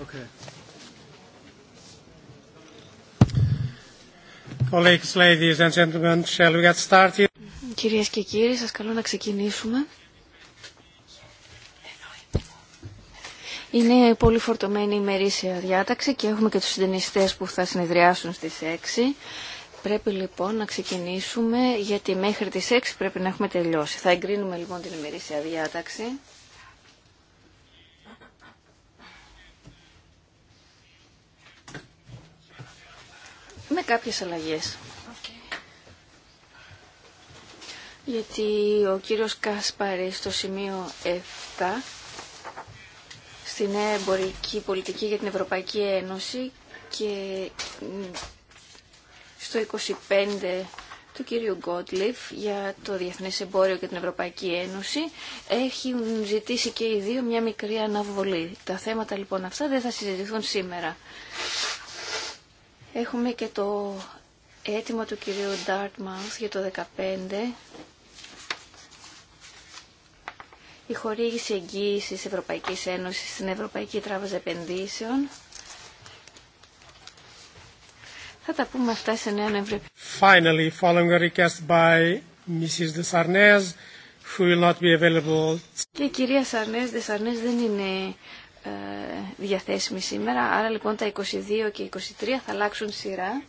Okay. Κυρίες και κύριοι, σας καλώ να ξεκινήσουμε. Είναι πολύ φορτωμένη η ημερήσια διάταξη και έχουμε και τους συντενιστές που θα συνεδριάσουν στις 6. Πρέπει λοιπόν να ξεκινήσουμε γιατί μέχρι τις 6 πρέπει να έχουμε τελειώσει. Θα εγκρίνουμε λοιπόν την ημερήσια διάταξη. με κάποιες αλλαγές. Γιατί ο κύριος Κάσπαρη στο σημείο 7 στην εμπορική πολιτική για την Ευρωπαϊκή Ένωση και στο 25 του κύριου Γκότλιφ για το Διεθνές Εμπόριο και την Ευρωπαϊκή Ένωση έχουν ζητήσει και οι δύο μια μικρή αναβολή. Τα θέματα λοιπόν αυτά δεν θα συζητηθούν σήμερα. Έχουμε και το αίτημα του κυρίου Dartmouth για το 15. Η χορήγηση εγγύησης Ευρωπαϊκής Ένωσης στην Ευρωπαϊκή Τράπεζα Επενδύσεων. Θα τα πούμε αυτά σε νέα Ευρωπαϊκή. Finally, following a request by Mrs. who will not be available. Και η κυρία Σαρνές, Δεσαρνές δεν είναι ε, διαθέσιμη σήμερα. Άρα λοιπόν τα 22 και 23 θα αλλάξουν σειρά.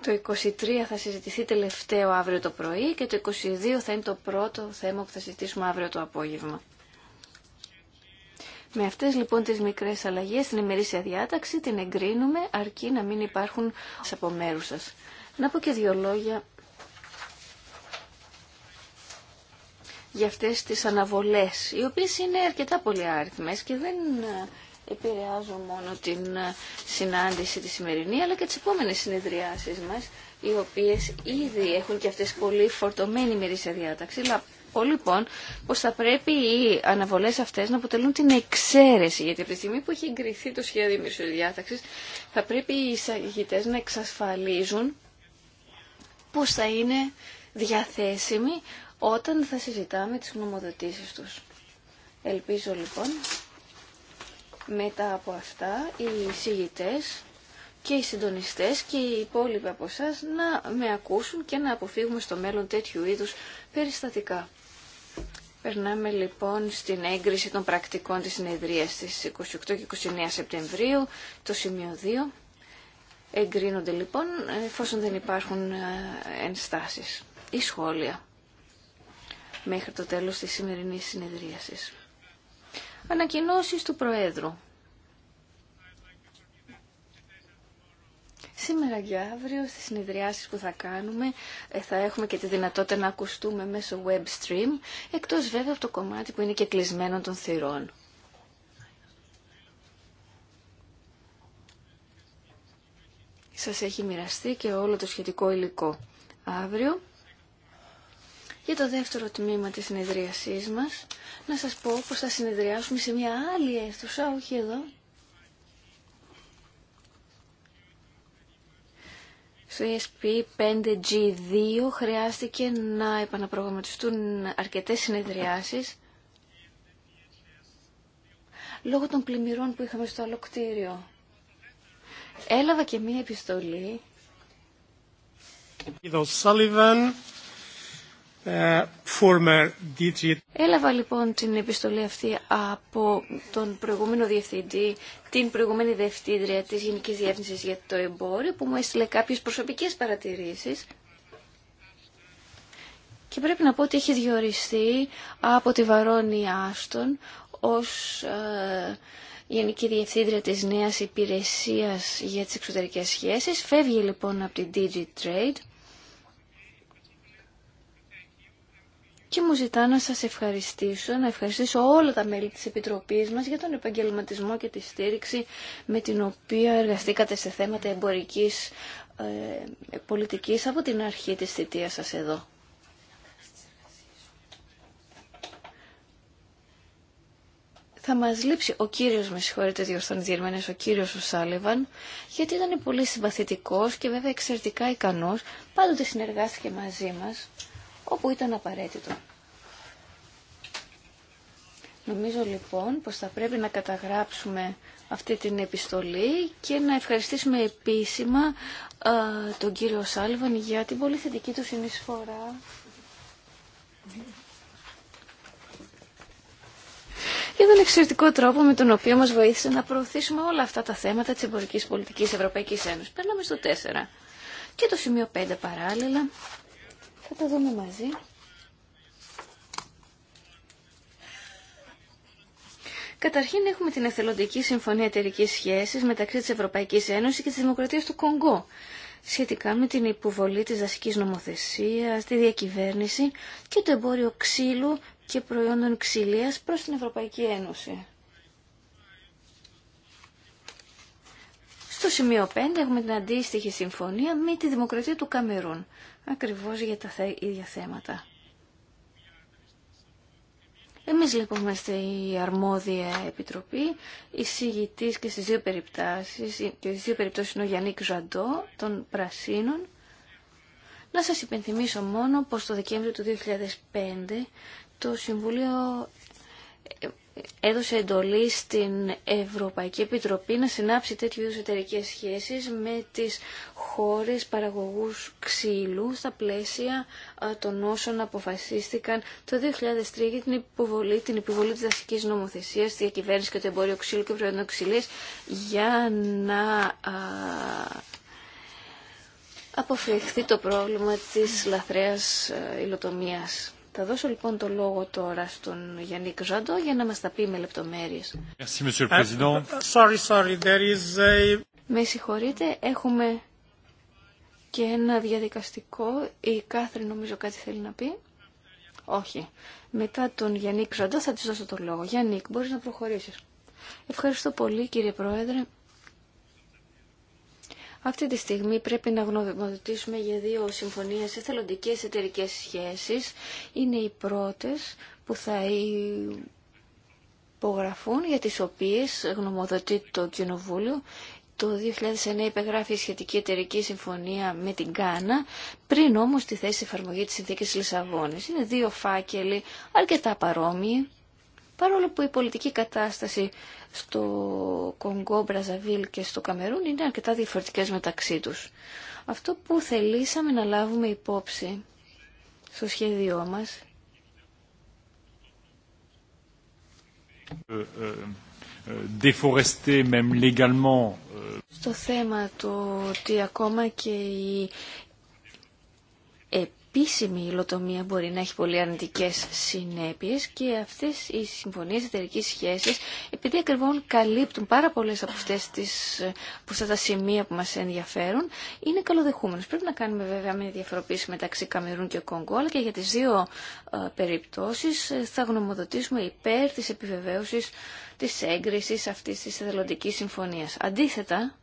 Το 23 θα συζητηθεί τελευταίο αύριο το πρωί και το 22 θα είναι το πρώτο θέμα που θα συζητήσουμε αύριο το απόγευμα. Με αυτές λοιπόν τις μικρές αλλαγές στην ημερήσια διάταξη την εγκρίνουμε αρκεί να μην υπάρχουν από μέρους σας. Να πω και δύο λόγια για αυτές τις αναβολές, οι οποίες είναι αρκετά πολύ άριθμες και δεν ε, επηρεάζουν μόνο την ε, συνάντηση τη σημερινή, αλλά και τις επόμενες συνεδριάσεις μας, οι οποίες ήδη έχουν και αυτές πολύ φορτωμένη μερίσια διάταξη. Λαπώ λοιπόν πως θα πρέπει οι αναβολές αυτές να αποτελούν την εξαίρεση, γιατί από τη στιγμή που έχει εγκριθεί το σχέδιο μερίσιας διάταξης, θα πρέπει οι εισαγητές να εξασφαλίζουν πως θα είναι διαθέσιμοι όταν θα συζητάμε τις γνωμοδοτήσεις τους. Ελπίζω λοιπόν μετά από αυτά οι συγητές και οι συντονιστές και οι υπόλοιποι από εσά να με ακούσουν και να αποφύγουμε στο μέλλον τέτοιου είδους περιστατικά. Περνάμε λοιπόν στην έγκριση των πρακτικών της συνεδρίας της 28 και 29 Σεπτεμβρίου, το σημείο 2. Εγκρίνονται λοιπόν εφόσον δεν υπάρχουν ε, ενστάσεις ή σχόλια μέχρι το τέλος της σημερινής συνεδρίασης. Ανακοινώσεις του Προέδρου. Σήμερα και αύριο στις συνεδριάσεις που θα κάνουμε ε, θα έχουμε και τη δυνατότητα να ακουστούμε μέσω web stream, εκτός βέβαια από το κομμάτι που είναι και κλεισμένο των θυρών. Σας έχει μοιραστεί και όλο το σχετικό υλικό. Αύριο για το δεύτερο τμήμα της συνεδρίασής μας, να σας πω πως θα συνεδριάσουμε σε μια άλλη αίθουσα, όχι εδώ, Στο ESP 5G2 χρειάστηκε να επαναπρογραμματιστούν αρκετές συνεδριάσεις λόγω των πλημμυρών που είχαμε στο άλλο κτίριο. Έλαβα και μία επιστολή. Sullivan Έλαβα λοιπόν την επιστολή αυτή από τον προηγούμενο διευθυντή, την προηγούμενη διευθύντρια της Γενικής Διεύθυνσης για το εμπόριο που μου έστειλε κάποιες προσωπικές παρατηρήσεις και πρέπει να πω ότι έχει διοριστεί από τη Βαρόνη Άστον ως ε, Γενική Διευθύντρια της Νέας Υπηρεσίας για τις Εξωτερικές Σχέσεις. Φεύγει λοιπόν από την DigiTrade και μου ζητά να σας ευχαριστήσω, να ευχαριστήσω όλα τα μέλη της Επιτροπής μας για τον επαγγελματισμό και τη στήριξη με την οποία εργαστήκατε σε θέματα εμπορικής ε, πολιτικής από την αρχή της θητείας σας εδώ. θα μας λείψει ο κύριος, με συγχωρείτε διορθώνει διερμένες, ο κύριος ο Σάλιβαν, γιατί ήταν πολύ συμπαθητικός και βέβαια εξαιρετικά ικανός, πάντοτε συνεργάστηκε μαζί μας όπου ήταν απαραίτητο. Νομίζω λοιπόν πως θα πρέπει να καταγράψουμε αυτή την επιστολή και να ευχαριστήσουμε επίσημα τον κύριο Σάλβαν για την πολύ θετική του συνεισφορά. για τον εξαιρετικό τρόπο με τον οποίο μας βοήθησε να προωθήσουμε όλα αυτά τα θέματα της εμπορικής πολιτικής Ευρωπαϊκής Ένωσης. Περνάμε στο 4 και το σημείο 5 παράλληλα θα τα δούμε μαζί. Καταρχήν έχουμε την εθελοντική συμφωνία εταιρική σχέση μεταξύ τη Ευρωπαϊκή Ένωση και τη Δημοκρατία του Κονγκό σχετικά με την υποβολή της δασικής νομοθεσίας, τη διακυβέρνηση και το εμπόριο ξύλου και προϊόντων ξυλίας προς την Ευρωπαϊκή Ένωση. Στο σημείο 5 έχουμε την αντίστοιχη συμφωνία με τη Δημοκρατία του Καμερούν, ακριβώς για τα ίδια θέματα. Εμείς λοιπόν είμαστε η αρμόδια επιτροπή, η συγητής και στις δύο περιπτώσεις, και στις δύο περιπτώσεις είναι ο Γιάννικ Ζαντό των Πρασίνων. Να σας υπενθυμίσω μόνο πως το Δεκέμβριο του 2005 το Συμβούλιο έδωσε εντολή στην Ευρωπαϊκή Επιτροπή να συνάψει τέτοιου είδους εταιρικέ σχέσεις με τις χώρες παραγωγούς ξύλου στα πλαίσια των όσων αποφασίστηκαν το 2003 για την υποβολή, την υποβολή της δασικής νομοθεσίας, τη διακυβέρνηση και το εμπόριο ξύλου και προϊόντων ξυλής για να αποφευχθεί το πρόβλημα της λαθρέας υλοτομίας. Θα δώσω λοιπόν το λόγο τώρα στον Γιάννη Κζαντό για να μας τα πει με λεπτομέρειες. Με συγχωρείτε, έχουμε και ένα διαδικαστικό. Η Κάθρη νομίζω κάτι θέλει να πει. Όχι. Μετά τον Γιάννη Κζαντό θα της δώσω το λόγο. Γιάννη, μπορείς να προχωρήσεις. Ευχαριστώ πολύ κύριε Πρόεδρε. Αυτή τη στιγμή πρέπει να γνωμοδοτήσουμε για δύο συμφωνίες εθελοντικές εταιρικέ σχέσεις. Είναι οι πρώτες που θα υπογραφούν, για τις οποίες γνωμοδοτεί το Κοινοβούλιο. Το 2009 υπεγράφει η σχετική εταιρική συμφωνία με την Κάνα, πριν όμως τη θέση εφαρμογή της συνθήκης Λισαβόνης. Είναι δύο φάκελοι αρκετά παρόμοιοι παρόλο που η πολιτική κατάσταση στο Κονγκό, Μπραζαβίλ και στο Καμερούν είναι αρκετά διαφορετικές μεταξύ τους. Αυτό που θελήσαμε να λάβουμε υπόψη στο σχέδιό μας ε, ε, ε, στο θέμα του ότι ακόμα και η επίσημη υλοτομία μπορεί να έχει πολύ αρνητικέ συνέπειες και αυτέ οι συμφωνίε εταιρική σχέση, επειδή ακριβώ καλύπτουν πάρα πολλέ από, αυτές τις, τα σημεία που μα ενδιαφέρουν είναι καλοδεχούμενε. Πρέπει να κάνουμε βέβαια μια διαφοροποίηση μεταξύ Καμερούν και Κονγκό αλλά και για τι δύο ε, περιπτώσει, θα γνωμοδοτήσουμε υπέρ τη επιβεβαίωση, τη έγκριση αυτή τη εθελοντική συμφωνία. Αντίθετα,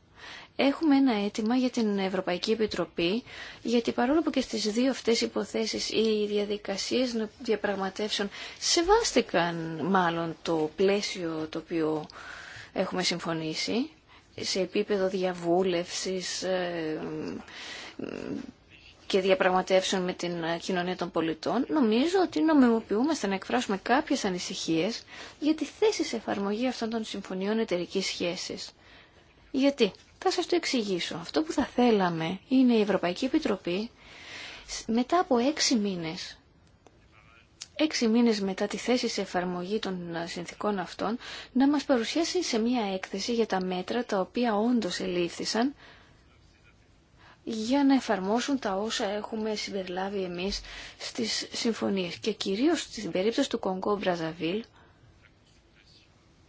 έχουμε ένα αίτημα για την Ευρωπαϊκή Επιτροπή, γιατί παρόλο που και στις δύο αυτές υποθέσεις οι διαδικασίες διαπραγματεύσεων σεβάστηκαν μάλλον το πλαίσιο το οποίο έχουμε συμφωνήσει, σε επίπεδο διαβούλευσης ε, και διαπραγματεύσεων με την κοινωνία των πολιτών, νομίζω ότι νομιμοποιούμαστε να εκφράσουμε κάποιες ανησυχίες για τη θέση σε εφαρμογή αυτών των συμφωνιών εταιρική σχέσης. Γιατί θα σας το εξηγήσω. Αυτό που θα θέλαμε είναι η Ευρωπαϊκή Επιτροπή μετά από έξι μήνες έξι μήνες μετά τη θέση σε εφαρμογή των ε, συνθήκων αυτών, να μας παρουσιάσει σε μία έκθεση για τα μέτρα τα οποία όντως ελήφθησαν για να εφαρμόσουν τα όσα έχουμε συμπεριλάβει εμείς στις συμφωνίες. Και κυρίως στην περίπτωση του Κονγκό Μπραζαβίλ,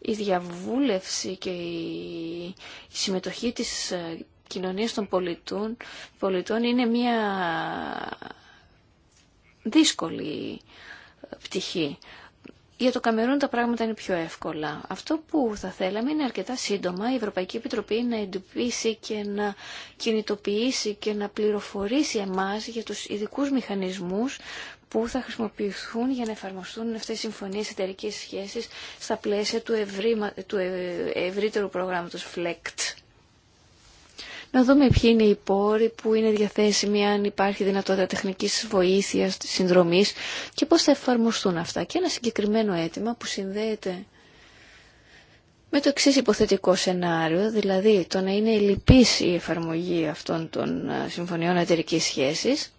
η διαβούλευση και η συμμετοχή της ε, κοινωνίας των πολιτών, πολιτών είναι μια δύσκολη ε, πτυχή. Για το Καμερούν τα πράγματα είναι πιο εύκολα. Αυτό που θα θέλαμε είναι αρκετά σύντομα η Ευρωπαϊκή Επιτροπή να εντοπίσει και να κινητοποιήσει και να πληροφορήσει εμάς για τους ειδικούς μηχανισμούς που θα χρησιμοποιηθούν για να εφαρμοστούν αυτές οι συμφωνίες εταιρικέ σχέσης στα πλαίσια του, του ε, ευρύτερου προγράμματος FLECT. Να δούμε ποιοι είναι οι πόροι που είναι διαθέσιμοι, αν υπάρχει δυνατότητα τεχνικής βοήθειας, συνδρομής και πώς θα εφαρμοστούν αυτά. Και ένα συγκεκριμένο αίτημα που συνδέεται με το εξή υποθετικό σενάριο, δηλαδή το να είναι λυπής η εφαρμογή αυτών των ε, συμφωνιών εταιρική σχέσης,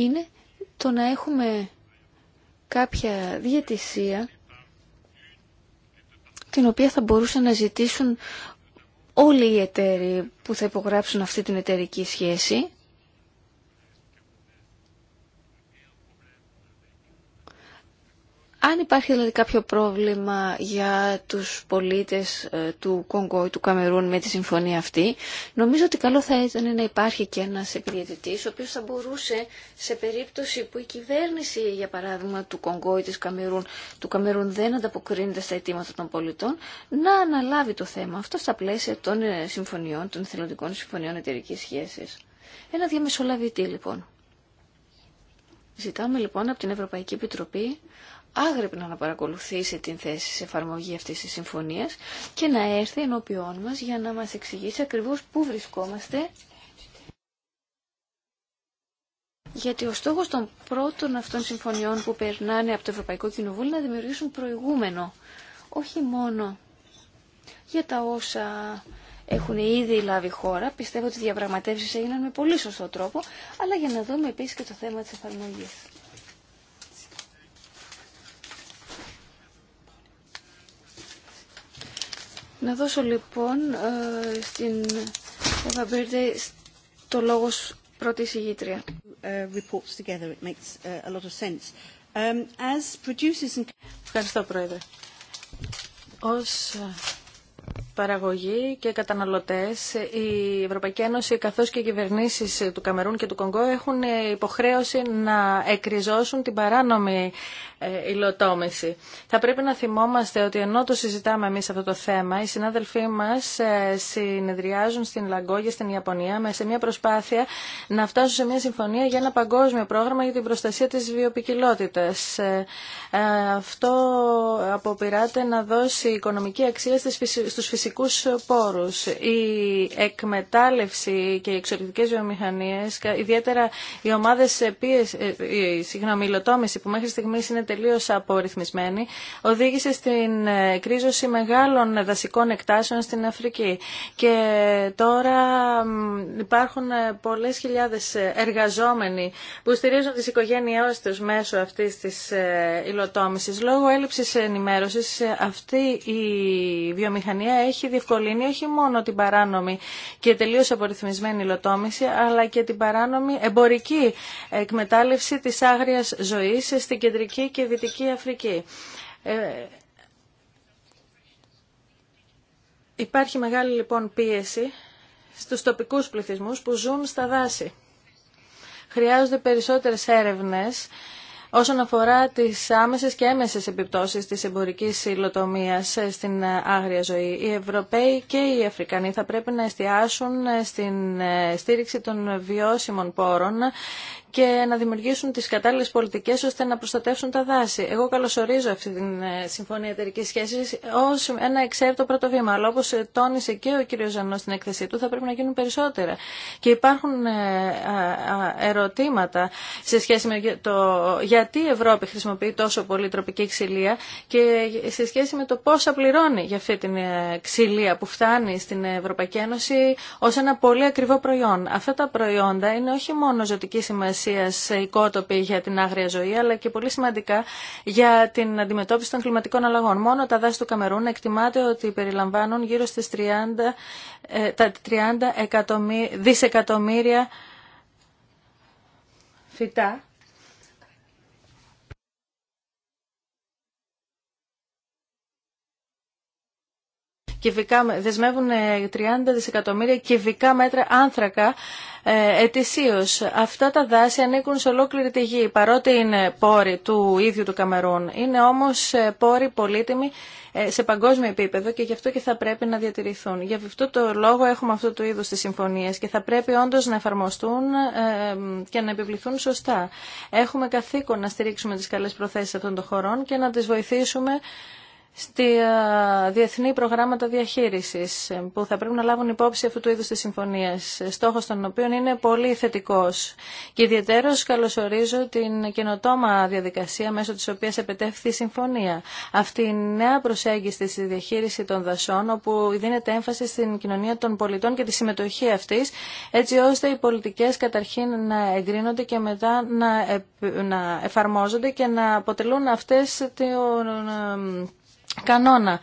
είναι το να έχουμε κάποια διαιτησία την οποία θα μπορούσαν να ζητήσουν όλοι οι εταίροι που θα υπογράψουν αυτή την εταιρική σχέση Αν υπάρχει δηλαδή κάποιο πρόβλημα για τους πολίτες ε, του Κονγκό ή του Καμερούν με τη συμφωνία αυτή, νομίζω ότι καλό θα ήταν να υπάρχει και ένας επιδιαιτητής, ο οποίος θα μπορούσε σε περίπτωση που η κυβέρνηση, για παράδειγμα, του Κονγκό ή της Καμερούν, του Καμερούν δεν ανταποκρίνεται στα αιτήματα των πολιτών, να αναλάβει το θέμα αυτό στα πλαίσια των ε, συμφωνιών, των θελοντικών συμφωνιών εταιρική σχέση. Ένα διαμεσολαβητή λοιπόν. Ζητάμε λοιπόν από την Ευρωπαϊκή Επιτροπή άγρυπνα να παρακολουθήσει την θέση σε εφαρμογή αυτής της συμφωνίας και να έρθει ενώπιόν μας για να μας εξηγήσει ακριβώς πού βρισκόμαστε γιατί ο στόχος των πρώτων αυτών συμφωνιών που περνάνε από το Ευρωπαϊκό Κοινοβούλιο είναι να δημιουργήσουν προηγούμενο. Όχι μόνο για τα όσα έχουν ήδη λάβει χώρα. Πιστεύω ότι οι διαπραγματεύσεις έγιναν με πολύ σωστό τρόπο, αλλά για να δούμε επίσης και το θέμα της εφαρμογής. Να δώσω λοιπόν ε, στην Εύα Μπέρντε το λόγο πρώτη ηγήτρια. Ε, ε, Ευχαριστώ, Πρόεδρε. Ως παραγωγοί και καταναλωτές, η Ευρωπαϊκή Ένωση καθώς και οι κυβερνήσεις του Καμερούν και του Κονγκό έχουν υποχρέωση να εκριζώσουν την παράνομη ε, υλοτόμηση. Θα πρέπει να θυμόμαστε ότι ενώ το συζητάμε εμείς αυτό το θέμα, οι συνάδελφοί μας ε, συνεδριάζουν στην Λαγκόγια, στην Ιαπωνία, σε μια προσπάθεια να φτάσουν σε μια συμφωνία για ένα παγκόσμιο πρόγραμμα για την προστασία της βιοπικιλότητας. Ε, αυτό αποπειράται να δώσει οικονομική αξία στους φυσικούς φυσικούς πόρους. Η εκμετάλλευση και οι εξωτερικές βιομηχανίες, ιδιαίτερα οι ομάδες ε, υλοτόμηση που μέχρι στιγμής είναι τελείως απορριθμισμένη, οδήγησε στην ε, κρίζωση μεγάλων δασικών εκτάσεων στην Αφρική. Και τώρα υπάρχουν ε, πολλές χιλιάδες εργαζόμενοι που στηρίζουν τις οικογένειές τους μέσω αυτής της υλοτόμησης. Λόγω έλλειψης ενημέρωσης αυτή η βιομηχανία έχει έχει διευκολύνει όχι μόνο την παράνομη και τελείω απορριθμισμένη υλοτόμηση, αλλά και την παράνομη εμπορική εκμετάλλευση της άγριας ζωής στην Κεντρική και Δυτική Αφρική. Ε, υπάρχει μεγάλη λοιπόν πίεση στους τοπικούς πληθυσμούς που ζουν στα δάση. Χρειάζονται περισσότερες έρευνες όσον αφορά τις άμεσες και έμεσες επιπτώσεις της εμπορικής υλοτομίας στην άγρια ζωή. Οι Ευρωπαίοι και οι Αφρικανοί θα πρέπει να εστιάσουν στην ε, στήριξη των βιώσιμων πόρων και να δημιουργήσουν τι κατάλληλε πολιτικέ ώστε να προστατεύσουν τα δάση. Εγώ καλωσορίζω αυτή την ε, Συμφωνία εταιρική σχέση ω ένα εξαίρετο πρώτο βήμα, αλλά όπω ε, τόνισε και ο κ. Ζανό στην έκθεσή του θα πρέπει να γίνουν περισσότερα. Και υπάρχουν ε, ερωτήματα σε σχέση με το γιατί η Ευρώπη χρησιμοποιεί τόσο πολύ τροπική ξυλία και σε σχέση με το πόσα πληρώνει για αυτή την ξυλία που φτάνει στην Ευρωπαϊκή Ένωση ω ένα πολύ ακριβό προϊόν. Αυτά τα προϊόντα είναι όχι μόνο ζωτική σημασία σε οικότοποι για την άγρια ζωή, αλλά και πολύ σημαντικά για την αντιμετώπιση των κλιματικών αλλαγών. Μόνο τα δάση του Καμερούν εκτιμάται ότι περιλαμβάνουν γύρω στις 30, ε, τα 30 δισεκατομμύρια φυτά κυβικά, δεσμεύουν 30 ε, δισεκατομμύρια κυβικά μέτρα άνθρακα ετησίω. ετησίως. Αυτά τα δάση ανήκουν σε ολόκληρη τη γη, παρότι είναι πόροι του ίδιου του Καμερούν. Είναι όμως ε, πόροι πολύτιμοι ε, σε παγκόσμιο επίπεδο και γι' αυτό και θα πρέπει να διατηρηθούν. Γι' αυτό το λόγο έχουμε αυτού του είδους τις συμφωνίες και θα πρέπει όντως να εφαρμοστούν και να επιβληθούν σωστά. Έχουμε καθήκον να στηρίξουμε τις καλές προθέσεις αυτών των χωρών και να τις βοηθήσουμε στη ε, διεθνή προγράμματα διαχείρισης ε, που θα πρέπει να λάβουν υπόψη αυτού του είδους της συμφωνίας, ε, στόχος των οποίων είναι πολύ θετικό. Και ιδιαίτερω καλωσορίζω την καινοτόμα διαδικασία μέσω της οποίας επετεύχθη η συμφωνία. Αυτή η νέα προσέγγιση στη διαχείριση των δασών, όπου δίνεται έμφαση στην κοινωνία των πολιτών και τη συμμετοχή αυτής, έτσι ώστε οι πολιτικές καταρχήν να εγκρίνονται και μετά να, εφαρμόζονται και να αποτελούν αυτές την κανόνα.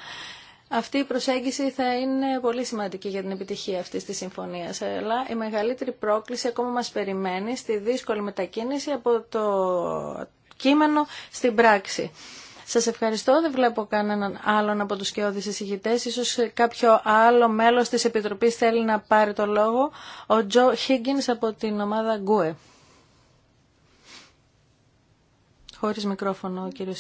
Αυτή η προσέγγιση θα είναι πολύ σημαντική για την επιτυχία αυτή τη συμφωνία. Αλλά η μεγαλύτερη πρόκληση ακόμα μα περιμένει στη δύσκολη μετακίνηση από το κείμενο στην πράξη. Σας ευχαριστώ. Δεν βλέπω κανέναν άλλον από του σκιώδεις εισηγητές. Ίσως κάποιο άλλο μέλος της Επιτροπής θέλει να πάρει το λόγο. Ο Τζο Χίγκιν από την ομάδα Γκουε. Χωρί μικρόφωνο ο κύριο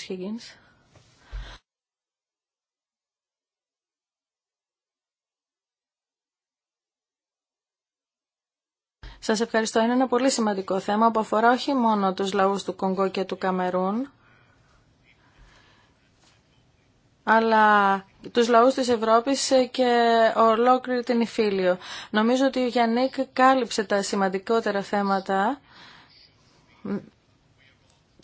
Σας ευχαριστώ. Είναι ένα πολύ σημαντικό θέμα που αφορά όχι μόνο τους λαούς του Κονγκό και του Καμερούν, αλλά τους λαούς της Ευρώπης και ολόκληρη την Ιφίλιο. Νομίζω ότι ο Γιάννικ κάλυψε τα σημαντικότερα θέματα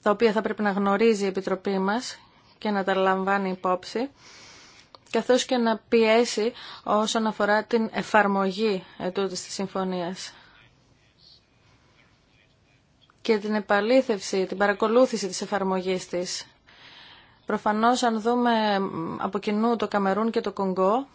τα οποία θα πρέπει να γνωρίζει η Επιτροπή μας και να τα λαμβάνει υπόψη, καθώς και να πιέσει όσον αφορά την εφαρμογή ετούτης της συμφωνίας και την επαλήθευση, την παρακολούθηση της εφαρμογής της. Προφανώς αν δούμε από κοινού το Καμερούν και το Κονγκό,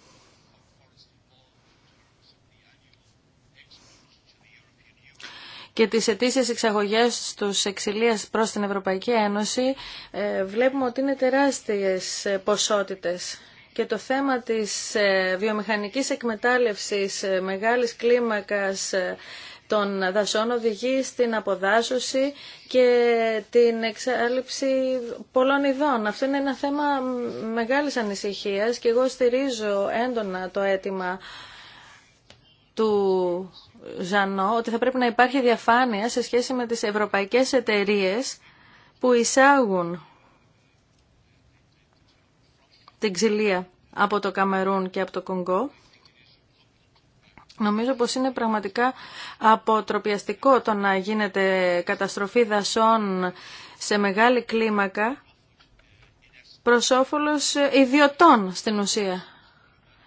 και τις αιτήσει εξαγωγές τους εξηλίας προς την Ευρωπαϊκή Ένωση ε, βλέπουμε ότι είναι τεράστιες ποσότητες. Και το θέμα της ε, βιομηχανικής εκμετάλλευσης ε, μεγάλης κλίμακας των δασών οδηγεί στην αποδάσωση και την εξάλληψη πολλών ειδών. Αυτό είναι ένα θέμα μεγάλης ανησυχίας και εγώ στηρίζω έντονα το αίτημα του Ζανό ότι θα πρέπει να υπάρχει διαφάνεια σε σχέση με τις ευρωπαϊκές εταιρείες που εισάγουν την ξυλία από το Καμερούν και από το Κονγκό. Νομίζω πως είναι πραγματικά αποτροπιαστικό το να γίνεται καταστροφή δασών σε μεγάλη κλίμακα προς όφελος ιδιωτών στην ουσία.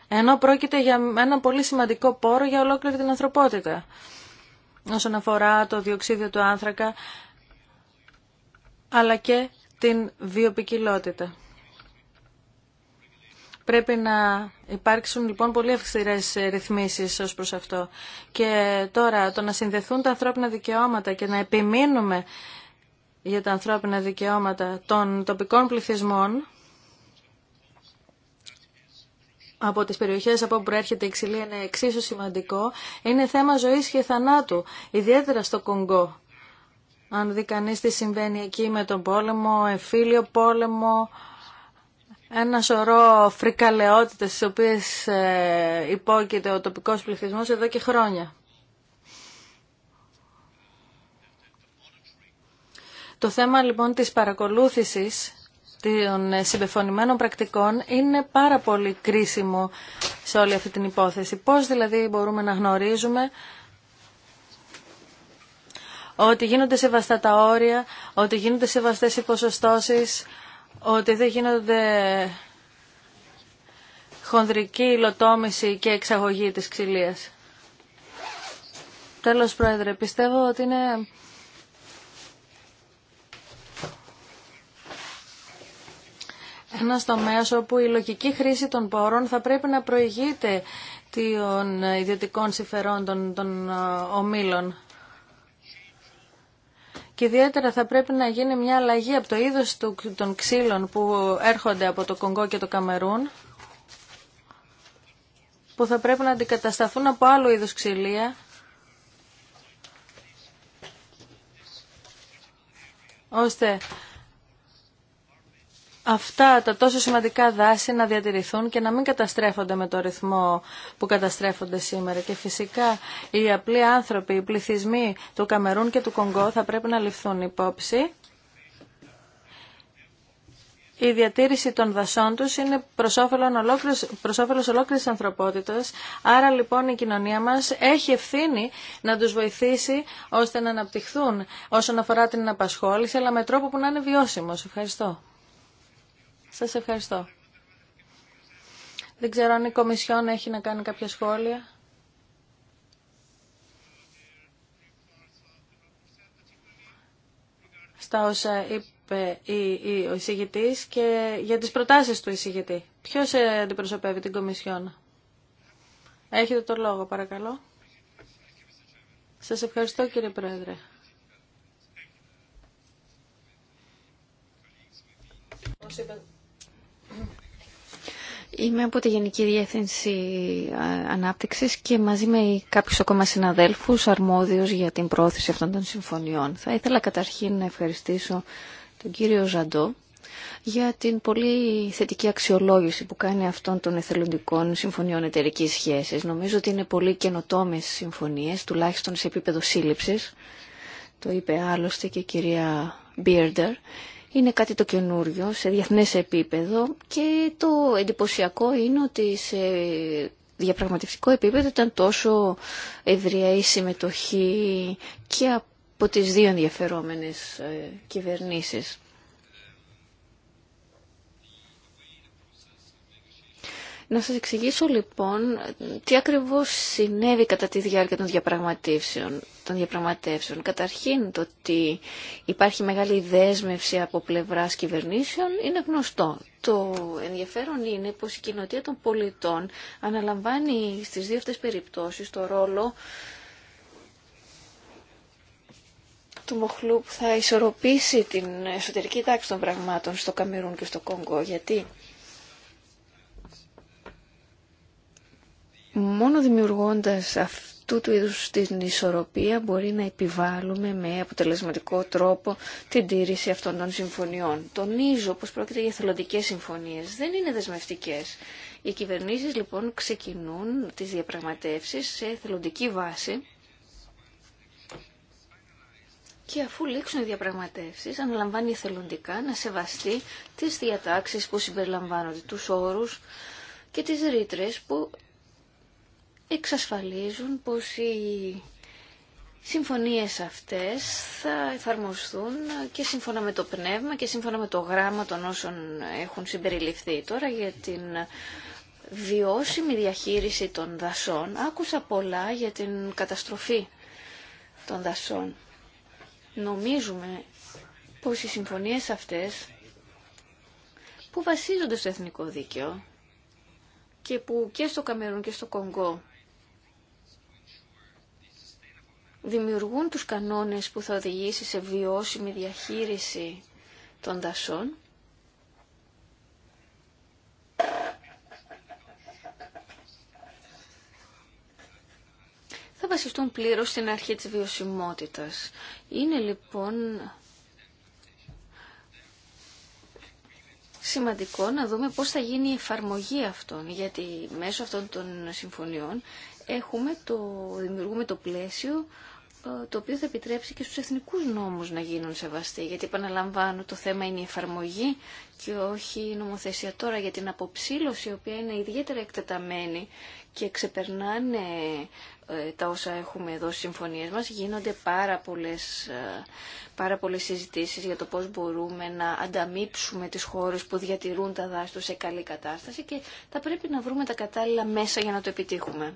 Ενώ πρόκειται για ένα πολύ σημαντικό πόρο για ολόκληρη την ανθρωπότητα. Όσον αφορά το διοξίδιο του άνθρακα, αλλά και την βιοπικιλότητα. Πρέπει να υπάρξουν λοιπόν πολύ αυστηρέ ε, ρυθμίσεις ως προς αυτό. Και τώρα το να συνδεθούν τα ανθρώπινα δικαιώματα και να επιμείνουμε για τα ανθρώπινα δικαιώματα των τοπικών πληθυσμών από τις περιοχές από όπου προέρχεται η ξυλία είναι εξίσου σημαντικό. Είναι θέμα ζωής και θανάτου, ιδιαίτερα στο Κονγκό. Αν δει κανεί τι συμβαίνει εκεί με τον πόλεμο, εμφύλιο πόλεμο, ένα σωρό φρικαλαιότητες στις οποίες ε, υπόκειται ο τοπικός πληθυσμός εδώ και χρόνια. Το θέμα λοιπόν της παρακολούθησης των συμπεφωνημένων πρακτικών είναι πάρα πολύ κρίσιμο σε όλη αυτή την υπόθεση. Πώς δηλαδή μπορούμε να γνωρίζουμε ότι γίνονται σεβαστά τα όρια, ότι γίνονται σεβαστές οι ποσοστώσεις, ότι δεν γίνονται χονδρική υλοτόμηση και εξαγωγή της ξυλίας. Τέλος, Πρόεδρε, πιστεύω ότι είναι... Ένα τομέα όπου η λογική χρήση των πόρων θα πρέπει να προηγείται των ιδιωτικών συμφερόντων των ε, ομίλων. Και ιδιαίτερα θα πρέπει να γίνει μια αλλαγή από το είδος των ξύλων που έρχονται από το Κονγκό και το Καμερούν, που θα πρέπει να αντικατασταθούν από άλλο είδος ξυλία, ώστε αυτά τα τόσο σημαντικά δάση να διατηρηθούν και να μην καταστρέφονται με το ρυθμό που καταστρέφονται σήμερα. Και φυσικά οι απλοί άνθρωποι, οι πληθυσμοί του Καμερούν και του Κονγκό θα πρέπει να ληφθούν υπόψη. Η διατήρηση των δασών τους είναι προς όφελος, ολόκληρης, ανθρωπότητας, άρα λοιπόν η κοινωνία μας έχει ευθύνη να τους βοηθήσει ώστε να αναπτυχθούν όσον αφορά την απασχόληση, αλλά με τρόπο που να είναι βιώσιμος. Ευχαριστώ. Σας ευχαριστώ. Δεν ξέρω αν η Κομισιόν έχει να κάνει κάποια σχόλια. Στα όσα είπε ο εισηγητής και για τις προτάσεις του εισηγητή. Ποιος ε, αντιπροσωπεύει την Κομισιόν. Έχετε το λόγο παρακαλώ. Σας ευχαριστώ κύριε Πρόεδρε. Είμαι από τη Γενική Διεύθυνση ε, Ανάπτυξης και μαζί με κάποιους ακόμα συναδέλφους αρμόδιος για την πρόθεση αυτών των συμφωνιών. Θα ήθελα καταρχήν να ευχαριστήσω τον κύριο Ζαντό για την πολύ θετική αξιολόγηση που κάνει αυτών των εθελοντικών συμφωνιών εταιρική σχέση. Νομίζω ότι είναι πολύ καινοτόμε συμφωνίες, τουλάχιστον σε επίπεδο σύλληψης. Το είπε άλλωστε και η κυρία Μπίρντερ είναι κάτι το καινούριο σε διεθνές επίπεδο και το εντυπωσιακό είναι ότι σε διαπραγματευτικό επίπεδο ήταν τόσο ευρία η συμμετοχή και από τις δύο ενδιαφερόμενες ε, κυβερνήσεις. Να σας εξηγήσω λοιπόν τι ακριβώς συνέβη κατά τη διάρκεια των διαπραγματεύσεων. Των Καταρχήν το ότι υπάρχει μεγάλη δέσμευση από πλευράς κυβερνήσεων είναι γνωστό. Το ενδιαφέρον είναι πως η κοινωτία των πολιτών αναλαμβάνει στις δύο αυτές περιπτώσεις το ρόλο του Μοχλού που θα ισορροπήσει την εσωτερική τάξη των πραγμάτων στο Καμερούν και στο Κόγκο γιατί Μόνο δημιουργώντας αυτού του είδους την ισορροπία μπορεί να επιβάλλουμε με αποτελεσματικό τρόπο την τήρηση αυτών των συμφωνιών. Τονίζω πως πρόκειται για θελοντικές συμφωνίες, δεν είναι δεσμευτικές. Οι κυβερνήσεις λοιπόν ξεκινούν τις διαπραγματεύσεις σε θελοντική βάση και αφού λήξουν οι διαπραγματεύσεις αναλαμβάνει θελοντικά να σεβαστεί τις διατάξεις που συμπεριλαμβάνονται, τους όρους και τις ρήτρε που εξασφαλίζουν πως οι συμφωνίες αυτές θα εφαρμοστούν και σύμφωνα με το πνεύμα και σύμφωνα με το γράμμα των όσων έχουν συμπεριληφθεί. Τώρα για την βιώσιμη διαχείριση των δασών άκουσα πολλά για την καταστροφή των δασών. Νομίζουμε πως οι συμφωνίες αυτές που βασίζονται στο εθνικό δίκαιο και που και στο Καμερούν και στο Κονγκό δημιουργούν τους κανόνες που θα οδηγήσει σε βιώσιμη διαχείριση των δασών. Θα βασιστούν πλήρως στην αρχή της βιωσιμότητας. Είναι λοιπόν σημαντικό να δούμε πώς θα γίνει η εφαρμογή αυτών, γιατί μέσω αυτών των συμφωνιών έχουμε το, δημιουργούμε το πλαίσιο ε, το οποίο θα επιτρέψει και στους εθνικούς νόμους να γίνουν σεβαστοί. Γιατί επαναλαμβάνω το θέμα είναι η εφαρμογή και όχι η νομοθεσία τώρα για την αποψήλωση η οποία είναι ιδιαίτερα εκτεταμένη και ξεπερνάνε ε, τα όσα έχουμε εδώ στις συμφωνίες μας. Γίνονται πάρα πολλές, ε, πάρα συζητήσεις για το πώς μπορούμε να ανταμείψουμε τις χώρες που διατηρούν τα δάση σε καλή κατάσταση και θα πρέπει να βρούμε τα κατάλληλα μέσα για να το επιτύχουμε.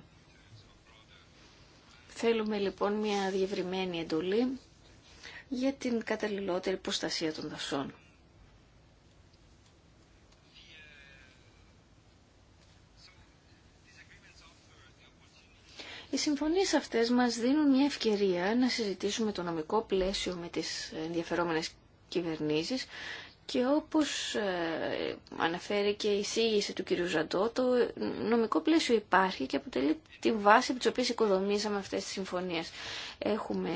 Θέλουμε λοιπόν μια διευρυμένη εντολή για την καταλληλότερη προστασία των δασών. Οι συμφωνίες αυτές μας δίνουν μια ευκαιρία να συζητήσουμε το νομικό πλαίσιο με τις ενδιαφερόμενες κυβερνήσεις και όπως ε, αναφέρει και η εισήγηση του κ. Ζαντό, το νομικό πλαίσιο υπάρχει και αποτελεί τη βάση από τις οποίες οικοδομήσαμε αυτές τις συμφωνίες. Έχουμε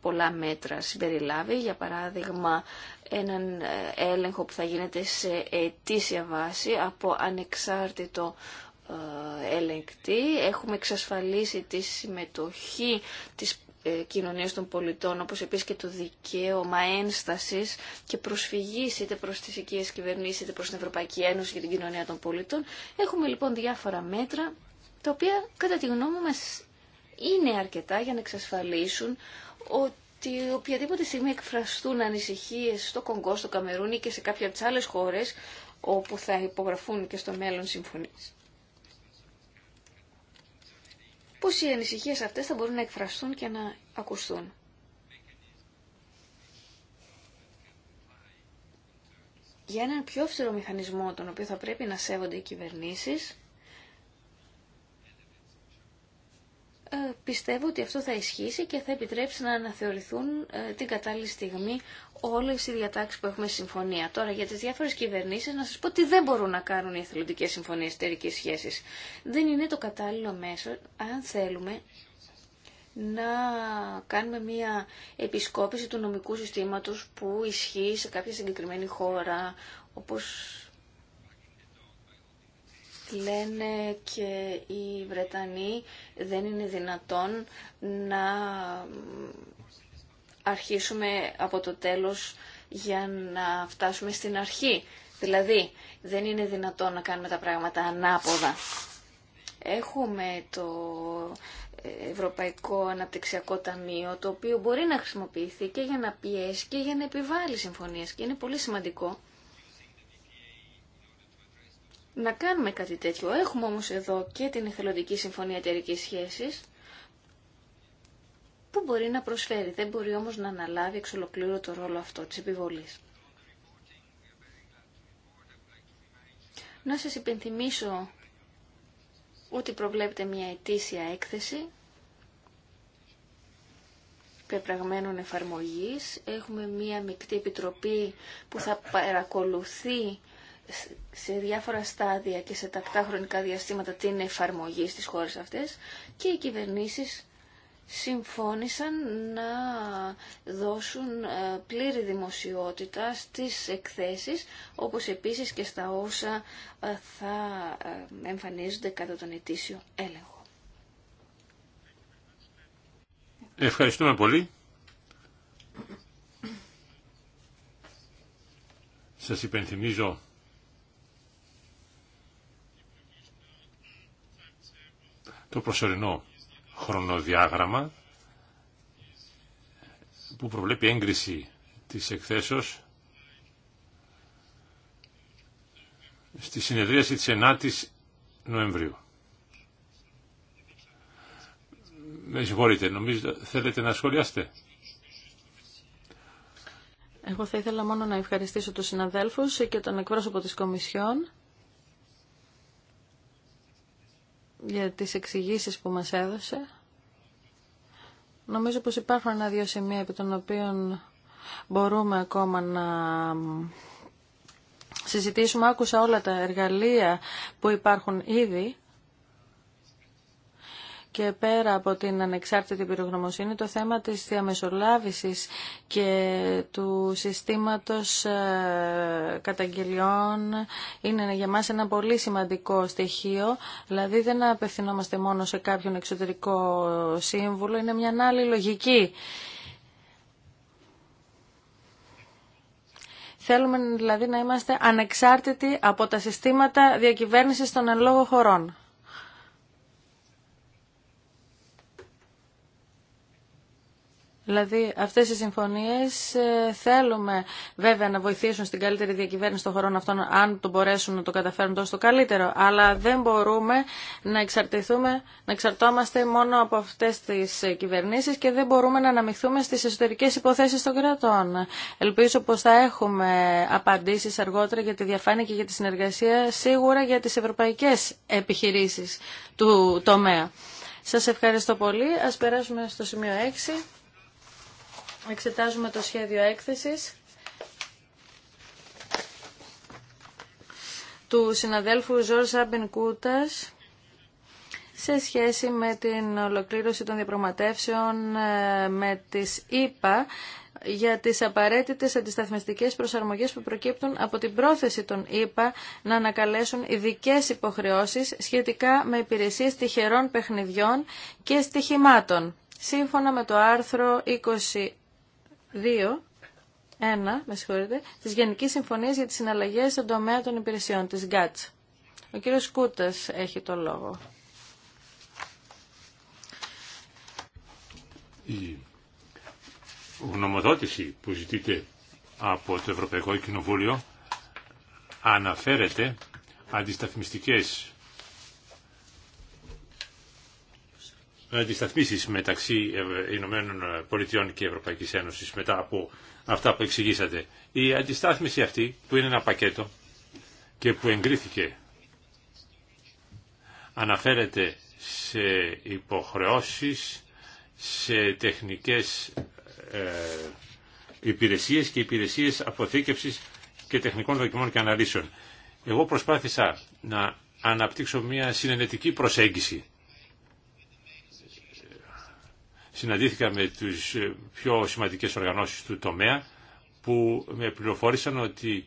πολλά μέτρα συμπεριλάβει, για παράδειγμα έναν ε, έλεγχο που θα γίνεται σε αιτήσια βάση από ανεξάρτητο ε, ελεγκτή. Έχουμε εξασφαλίσει τη συμμετοχή της ε, κοινωνίας των πολιτών, όπως επίσης και το δικαίωμα ένστασης και προσφυγής είτε προς τις οικίες κυβερνήσεις είτε προς την Ευρωπαϊκή Ένωση για την κοινωνία των πολιτών. Έχουμε λοιπόν διάφορα μέτρα, τα οποία κατά τη γνώμη μας είναι αρκετά για να εξασφαλίσουν ότι οποιαδήποτε στιγμή εκφραστούν ανησυχίες στο Κονγκό, στο Καμερούνι και σε κάποια από τις άλλες χώρες όπου θα υπογραφούν και στο μέλλον συμφωνίες πώς οι ανησυχίες αυτές θα μπορούν να εκφραστούν και να ακουστούν. Για έναν πιο αυστηρό μηχανισμό, τον οποίο θα πρέπει να σέβονται οι κυβερνήσεις, Ε, πιστεύω ότι αυτό θα ισχύσει και θα επιτρέψει να αναθεωρηθούν ε, την κατάλληλη στιγμή όλες οι διατάξεις που έχουμε συμφωνία. Τώρα για τις διάφορες κυβερνήσεις να σας πω ότι δεν μπορούν να κάνουν οι εθελοντικέ συμφωνίες εταιρικής σχέσης. Δεν είναι το κατάλληλο μέσο αν θέλουμε να κάνουμε μία επισκόπηση του νομικού συστήματος που ισχύει σε κάποια συγκεκριμένη χώρα όπως λένε και οι Βρετανοί δεν είναι δυνατόν να αρχίσουμε από το τέλος για να φτάσουμε στην αρχή. Δηλαδή, δεν είναι δυνατόν να κάνουμε τα πράγματα ανάποδα. Έχουμε το Ευρωπαϊκό Αναπτυξιακό Ταμείο, το οποίο μπορεί να χρησιμοποιηθεί και για να πιέσει και για να επιβάλλει συμφωνίες. Και είναι πολύ σημαντικό να κάνουμε κάτι τέτοιο. Έχουμε όμως εδώ και την εθελοντική συμφωνία εταιρική σχέση που μπορεί να προσφέρει. Δεν μπορεί όμως να αναλάβει εξ το ρόλο αυτό της επιβολής. Να σας υπενθυμίσω ότι προβλέπεται μια ετήσια έκθεση πεπραγμένων εφαρμογής. Έχουμε μια μεικτή επιτροπή που θα παρακολουθεί σε διάφορα στάδια και σε τακτά χρονικά διαστήματα την εφαρμογή στις χώρες αυτές και οι κυβερνήσεις συμφώνησαν να δώσουν ε, πλήρη δημοσιότητα στις εκθέσεις, όπως επίσης και στα όσα ε, θα ε, εμφανίζονται κατά τον ετήσιο έλεγχο. Ευχαριστούμε πολύ. Σας υπενθυμίζω το προσωρινό χρονοδιάγραμμα που προβλέπει έγκριση της εκθέσεως στη συνεδρίαση της 9ης Νοεμβρίου. Με συγχωρείτε, νομίζω θέλετε να σχολιάσετε. Εγώ θα ήθελα μόνο να ευχαριστήσω τους συναδέλφους και τον εκπρόσωπο της Κομισιόν για τις εξηγήσεις που μας έδωσε. Νομίζω πως υπάρχουν ένα-δύο σημεία επί των οποίων μπορούμε ακόμα να συζητήσουμε. Άκουσα όλα τα εργαλεία που υπάρχουν ήδη και πέρα από την ανεξάρτητη πυρογνωμοσύνη το θέμα της διαμεσολάβησης και του συστήματος ε, καταγγελιών είναι για μας ένα πολύ σημαντικό στοιχείο. Δηλαδή δεν απευθυνόμαστε μόνο σε κάποιον εξωτερικό σύμβουλο, είναι μια άλλη λογική. Θέλουμε δηλαδή να είμαστε ανεξάρτητοι από τα συστήματα διακυβέρνησης των εν χωρών. Δηλαδή αυτές οι συμφωνίες ε, θέλουμε βέβαια να βοηθήσουν στην καλύτερη διακυβέρνηση των χωρών αυτών αν το μπορέσουν να το καταφέρουν τόσο το καλύτερο. Αλλά δεν μπορούμε να, εξαρτηθούμε, να εξαρτώμαστε μόνο από αυτές τις ε, κυβερνήσεις και δεν μπορούμε να αναμειχθούμε στις εσωτερικές υποθέσεις των κρατών. Ελπίζω πως θα έχουμε απαντήσεις αργότερα για τη διαφάνεια και για τη συνεργασία σίγουρα για τις ευρωπαϊκές επιχειρήσεις του τομέα. Σας ευχαριστώ πολύ. Ας περάσουμε στο σημείο 6 εξετάζουμε το σχέδιο έκθεσης του συναδέλφου ζόρς Άμπεν Κούτας σε σχέση με την ολοκλήρωση των διαπραγματεύσεων ε, με τις ΗΠΑ για τις απαραίτητες αντισταθμιστικές προσαρμογές που προκύπτουν από την πρόθεση των ΗΠΑ να ανακαλέσουν ειδικέ υποχρεώσεις σχετικά με υπηρεσίες τυχερών παιχνιδιών και στοιχημάτων σύμφωνα με το άρθρο 20 Δύο. ένα, με συγχωρείτε, της Γενικής Συμφωνίας για τις συναλλαγές στον τομέα των υπηρεσιών, της ΓΚΑΤΣ. Ο κύριος Κούτας έχει το λόγο. Η γνωμοδότηση που ζητείτε από το Ευρωπαϊκό Κοινοβούλιο αναφέρεται αντισταθμιστικές αντισταθμίσεις μεταξύ Ηνωμένων Πολιτειών και Ευρωπαϊκής Ένωσης μετά από αυτά που εξηγήσατε. Η αντιστάθμιση αυτή που είναι ένα πακέτο και που εγκρίθηκε αναφέρεται σε υποχρεώσεις, σε τεχνικές ε, υπηρεσίες και υπηρεσίες αποθήκευσης και τεχνικών δοκιμών και αναλύσεων. Εγώ προσπάθησα να αναπτύξω μια συνενετική προσέγγιση συναντήθηκα με τις ε, πιο σημαντικές οργανώσεις του τομέα που με πληροφόρησαν ότι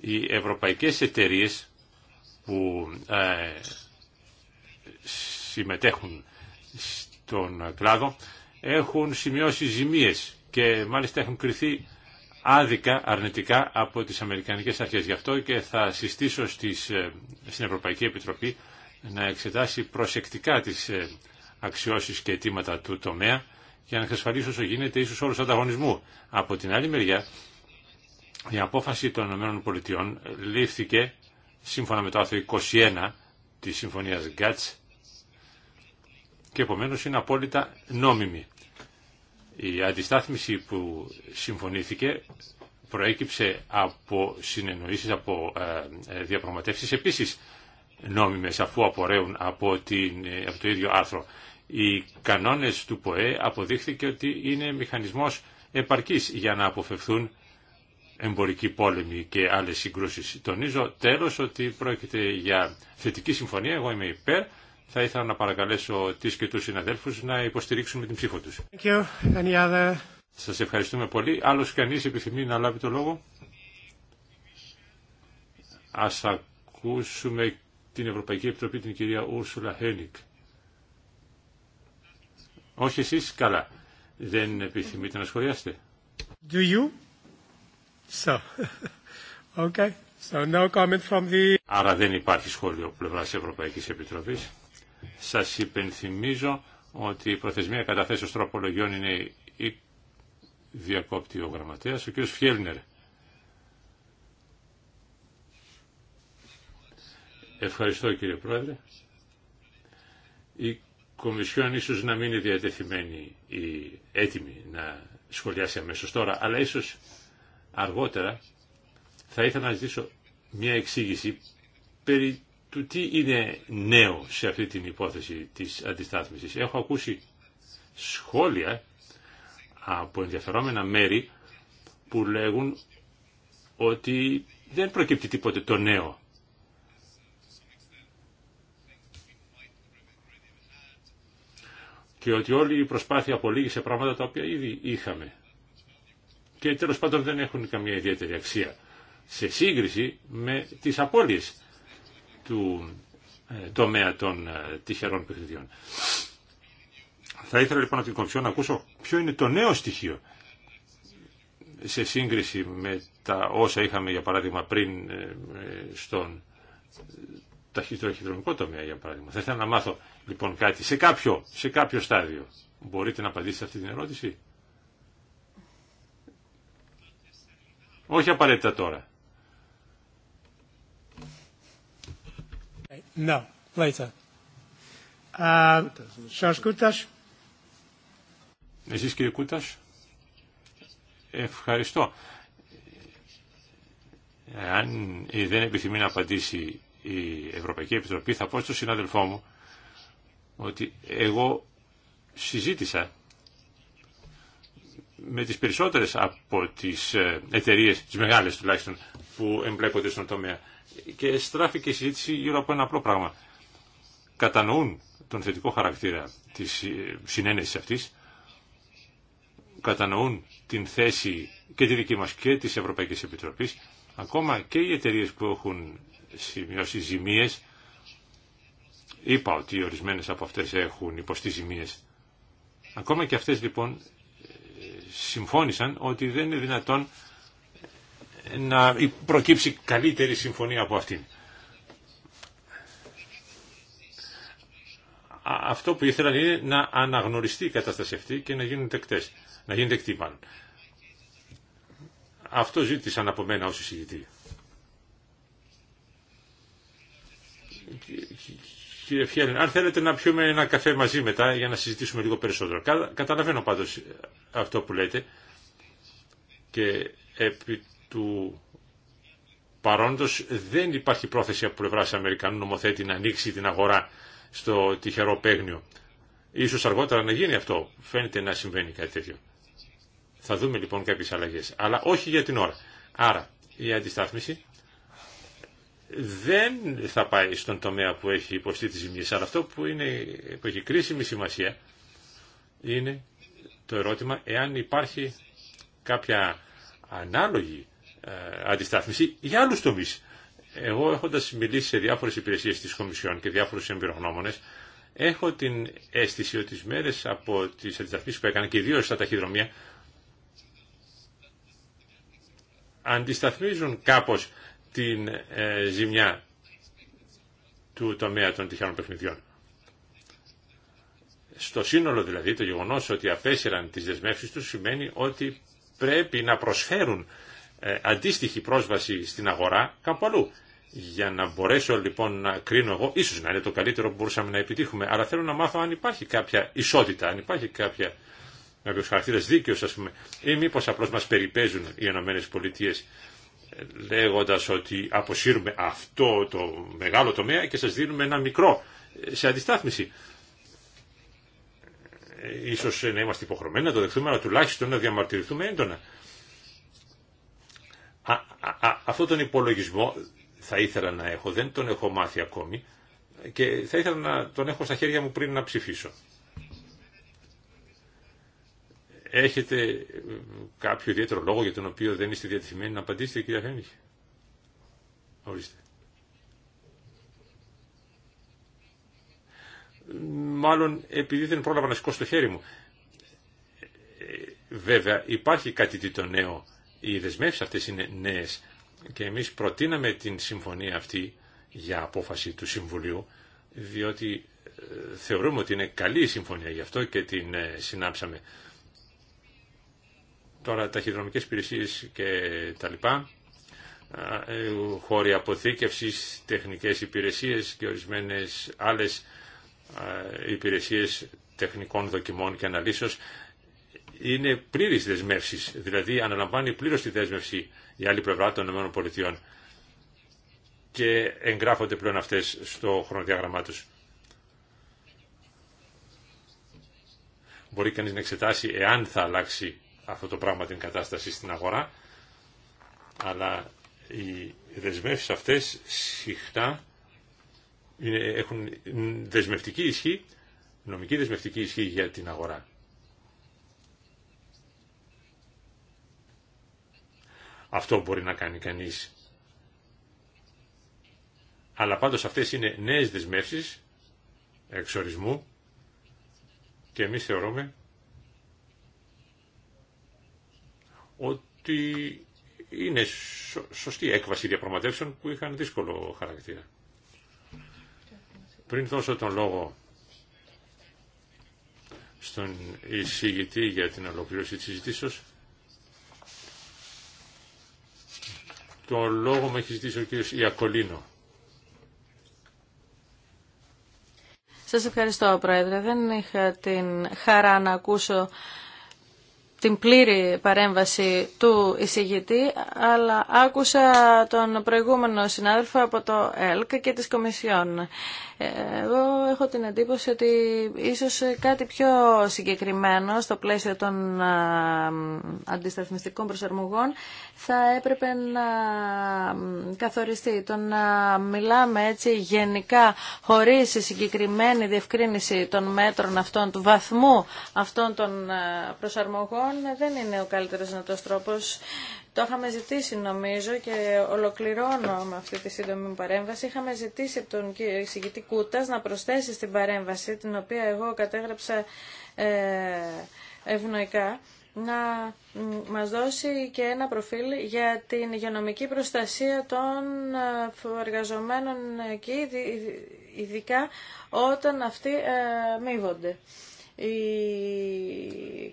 οι ευρωπαϊκές εταιρείες που ε, συμμετέχουν στον κλάδο έχουν σημειώσει ζημίες και μάλιστα έχουν κριθεί άδικα, αρνητικά από τις Αμερικανικές αρχές. Γι' αυτό και θα συστήσω στις, ε, στην Ευρωπαϊκή Επιτροπή να εξετάσει προσεκτικά τις Αξιώσει και αιτήματα του τομέα για να εξασφαλίσει όσο γίνεται ίσως του ανταγωνισμού. Από την άλλη μεριά, η απόφαση των ΗΠΑ λήφθηκε σύμφωνα με το άρθρο 21 της Συμφωνίας Γκάτς και επομένως είναι απόλυτα νόμιμη. Η αντιστάθμιση που συμφωνήθηκε προέκυψε από συνεννοήσεις, από ε, ε, διαπραγματεύσεις επίσης νόμιμες αφού απορρέουν από, την, ε, από το ίδιο άρθρο οι κανόνες του ΠΟΕ αποδείχθηκε ότι είναι μηχανισμός επαρκής για να αποφευθούν εμπορικοί πόλεμοι και άλλες συγκρούσεις. Τονίζω τέλος ότι πρόκειται για θετική συμφωνία, εγώ είμαι υπέρ. Θα ήθελα να παρακαλέσω τις και τους συναδέλφους να υποστηρίξουν με την ψήφο τους. Σας ευχαριστούμε πολύ. Άλλος κανείς επιθυμεί να λάβει το λόγο. Ας ακούσουμε την Ευρωπαϊκή Επιτροπή, την κυρία Ούρσουλα Χένικ. Όχι εσείς, καλά. Δεν επιθυμείτε να σχολιάσετε. Do you? So. Okay. So no comment from the... Άρα δεν υπάρχει σχόλιο πλευρά της Ευρωπαϊκής Επιτροπής. Σας υπενθυμίζω ότι η προθεσμία καταθέσεως τροπολογιών είναι η διακόπτη ο γραμματέας, ο κ. Φιέλνερ. Ευχαριστώ κύριε Πρόεδρε. Η Κομισιόν ίσως να μην είναι διατεθειμένη ή έτοιμη να σχολιάσει αμέσω τώρα, αλλά ίσως αργότερα θα ήθελα να ζητήσω μια εξήγηση περί του τι είναι νέο σε αυτή την υπόθεση της αντιστάθμισης. Έχω ακούσει σχόλια από ενδιαφερόμενα μέρη που λέγουν ότι δεν προκύπτει τίποτε το νέο και ότι όλη η προσπάθεια απολύγει σε πράγματα τα οποία ήδη είχαμε και τέλο πάντων δεν έχουν καμία ιδιαίτερη αξία σε σύγκριση με τις απώλειες του ε, τομέα των ε, τυχερών παιχνιδιών. Θα ήθελα λοιπόν από την Κομισιόν να ακούσω ποιο είναι το νέο στοιχείο σε σύγκριση με τα όσα είχαμε για παράδειγμα πριν ε, στον ταχυδροχυδρομικό τομέα, για παράδειγμα. Θα ήθελα να μάθω λοιπόν κάτι σε κάποιο, σε κάποιο στάδιο. Μπορείτε να απαντήσετε αυτή την ερώτηση. Όχι απαραίτητα τώρα. No, later. Κούτας. Uh, Εσείς κύριε Κούτας. Ευχαριστώ. Αν ε, δεν επιθυμεί να απαντήσει η Ευρωπαϊκή Επιτροπή, θα πω στον συνάδελφό μου ότι εγώ συζήτησα με τις περισσότερες από τις ε, εταιρείε, τις μεγάλες τουλάχιστον, που εμπλέκονται στον τομέα. Και στράφηκε η συζήτηση γύρω από ένα απλό πράγμα. Κατανοούν τον θετικό χαρακτήρα της ε, συνένεσης αυτής, κατανοούν την θέση και τη δική μας και της Ευρωπαϊκής Επιτροπής, ακόμα και οι εταιρείε που έχουν σημειώσει ζημίες. Είπα ότι ορισμένες από αυτές έχουν υποστεί ζημίες. Ακόμα και αυτές λοιπόν συμφώνησαν ότι δεν είναι δυνατόν να προκύψει καλύτερη συμφωνία από αυτήν. Αυτό που ήθελαν είναι να αναγνωριστεί η κατάσταση αυτή και να γίνουν δεκτές. Να γίνουν Αυτό ζήτησαν από μένα ως Κύριε Φιέλεν, αν θέλετε να πιούμε ένα καφέ μαζί μετά για να συζητήσουμε λίγο περισσότερο. Καταλαβαίνω πάντως αυτό που λέτε και επί του παρόντος δεν υπάρχει πρόθεση από πλευρά Αμερικανού νομοθέτη να ανοίξει την αγορά στο τυχερό παίγνιο. Ίσως αργότερα να γίνει αυτό. Φαίνεται να συμβαίνει κάτι τέτοιο. Θα δούμε λοιπόν κάποιες αλλαγές. Αλλά όχι για την ώρα. Άρα η αντιστάθμιση δεν θα πάει στον τομέα που έχει υποστεί τις ζημιές, αλλά αυτό που, είναι, που έχει κρίσιμη σημασία είναι το ερώτημα εάν υπάρχει κάποια ανάλογη ε, αντιστάθμιση για άλλους τομείς. Εγώ έχοντας μιλήσει σε διάφορες υπηρεσίες της Κομισιόν και διάφορους εμπειρογνώμονες, έχω την αίσθηση ότι τις μέρες από τις αντισταθμίσεις που έκανα και ιδίως στα ταχυδρομεία, αντισταθμίζουν κάπως την ε, ζημιά του τομέα των τυχαίων παιχνιδιών. Στο σύνολο δηλαδή το γεγονός ότι απέσυραν τις δεσμεύσεις τους σημαίνει ότι πρέπει να προσφέρουν ε, αντίστοιχη πρόσβαση στην αγορά κάπου αλλού. Για να μπορέσω λοιπόν να κρίνω εγώ, ίσως να είναι το καλύτερο που μπορούσαμε να επιτύχουμε, αλλά θέλω να μάθω αν υπάρχει κάποια ισότητα, αν υπάρχει κάποια κάποιο χαρακτήρα δίκαιο, α πούμε, ή μήπω απλώ μας περιπέζουν οι ΗΠΑ λέγοντας ότι αποσύρουμε αυτό το μεγάλο τομέα και σας δίνουμε ένα μικρό ε, σε αντιστάθμιση. Ε, ίσως να είμαστε υποχρεωμένοι να το δεχτούμε, αλλά τουλάχιστον να διαμαρτυρηθούμε έντονα. Α, τον υπολογισμό θα ήθελα να έχω, δεν τον έχω μάθει ακόμη και θα ήθελα να τον έχω στα χέρια μου πριν να ψηφίσω. Έχετε ε, κάποιο ιδιαίτερο λόγο για τον οποίο δεν είστε διατεθειμένοι να απαντήσετε, κυρία Χένιχ. Ορίστε. Μάλλον επειδή δεν πρόλαβα να σηκώσω το χέρι μου. Ε, βέβαια υπάρχει κάτι το νέο. Οι δεσμεύσει αυτές είναι νέες και εμείς προτείναμε την συμφωνία αυτή για απόφαση του Συμβουλίου διότι ε, θεωρούμε ότι είναι καλή η συμφωνία γι' αυτό και την συνάψαμε. Τώρα ταχυδρομικές υπηρεσίες και τα λοιπά, ε, χώροι αποθήκευσης, τεχνικές υπηρεσίες και ορισμένες άλλες υπηρεσίες τεχνικών δοκιμών και αναλύσεως είναι πλήρης δεσμεύσης, δηλαδή αναλαμβάνει πλήρως τη δέσμευση η άλλη πλευρά των ΗΠΑ και εγγράφονται πλέον αυτές στο χρονοδιάγραμμά τους. Μπορεί κανείς να εξετάσει εάν θα αλλάξει αυτό το πράγμα την κατάσταση στην αγορά, αλλά οι δεσμεύσεις αυτές συχνά είναι, έχουν δεσμευτική ισχύ, νομική δεσμευτική ισχύ για την αγορά. Αυτό μπορεί να κάνει κανείς. Αλλά πάντως αυτές είναι νέες δεσμεύσεις εξορισμού και εμείς θεωρούμε ότι είναι σωστή έκβαση διαπραγματεύσεων που είχαν δύσκολο χαρακτήρα. Πριν δώσω τον λόγο στον εισηγητή για την ολοκλήρωση της συζητήσεως, το λόγο με έχει ζητήσει ο κ. Ιακολίνο. Σας ευχαριστώ, Πρόεδρε. Δεν είχα την χαρά να ακούσω την πλήρη παρέμβαση του εισηγητή, αλλά άκουσα τον προηγούμενο συνάδελφο από το ΕΛΚ και της Κομισιόν. Εγώ έχω την εντύπωση ότι ίσως κάτι πιο συγκεκριμένο στο πλαίσιο των αντισταθμιστικών προσαρμογών θα έπρεπε να καθοριστεί. Το να μιλάμε έτσι γενικά χωρίς συγκεκριμένη διευκρίνηση των μέτρων αυτών, του βαθμού αυτών των προσαρμογών δεν είναι ο καλύτερος δυνατός τρόπος το είχαμε ζητήσει νομίζω και ολοκληρώνω με αυτή τη σύντομη παρέμβαση. Είχαμε ζητήσει από τον εισηγητή Κούτας να προσθέσει στην παρέμβαση, την οποία εγώ κατέγραψα ε, ευνοϊκά, να μας δώσει και ένα προφίλ για την υγειονομική προστασία των ε, εργαζομένων εκεί, ειδικά όταν αυτοί ε, μείβονται.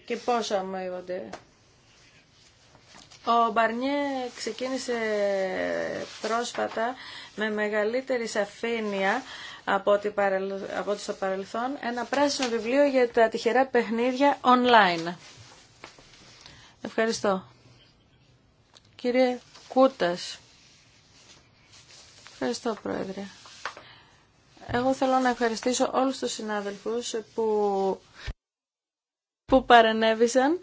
Και πόσα αμείβονται. Ο Μπαρνιέ ξεκίνησε πρόσφατα με μεγαλύτερη σαφήνεια από ό,τι, από στο παρελθόν ένα πράσινο βιβλίο για τα τυχερά παιχνίδια online. Ευχαριστώ. Κύριε Κούτας. Ευχαριστώ, Πρόεδρε. Εγώ θέλω να ευχαριστήσω όλους τους συνάδελφους που, που παρενέβησαν.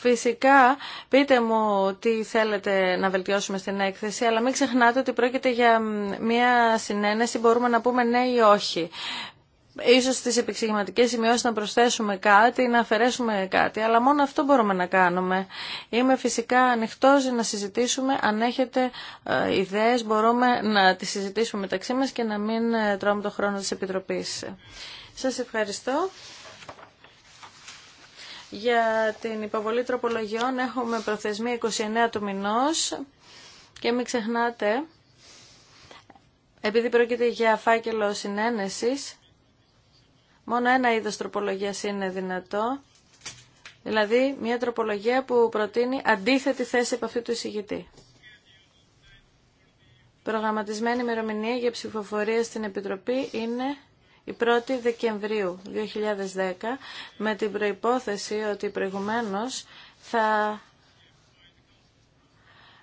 Φυσικά, πείτε μου τι θέλετε να βελτιώσουμε στην έκθεση, αλλά μην ξεχνάτε ότι πρόκειται για μια συνένεση, μπορούμε να πούμε ναι ή όχι. Ίσως στις επεξηγηματικές σημειώσεις να προσθέσουμε κάτι, να αφαιρέσουμε κάτι, αλλά μόνο αυτό μπορούμε να κάνουμε. Είμαι φυσικά ανοιχτός να συζητήσουμε, αν έχετε ε, ιδέες μπορούμε να τις συζητήσουμε μεταξύ μας και να μην ε, τρώμε το χρόνο της Επιτροπής. Σας ευχαριστώ. Για την υποβολή τροπολογιών έχουμε προθεσμία 29 του μηνός και μην ξεχνάτε, επειδή πρόκειται για φάκελο συνένεσης, μόνο ένα είδος τροπολογίας είναι δυνατό, δηλαδή μια τροπολογία που προτείνει αντίθετη θέση από αυτή του εισηγητή. Προγραμματισμένη ημερομηνία για ψηφοφορία στην Επιτροπή είναι η 1η Δεκεμβρίου 2010 με την προϋπόθεση ότι προηγουμένως θα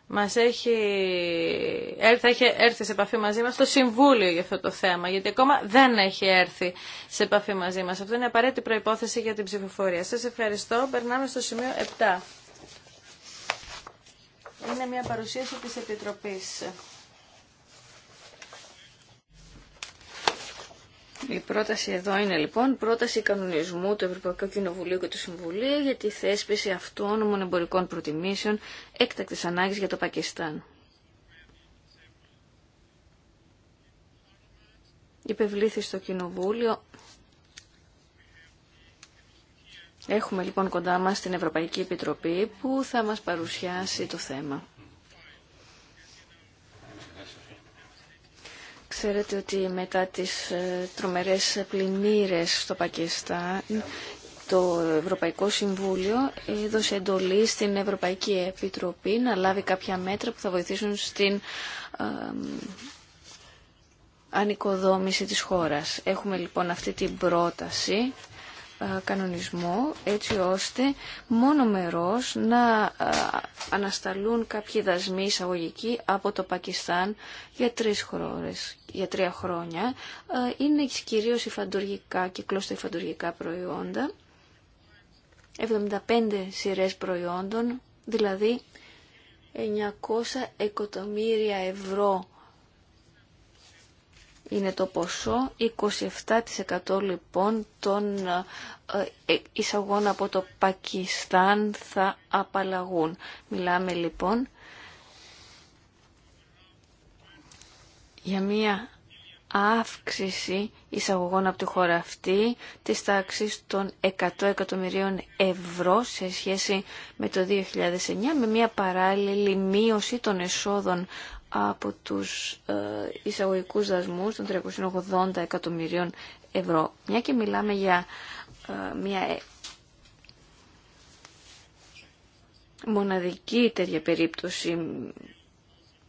μας έχει, θα έχει έρθει σε επαφή μαζί μας το Συμβούλιο για αυτό το θέμα, γιατί ακόμα δεν έχει έρθει σε επαφή μαζί μας. Αυτό είναι απαραίτητη προϋπόθεση για την ψηφοφορία. Σας ευχαριστώ. Περνάμε στο σημείο 7. Είναι μια παρουσίαση της Επιτροπής. Η πρόταση εδώ είναι λοιπόν πρόταση κανονισμού του Ευρωπαϊκού Κοινοβουλίου και του Συμβουλίου για τη θέσπιση αυτόνομων εμπορικών προτιμήσεων έκτακτης ανάγκης για το Πακιστάν. Υπευλήθη στο Κοινοβούλιο. Έχουμε λοιπόν κοντά μας την Ευρωπαϊκή Επιτροπή που θα μας παρουσιάσει το θέμα. Ξέρετε ότι μετά τις ε, τρομερές πλημμύρες στο Πακιστάν το Ευρωπαϊκό Συμβούλιο έδωσε εντολή στην Ευρωπαϊκή Επιτροπή να λάβει κάποια μέτρα που θα βοηθήσουν στην ανοικοδόμηση της χώρας. Έχουμε λοιπόν αυτή την πρόταση κανονισμό έτσι ώστε μόνο μερός να ανασταλούν κάποιοι δασμοί εισαγωγικοί από το Πακιστάν για, τρεις χρόνες, για τρία χρόνια. Είναι κυρίως υφαντουργικά, υφαντουργικά προϊόντα, 75 σειρές προϊόντων, δηλαδή 900 εκατομμύρια ευρώ είναι το ποσό 27% λοιπόν των ε, ε, εισαγών από το Πακιστάν θα απαλλαγούν. Μιλάμε λοιπόν για μία αύξηση εισαγωγών από τη χώρα αυτή της τάξης των 100 εκατομμυρίων ευρώ σε σχέση με το 2009 με μια παράλληλη μείωση των εσόδων από τους ε, εισαγωγικούς δασμούς των 380 εκατομμυρίων ευρώ. Μια και μιλάμε για ε, μια ε, μοναδική τέτοια περίπτωση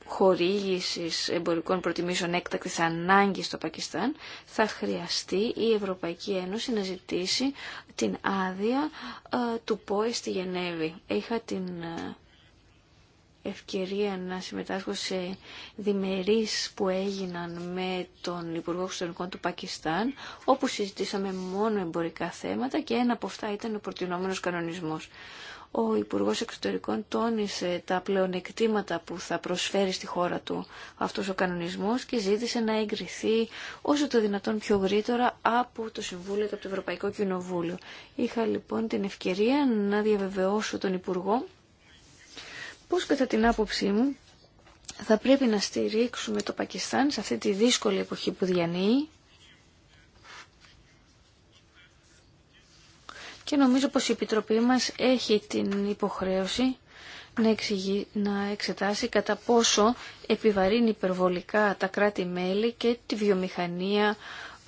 χορήγησης εμπορικών προτιμήσεων έκτακτης ανάγκης στο Πακιστάν, θα χρειαστεί η Ευρωπαϊκή Ένωση να ζητήσει την άδεια του ΠΟΕ στη Γενέβη. την ευκαιρία να συμμετάσχω σε διμερείς που έγιναν με τον Υπουργό Εξωτερικών του Πακιστάν, όπου συζητήσαμε μόνο εμπορικά θέματα και ένα από αυτά ήταν ο προτινόμενος κανονισμός. Ο Υπουργός Εξωτερικών τόνισε τα πλεονεκτήματα που θα προσφέρει στη χώρα του αυτό ο κανονισμός και ζήτησε να εγκριθεί όσο το δυνατόν πιο γρήγορα από το Συμβούλιο και από το Ευρωπαϊκό Κοινοβούλιο. Είχα λοιπόν την ευκαιρία να διαβεβαιώσω τον Υπουργό πώς κατά την άποψή μου θα πρέπει να στηρίξουμε το Πακιστάν σε αυτή τη δύσκολη εποχή που διανύει και νομίζω πως η Επιτροπή μας έχει την υποχρέωση να, να εξετάσει κατά πόσο επιβαρύνει υπερβολικά τα κράτη-μέλη και τη βιομηχανία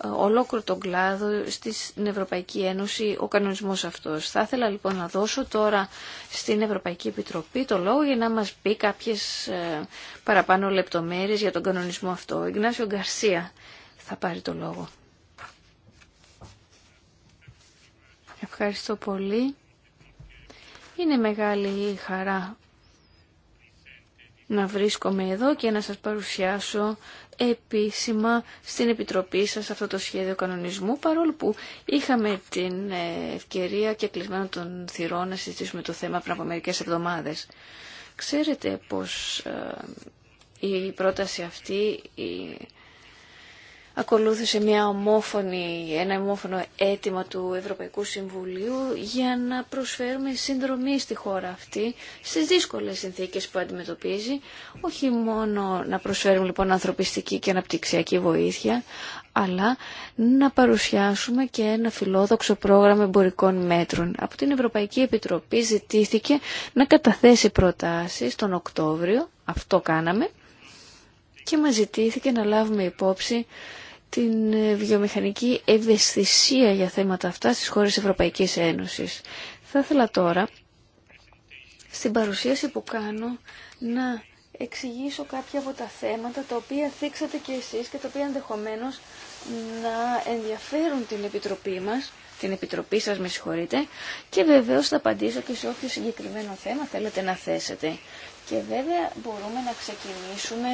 ολόκληρο τον κλάδο στην Ευρωπαϊκή Ένωση ο κανονισμός αυτός. Θα ήθελα λοιπόν να δώσω τώρα στην Ευρωπαϊκή Επιτροπή το λόγο για να μας πει κάποιες ε, παραπάνω λεπτομέρειες για τον κανονισμό αυτό. Ο Ιγνάσιο Γκαρσία θα πάρει το λόγο. Ευχαριστώ πολύ. Είναι μεγάλη χαρά να βρίσκομαι εδώ και να σας παρουσιάσω επίσημα στην Επιτροπή σας αυτό το σχέδιο κανονισμού, παρόλο που είχαμε την ε, ευκαιρία και κλεισμένο των θυρών να συζητήσουμε το θέμα πριν από μερικές εβδομάδες. Ξέρετε πως ε, η πρόταση αυτή ακολούθησε μια ομόφωνη, ένα ομόφωνο αίτημα του Ευρωπαϊκού Συμβουλίου για να προσφέρουμε συνδρομή στη χώρα αυτή στις δύσκολες συνθήκες που αντιμετωπίζει, όχι μόνο να προσφέρουμε λοιπόν ανθρωπιστική και αναπτυξιακή βοήθεια, αλλά να παρουσιάσουμε και ένα φιλόδοξο πρόγραμμα εμπορικών μέτρων. Από την Ευρωπαϊκή Επιτροπή ζητήθηκε να καταθέσει προτάσεις τον Οκτώβριο, αυτό κάναμε, και μας ζητήθηκε να λάβουμε υπόψη την ε, βιομηχανική ευαισθησία για θέματα αυτά στις χώρες Ευρωπαϊκής Ένωσης. Θα ήθελα τώρα, στην παρουσίαση που κάνω, να εξηγήσω κάποια από τα θέματα τα οποία θίξατε και εσείς και τα οποία ενδεχομένως να ενδιαφέρουν την Επιτροπή μας, την Επιτροπή σας με συγχωρείτε, και βεβαίως θα απαντήσω και σε όποιο συγκεκριμένο θέμα θέλετε να θέσετε. Και βέβαια μπορούμε να ξεκινήσουμε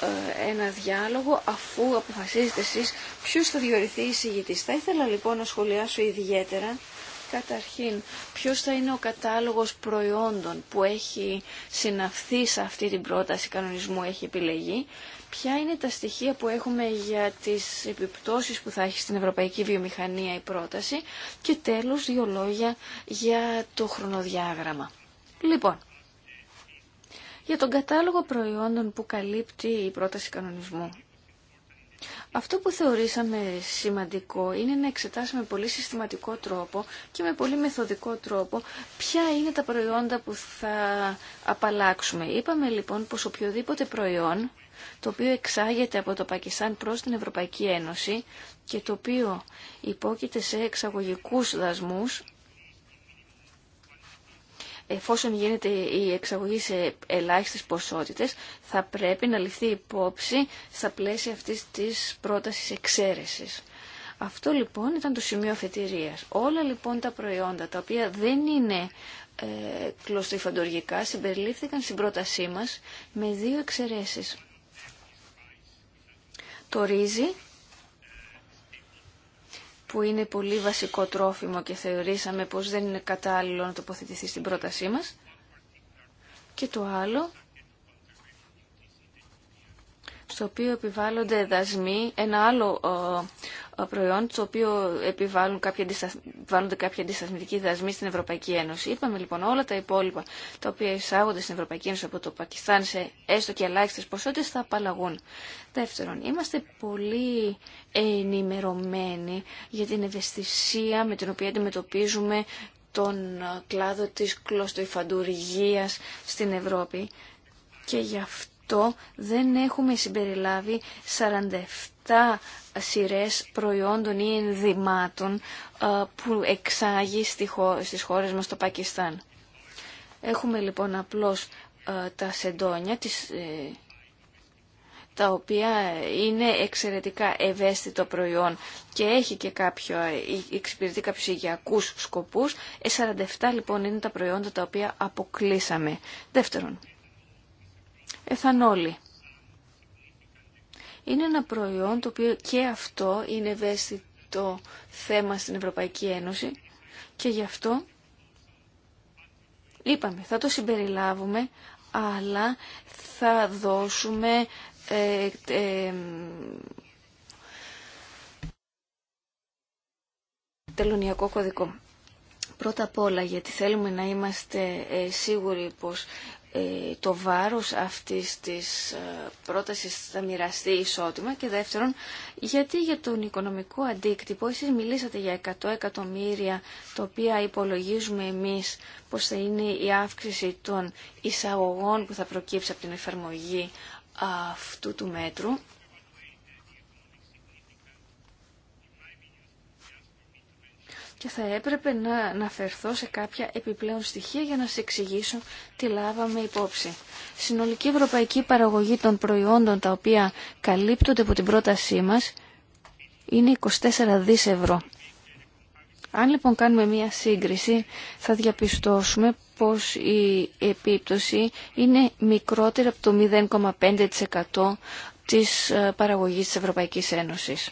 ε, ένα διάλογο αφού αποφασίζετε εσείς ποιος θα διοριθεί εισηγητής. Θα ήθελα λοιπόν να σχολιάσω ιδιαίτερα καταρχήν ποιος θα είναι ο κατάλογος προϊόντων που έχει συναυθεί σε αυτή την πρόταση κανονισμού έχει επιλεγεί, ποια είναι τα στοιχεία που έχουμε για τις επιπτώσεις που θα έχει στην ευρωπαϊκή βιομηχανία η πρόταση και τέλος δύο λόγια για το χρονοδιάγραμμα. Λοιπόν, για τον κατάλογο προϊόντων που καλύπτει η πρόταση κανονισμού. Αυτό που θεωρήσαμε σημαντικό είναι να εξετάσουμε με πολύ συστηματικό τρόπο και με πολύ μεθοδικό τρόπο ποια είναι τα προϊόντα που θα απαλλάξουμε. Είπαμε λοιπόν πως οποιοδήποτε προϊόν το οποίο εξάγεται από το Πακιστάν προς την Ευρωπαϊκή Ένωση και το οποίο υπόκειται σε εξαγωγικούς δασμούς εφόσον γίνεται η εξαγωγή σε ελάχιστες ποσότητες, θα πρέπει να ληφθεί υπόψη στα πλαίσια αυτής της πρότασης εξαίρεσης. Αυτό λοιπόν ήταν το σημείο αφετηρίας. Όλα λοιπόν τα προϊόντα τα οποία δεν είναι ε, κλωστοϊφαντοργικά συμπεριλήφθηκαν στην πρότασή μας με δύο εξαιρέσεις. Το ρύζι που είναι πολύ βασικό τρόφιμο και θεωρήσαμε πως δεν είναι κατάλληλο να τοποθετηθεί στην πρότασή μας. Και το άλλο στο οποίο επιβάλλονται δασμοί, ένα άλλο ε, ε, προϊόν, στο οποίο επιβάλλονται κάποια αντισταθμητικοί δασμοί στην Ευρωπαϊκή Ένωση. Είπαμε λοιπόν όλα τα υπόλοιπα τα οποία εισάγονται στην Ευρωπαϊκή Ένωση από το Πακιστάν σε έστω και ελάχιστε ποσότητε θα απαλλαγούν. Δεύτερον, είμαστε πολύ ενημερωμένοι για την ευαισθησία με την οποία αντιμετωπίζουμε τον ε, κλάδο της κλωστοϊφαντουργίας στην Ευρώπη και γι' αυτό δεν έχουμε συμπεριλάβει 47 σειρέ προϊόντων ή ενδυμάτων που εξάγει στις χώρες μας το Πακιστάν. Έχουμε λοιπόν απλώς τα σεντόνια, ε, τα οποία είναι εξαιρετικά ευαίσθητο προϊόν και έχει και κάποιο, ε, εξυπηρετεί κάποιους σκοπούς. 47 ε, λοιπόν είναι τα προϊόντα τα οποία αποκλείσαμε. Δεύτερον, εθανόλη. Είναι ένα προϊόν το οποίο και αυτό είναι ευαίσθητο θέμα στην Ευρωπαϊκή Ένωση και γι' αυτό είπαμε θα το συμπεριλάβουμε αλλά θα δώσουμε ε, ε, τελωνιακό κωδικό. Πρώτα απ' όλα γιατί θέλουμε να είμαστε ε, σίγουροι πως ε, το βάρος αυτής της ε, πρότασης θα μοιραστεί ισότιμα και δεύτερον γιατί για τον οικονομικό αντίκτυπο εσείς μιλήσατε για 100 εκατομμύρια τα οποία υπολογίζουμε εμείς πως θα είναι η αύξηση των εισαγωγών που θα προκύψει από την εφαρμογή αυτού του μέτρου θα έπρεπε να αναφερθώ σε κάποια επιπλέον στοιχεία για να σας εξηγήσω τι λάβαμε υπόψη. Συνολική ευρωπαϊκή παραγωγή των προϊόντων τα οποία καλύπτονται από την πρότασή μας είναι 24 δις ευρώ. Αν λοιπόν κάνουμε μία σύγκριση θα διαπιστώσουμε πως η επίπτωση είναι μικρότερη από το 0,5% της ε, παραγωγής της Ευρωπαϊκής Ένωσης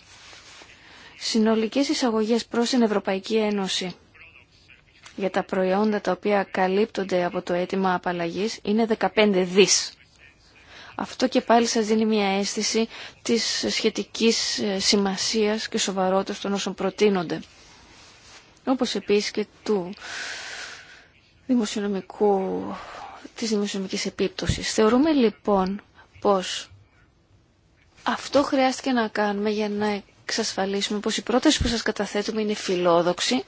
συνολικές εισαγωγές προς την Ευρωπαϊκή Ένωση για τα προϊόντα τα οποία καλύπτονται από το αίτημα απαλλαγής είναι 15 δις. Αυτό και πάλι σας δίνει μια αίσθηση της σχετικής ε, σημασίας και σοβαρότητας των όσων προτείνονται. Όπως επίσης και του δημοσιονομικού, της δημοσιονομικής επίπτωσης. Θεωρούμε λοιπόν πως αυτό χρειάστηκε να κάνουμε για να εξασφαλίσουμε πως η πρόταση που σας καταθέτουμε είναι φιλόδοξη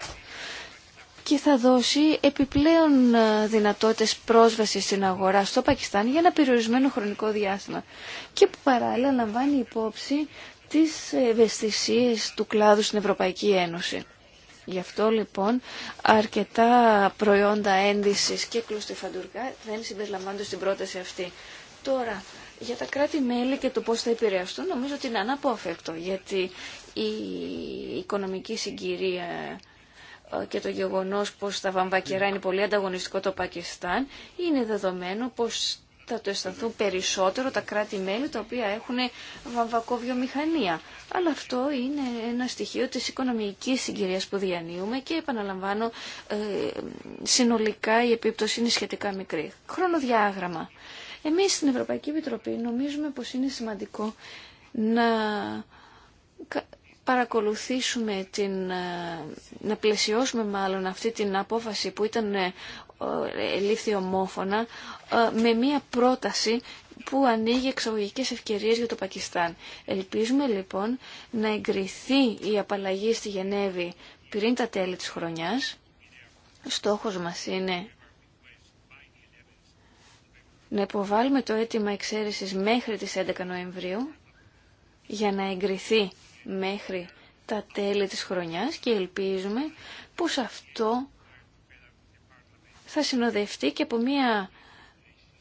και θα δώσει επιπλέον ε, δυνατότητες πρόσβασης στην αγορά στο Πακιστάν για ένα περιορισμένο χρονικό διάστημα και που παράλληλα λαμβάνει υπόψη τις ευαισθησίες του κλάδου στην Ευρωπαϊκή Ένωση. Γι' αυτό λοιπόν αρκετά προϊόντα ένδυσης και κλωστεφαντουργά δεν συμπεριλαμβάνονται στην πρόταση αυτή. Τώρα, για τα κράτη-μέλη και το πώς θα επηρεαστούν νομίζω ότι είναι αναπόφευκτο γιατί η οικονομική συγκυρία ε, και το γεγονός πως τα βαμβακερά είναι πολύ ανταγωνιστικό το Πακιστάν είναι δεδομένο πως θα το αισθανθούν περισσότερο τα κράτη-μέλη τα οποία έχουν βαμβακοβιομηχανία. Αλλά αυτό είναι ένα στοιχείο της οικονομικής συγκυρίας που διανύουμε και επαναλαμβάνω ε, συνολικά η επίπτωση είναι σχετικά μικρή. Χρονοδιάγραμμα. Εμείς στην Ευρωπαϊκή Επιτροπή νομίζουμε πως είναι σημαντικό να παρακολουθήσουμε την, ε, να πλαισιώσουμε μάλλον αυτή την απόφαση που ήταν ε, λήφθη ομόφωνα ε, με μία πρόταση που ανοίγει εξαγωγικές ευκαιρίες για το Πακιστάν. Ελπίζουμε λοιπόν να εγκριθεί η απαλλαγή στη Γενέβη πριν τα τέλη της χρονιάς. Στόχος μας είναι να υποβάλουμε το αίτημα εξαίρεσης μέχρι τις 11 Νοεμβρίου για να εγκριθεί μέχρι τα τέλη της χρονιάς και ελπίζουμε πως αυτό θα συνοδευτεί και από μια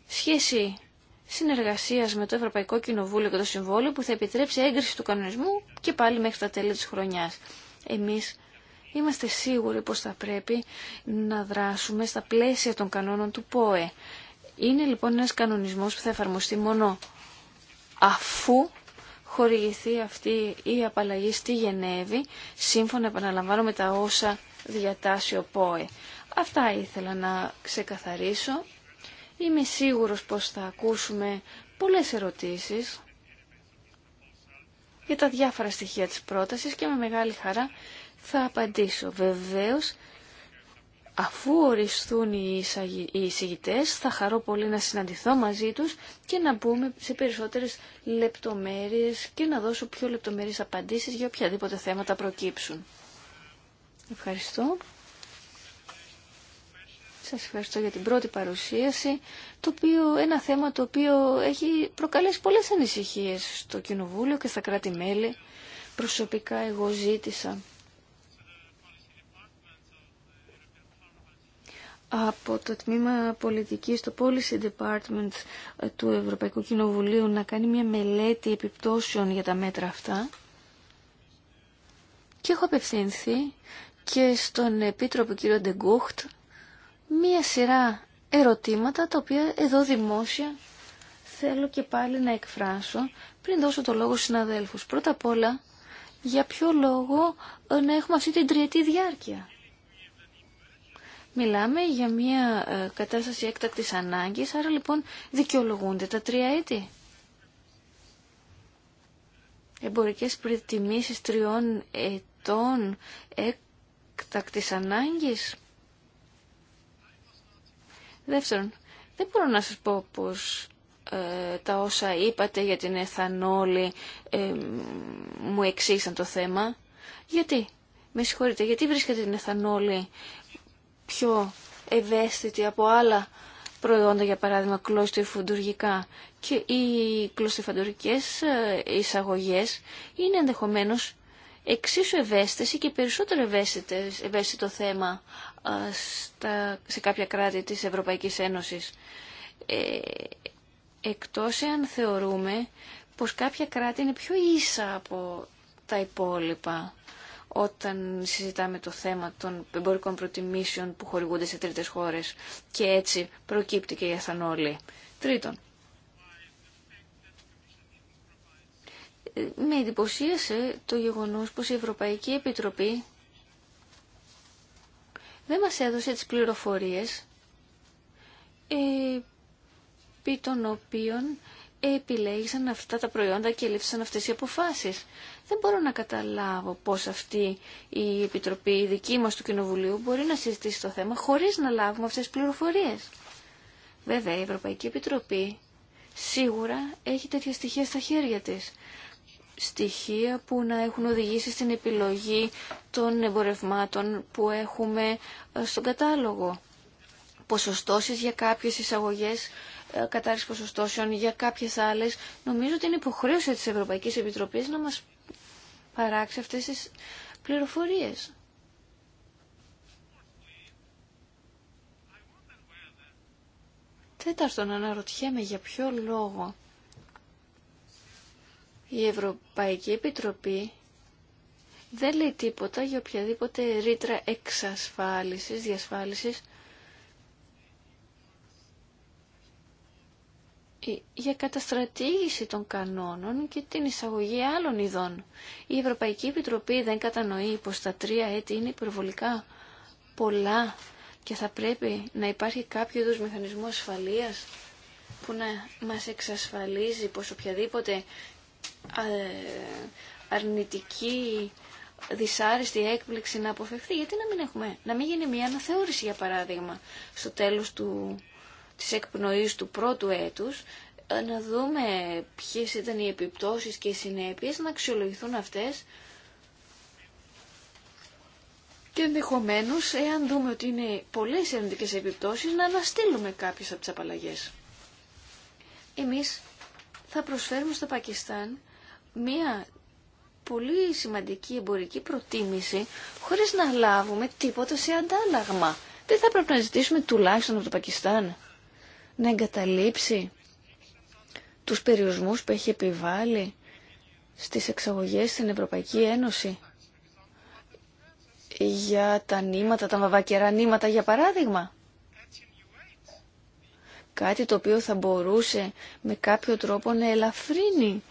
σχέση συνεργασίας με το Ευρωπαϊκό Κοινοβούλιο και το Συμβόλιο που θα επιτρέψει έγκριση του κανονισμού και πάλι μέχρι τα τέλη της χρονιάς. Εμείς είμαστε σίγουροι πως θα πρέπει να δράσουμε στα πλαίσια των κανόνων του ΠΟΕ. Είναι λοιπόν ένας κανονισμός που θα εφαρμοστεί μόνο αφού χορηγηθεί αυτή η απαλλαγή στη Γενέβη, σύμφωνα επαναλαμβάνω με τα όσα διατάσσει ο ΠΟΕ. Αυτά ήθελα να ξεκαθαρίσω. Είμαι σίγουρος πως θα ακούσουμε πολλές ερωτήσεις για τα διάφορα στοιχεία της πρότασης και με μεγάλη χαρά θα απαντήσω. Βεβαίως Αφού οριστούν οι εισηγητές θα χαρώ πολύ να συναντηθώ μαζί τους και να μπούμε σε περισσότερες λεπτομέρειες και να δώσω πιο λεπτομέρειες απαντήσεις για οποιαδήποτε θέματα προκύψουν. Ευχαριστώ. Σας ευχαριστώ για την πρώτη παρουσίαση, το οποίο, ένα θέμα το οποίο έχει προκαλέσει πολλές ανησυχίες στο Κοινοβούλιο και στα κράτη-μέλη. Προσωπικά εγώ ζήτησα από το τμήμα πολιτικής στο Policy Department ε, του Ευρωπαϊκού Κοινοβουλίου να κάνει μια μελέτη επιπτώσεων για τα μέτρα αυτά. Και έχω απευθύνθει και στον Επίτροπο κύριο Ντεγκούχτ μία σειρά ερωτήματα τα οποία εδώ δημόσια θέλω και πάλι να εκφράσω πριν δώσω το λόγο στους συναδέλφους. Πρώτα απ' όλα, για ποιο λόγο ε, να έχουμε αυτή την τριετή διάρκεια. Μιλάμε για μια ε, κατάσταση έκτακτης ανάγκης, άρα λοιπόν δικαιολογούνται τα τρία έτη. Εμπορικές προτιμήσεις τριών ετών έκτακτης ανάγκης. Δεύτερον, δεν μπορώ να σας πω πως ε, τα όσα είπατε για την εθανόλη ε, μου εξήγησαν το θέμα. Γιατί, με συγχωρείτε, γιατί βρίσκεται την εθανόλη πιο ευαίσθητοι από άλλα προϊόντα, για παράδειγμα κλωστιφαντουργικά... και οι κλωστιφαντουργικές ε, εισαγωγές είναι ενδεχομένως εξίσου ευαίσθηση και περισσότερο ευαίσθητες, ευαίσθητο θέμα ε, στα, σε κάποια κράτη της Ευρωπαϊκής Ένωσης. Ε, εκτός εάν θεωρούμε πως κάποια κράτη είναι πιο ίσα από τα υπόλοιπα όταν συζητάμε το θέμα των εμπορικών προτιμήσεων που χορηγούνται σε τρίτες χώρες και έτσι προκύπτει και η αθανόλη. Τρίτον, με εντυπωσίασε το γεγονός πως η Ευρωπαϊκή Επιτροπή δεν μας έδωσε τις πληροφορίες ε, επί των οποίων επιλέγησαν αυτά τα προϊόντα και λήφθησαν αυτές οι αποφάσεις. Δεν μπορώ να καταλάβω πώς αυτή η Επιτροπή η δική μας του Κοινοβουλίου μπορεί να συζητήσει το θέμα χωρίς να λάβουμε αυτές τις πληροφορίες. Βέβαια, η Ευρωπαϊκή Επιτροπή σίγουρα έχει τέτοια στοιχεία στα χέρια της. Στοιχεία που να έχουν οδηγήσει στην επιλογή των εμπορευμάτων που έχουμε ε, στον κατάλογο. Ποσοστώσεις για κάποιες εισαγωγές ε, κατάρριξη ποσοστώσεων, για κάποιες άλλε νομίζω ότι είναι υποχρέωση της Ευρωπαϊκής Επιτροπής να μας παράξει αυτές τις πληροφορίες. Τέταρτον, αναρωτιέμαι για ποιο λόγο η Ευρωπαϊκή Επιτροπή δεν λέει τίποτα για οποιαδήποτε ρήτρα εξασφάλισης, διασφάλισης για καταστρατήγηση των κανόνων και την εισαγωγή άλλων ειδών. Η Ευρωπαϊκή Επιτροπή δεν κατανοεί πως τα τρία έτη είναι υπερβολικά πολλά και θα πρέπει να υπάρχει κάποιο είδους μηχανισμό ασφαλείας που να μας εξασφαλίζει πως οποιαδήποτε αρνητική δυσάρεστη έκπληξη να αποφευθεί. Γιατί να μην έχουμε, να μην γίνει μια αναθεώρηση για παράδειγμα στο τέλος του της εκπνοής του πρώτου έτους, ε, να δούμε ποιες ήταν οι επιπτώσεις και οι συνέπειες, να αξιολογηθούν αυτές και ενδεχομένω, εάν δούμε ότι είναι πολλές αρνητικές επιπτώσεις, να αναστείλουμε κάποιες από τις απαλλαγές. Εμείς θα προσφέρουμε στο Πακιστάν μία πολύ σημαντική εμπορική προτίμηση χωρίς να λάβουμε τίποτα σε αντάλλαγμα. Δεν θα πρέπει να ζητήσουμε τουλάχιστον από το Πακιστάν να εγκαταλείψει τους περιορισμούς που έχει επιβάλει στις εξαγωγές στην Ευρωπαϊκή Ένωση για τα νήματα, τα βαβακερά νήματα για παράδειγμα. Κάτι το οποίο θα μπορούσε με κάποιο τρόπο να ελαφρύνει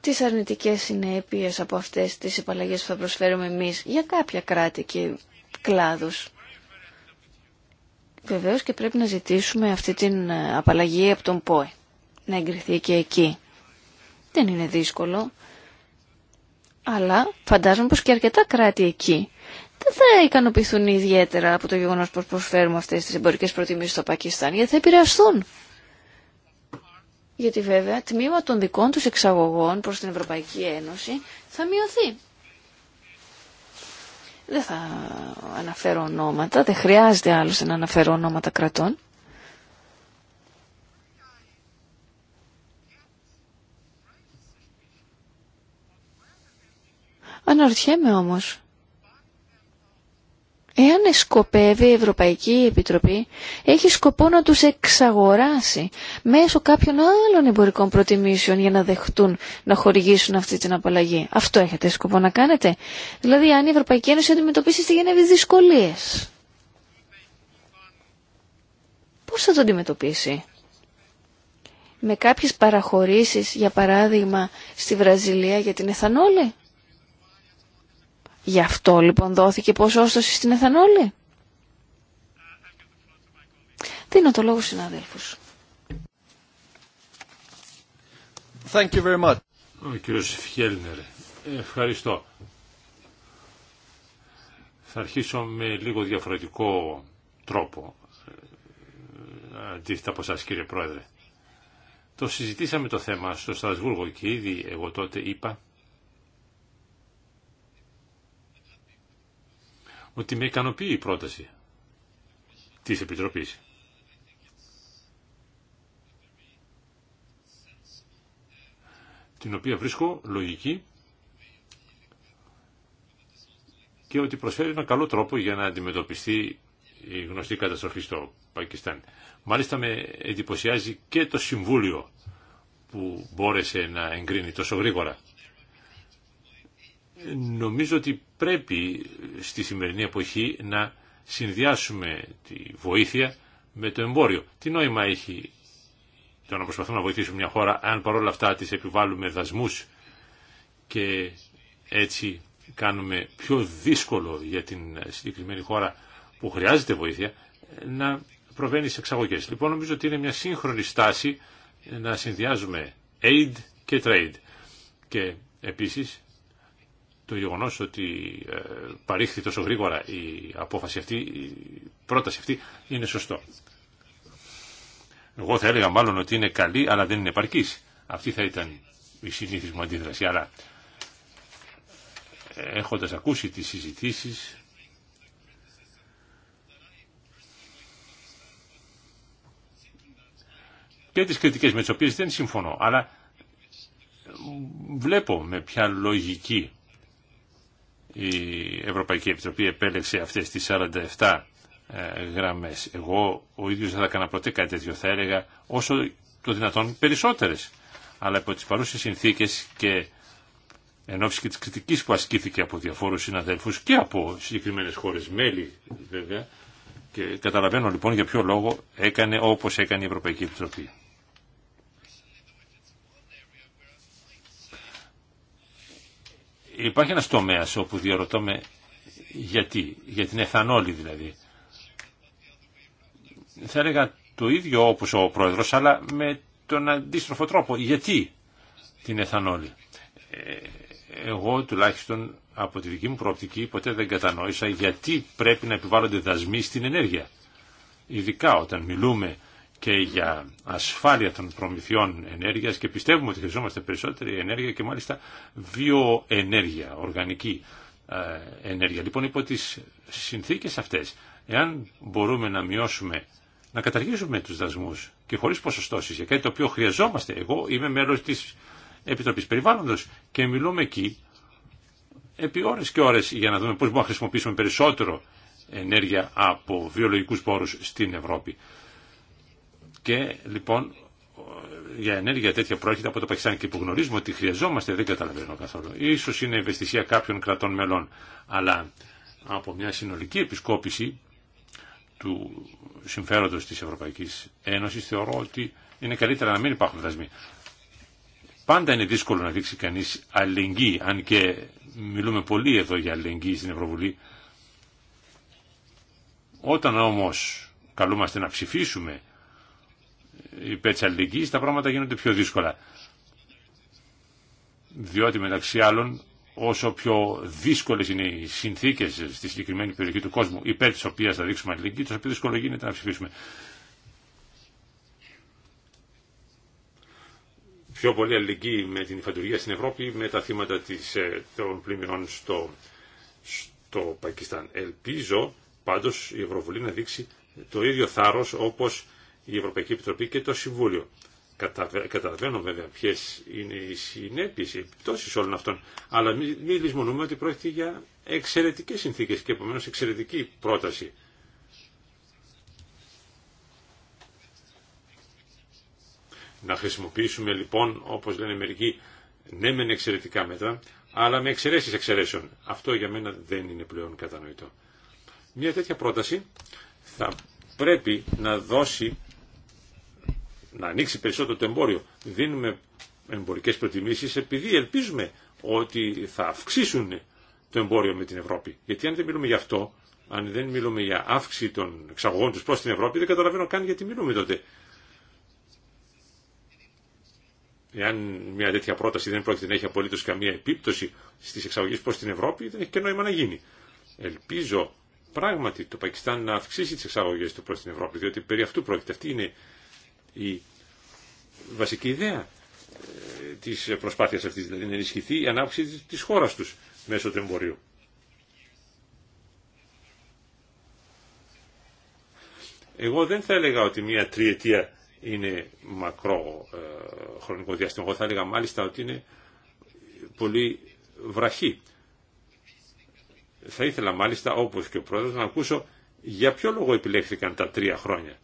τις αρνητικές συνέπειες από αυτές τις επαλλαγές που θα προσφέρουμε εμείς για κάποια κράτη και κλάδους. Βεβαίω και πρέπει να ζητήσουμε αυτή την ε, απαλλαγή από τον ΠΟΕ. Να εγκριθεί και εκεί. Δεν είναι δύσκολο. Αλλά φαντάζομαι πως και αρκετά κράτη εκεί δεν θα ικανοποιηθούν ιδιαίτερα από το γεγονός πως προσφέρουμε αυτές τις εμπορικές προτιμήσεις στο Πακιστάν, γιατί θα επηρεαστούν. Γιατί βέβαια τμήμα των δικών τους εξαγωγών προς την Ευρωπαϊκή Ένωση θα μειωθεί. Δεν θα αναφέρω ονόματα, δεν χρειάζεται άλλωστε να αναφέρω ονόματα κρατών. Αναρωτιέμαι όμως Εάν σκοπεύει η Ευρωπαϊκή Επιτροπή, έχει σκοπό να τους εξαγοράσει μέσω κάποιων άλλων εμπορικών προτιμήσεων για να δεχτούν να χορηγήσουν αυτή την απαλλαγή. Αυτό έχετε σκοπό να κάνετε. Δηλαδή, αν η Ευρωπαϊκή Ένωση αντιμετωπίσει στη Γενέβη δυσκολίες. Πώς θα το αντιμετωπίσει. Με κάποιες παραχωρήσεις, για παράδειγμα, στη Βραζιλία για την Εθανόλη. Γι' αυτό λοιπόν δόθηκε ποσόστοση στην εθανόλη. Δίνω το λόγο συναδέλφους. Thank you very much. κύριος Φιέλνερ, ευχαριστώ. Θα αρχίσω με λίγο διαφορετικό τρόπο, ε, αντίθετα από σας κύριε Πρόεδρε. Το συζητήσαμε το θέμα στο Στρασβούργο και ήδη εγώ τότε είπα ότι με ικανοποιεί η πρόταση της Επιτροπής. την οποία βρίσκω λογική και ότι προσφέρει ένα καλό τρόπο για να αντιμετωπιστεί η γνωστή καταστροφή στο Πακιστάν. Μάλιστα με εντυπωσιάζει και το Συμβούλιο που μπόρεσε να εγκρίνει τόσο γρήγορα. Νομίζω ότι πρέπει στη σημερινή εποχή να συνδυάσουμε τη βοήθεια με το εμπόριο. Τι νόημα έχει το να προσπαθούμε να βοηθήσουμε μια χώρα αν παρόλα αυτά της επιβάλλουμε δασμούς και έτσι κάνουμε πιο δύσκολο για την συγκεκριμένη χώρα που χρειάζεται βοήθεια να προβαίνει σε εξαγωγές. Λοιπόν νομίζω ότι είναι μια σύγχρονη στάση να συνδυάζουμε aid και trade. Και επίσης το γεγονό ότι ε, παρήχθη τόσο γρήγορα η απόφαση αυτή, η πρόταση αυτή, είναι σωστό. Εγώ θα έλεγα μάλλον ότι είναι καλή, αλλά δεν είναι επαρκή. Αυτή θα ήταν η συνήθι μου αντίδραση. Αλλά ε, έχοντα ακούσει τι συζητήσει. και τις κριτικές με τις οποίες δεν συμφωνώ, αλλά ε, βλέπω με ποια λογική η Ευρωπαϊκή Επιτροπή επέλεξε αυτές τις 47 ε, γραμμές. Εγώ ο ίδιος δεν θα έκανα ποτέ κάτι τέτοιο. Θα έλεγα όσο το δυνατόν περισσότερες. Αλλά υπό τις παρούσες συνθήκες και εν και της κριτικής που ασκήθηκε από διαφόρους συναδέλφους και από συγκεκριμένες χώρες μέλη βέβαια και καταλαβαίνω λοιπόν για ποιο λόγο έκανε όπως έκανε η Ευρωπαϊκή Επιτροπή. Υπάρχει ένας τομέας όπου διαρωτώ με γιατί, για την εθανόλη δηλαδή. Θα έλεγα το ίδιο όπως ο πρόεδρος, αλλά με τον αντίστροφο τρόπο. Γιατί την εθανόλη. Ε, εγώ τουλάχιστον από τη δική μου προοπτική ποτέ δεν κατανόησα γιατί πρέπει να επιβάλλονται δασμοί στην ενέργεια. Ειδικά όταν μιλούμε και για ασφάλεια των προμηθειών ενέργειας και πιστεύουμε ότι χρειαζόμαστε περισσότερη ενέργεια και μάλιστα βιοενέργεια, οργανική ε, ενέργεια. Λοιπόν, υπό τις συνθήκες αυτές, εάν μπορούμε να μειώσουμε, να καταργήσουμε τους δασμούς και χωρίς ποσοστώσεις για κάτι το οποίο χρειαζόμαστε, εγώ είμαι μέλος της Επιτροπής Περιβάλλοντος και μιλούμε εκεί επί ώρες και ώρες για να δούμε πώς μπορούμε να χρησιμοποιήσουμε περισσότερο ενέργεια από βιολογικούς πόρους στην Ευρώπη. Και λοιπόν για ενέργεια τέτοια προέρχεται από το Πακιστάν και που γνωρίζουμε ότι χρειαζόμαστε δεν καταλαβαίνω καθόλου. Ίσως είναι ευαισθησία κάποιων κρατών μελών. Αλλά από μια συνολική επισκόπηση του συμφέροντος της Ευρωπαϊκής Ένωσης θεωρώ ότι είναι καλύτερα να μην υπάρχουν δασμοί. Πάντα είναι δύσκολο να δείξει κανείς αλληλεγγύη, αν και μιλούμε πολύ εδώ για αλληλεγγύη στην Ευρωβουλή. Όταν όμως καλούμαστε να ψηφίσουμε υπέρ της τα πράγματα γίνονται πιο δύσκολα. Διότι μεταξύ άλλων όσο πιο δύσκολες είναι οι συνθήκες στη συγκεκριμένη περιοχή του κόσμου υπέρ της οποίας θα δείξουμε αλληλεγγύη τόσο πιο δύσκολο γίνεται να ψηφίσουμε. Πιο πολύ αλληλεγγύη με την υφαντουργία στην Ευρώπη με τα θύματα της, ε, των πλημμυρών στο, στο Πακιστάν. Ελπίζω πάντως η Ευρωβουλή να δείξει το ίδιο θάρρος όπως η Ευρωπαϊκή Επιτροπή και το Συμβούλιο. Καταλαβαίνω βέβαια ποιε είναι οι συνέπειε, οι επιπτώσει όλων αυτών, αλλά μην λησμονούμε ότι πρόκειται για εξαιρετικέ συνθήκε και επομένω εξαιρετική πρόταση. Να χρησιμοποιήσουμε λοιπόν, όπω λένε μερικοί, ναι μεν εξαιρετικά μέτρα, αλλά με εξαιρέσει εξαιρέσεων. Αυτό για μένα δεν είναι πλέον κατανοητό. Μια τέτοια πρόταση θα πρέπει να δώσει να ανοίξει περισσότερο το εμπόριο. Δίνουμε εμπορικές προτιμήσεις επειδή ελπίζουμε ότι θα αυξήσουν το εμπόριο με την Ευρώπη. Γιατί αν δεν μιλούμε γι' αυτό, αν δεν μιλούμε για αύξηση των εξαγωγών τους προς την Ευρώπη, δεν καταλαβαίνω καν γιατί μιλούμε τότε. Εάν μια τέτοια πρόταση δεν πρόκειται να έχει απολύτω καμία επίπτωση στι εξαγωγέ προ την Ευρώπη, δεν έχει και νόημα να γίνει. Ελπίζω πράγματι το Πακιστάν να αυξήσει τι εξαγωγέ του προ την Ευρώπη, διότι περί αυτού πρόκειται. Αυτή είναι η βασική ιδέα ε, της προσπάθειας αυτής δηλαδή να ενισχυθεί η ανάπτυξη της χώρας τους μέσω του εμπορίου. Εγώ δεν θα έλεγα ότι μία τριετία είναι μακρό ε, χρονικό διάστημα. Εγώ θα έλεγα μάλιστα ότι είναι πολύ βραχή. Θα ήθελα μάλιστα όπως και ο πρόεδρος να ακούσω για ποιο λόγο επιλέχθηκαν τα τρία χρόνια.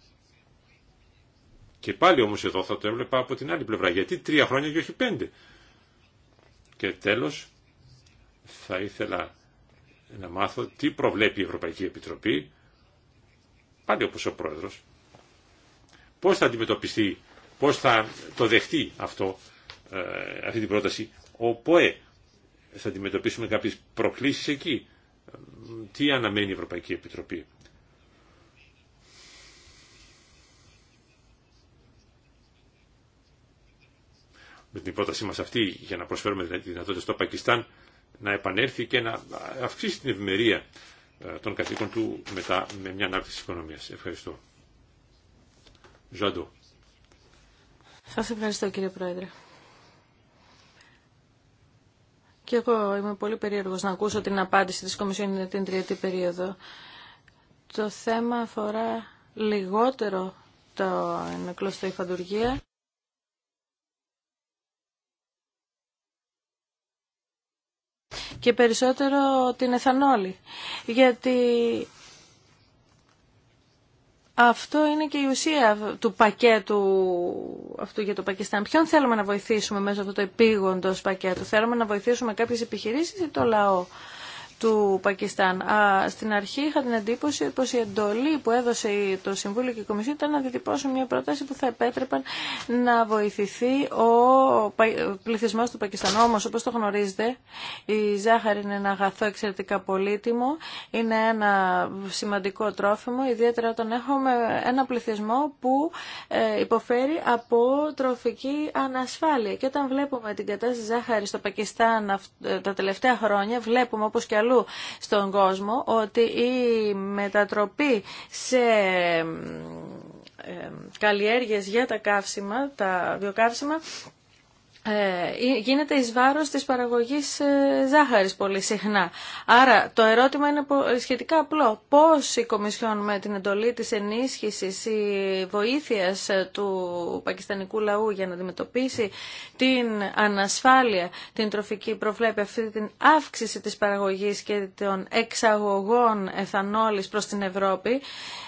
Και πάλι όμως εδώ θα το έβλεπα από την άλλη πλευρά. Γιατί τρία χρόνια και όχι πέντε. Και τέλος θα ήθελα να μάθω τι προβλέπει η Ευρωπαϊκή Επιτροπή, πάλι όπως ο Πρόεδρος, πώς θα αντιμετωπιστεί, πώς θα το δεχτεί αυτό, ε, αυτή την πρόταση ο ΠΟΕ. Θα αντιμετωπίσουμε κάποιες προκλήσεις εκεί. Ε, τι αναμένει η Ευρωπαϊκή Επιτροπή. με την πρότασή μας αυτή για να προσφέρουμε τη δυνατότητα στο Πακιστάν να επανέλθει και να αυξήσει την ευημερία ε, των κατοίκων του μετά με μια ανάπτυξη της οικονομίας. Ευχαριστώ. Ζαντώ. Σας ευχαριστώ κύριε Πρόεδρε. Και εγώ είμαι πολύ περίεργος να ακούσω την απάντηση της Κομισιόν για την τριετή περίοδο. Το θέμα αφορά λιγότερο το ενεκλωστό υφαντουργία και περισσότερο την εθανόλη. Γιατί αυτό είναι και η ουσία του πακέτου αυτού για το Πακιστάν. Ποιον θέλουμε να βοηθήσουμε μέσω αυτού του επίγοντος πακέτου. Θέλουμε να βοηθήσουμε κάποιες επιχειρήσεις ή το λαό του Πακιστάν. Α, στην αρχή είχα την εντύπωση πως η εντολή που έδωσε το Συμβούλιο και η Κομισιόν ήταν να διτυπώσουν μια πρόταση που θα επέτρεπαν να βοηθηθεί ο πληθυσμός του Πακιστάν. Όμως, όπως το γνωρίζετε, η ζάχαρη είναι ένα αγαθό εξαιρετικά πολύτιμο, είναι ένα σημαντικό τρόφιμο, ιδιαίτερα όταν έχουμε ένα πληθυσμό που ε, υποφέρει από τροφική ανασφάλεια. Και όταν βλέπουμε την κατάσταση ζάχαρη στο Πακιστάν ε, τα τελευταία χρόνια, βλέπουμε όπως και στον κόσμο ότι η μετατροπή σε καλλιέργειες για τα καύσιμα, τα βιοκαύσιμα ε, γίνεται εις βάρος της παραγωγής ε, ζάχαρης πολύ συχνά. Άρα το ερώτημα είναι σχετικά απλό. Πώς η Κομισιόν με την εντολή της ενίσχυσης ή βοήθειας ε, του πακιστανικού λαού για να αντιμετωπίσει την ανασφάλεια, την τροφική προβλέπει αυτή την αύξηση της παραγωγής και των εξαγωγών εθανόλης προς την Ευρώπη.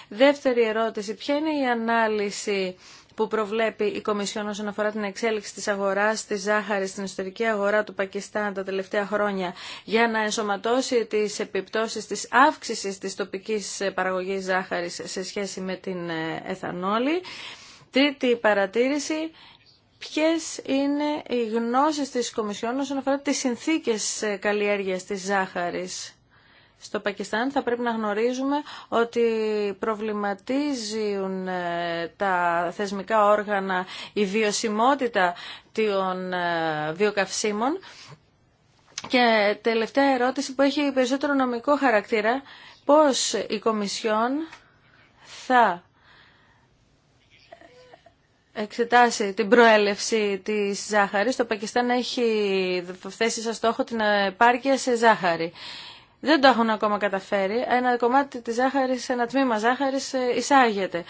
Δεύτερη ερώτηση, ποια είναι η ανάλυση που προβλέπει η Κομισιόν όσον αφορά την εξέλιξη της αγοράς της ζάχαρης στην ιστορική αγορά του Πακιστάν τα τελευταία χρόνια για να ενσωματώσει τις επιπτώσεις της αύξησης της τοπικής παραγωγής ζάχαρης σε σχέση με την ε, εθανόλη. Τρίτη παρατήρηση, ποιες είναι οι γνώσεις της Κομισιόν όσον αφορά τις συνθήκες ε, καλλιέργειας της ζάχαρης στο Πακιστάν θα πρέπει να γνωρίζουμε ότι προβληματίζουν ε, τα θεσμικά όργανα η βιωσιμότητα των ε, βιοκαυσίμων. Και τελευταία ερώτηση που έχει περισσότερο νομικό χαρακτήρα, πώς η Κομισιόν θα εξετάσει την προέλευση της ζάχαρης. Το Πακιστάν έχει θέσει σαν στόχο την επάρκεια σε ζάχαρη δεν το έχουν ακόμα καταφέρει. Ένα κομμάτι της ζάχαρης, ένα τμήμα ζάχαρης ε, εισάγεται.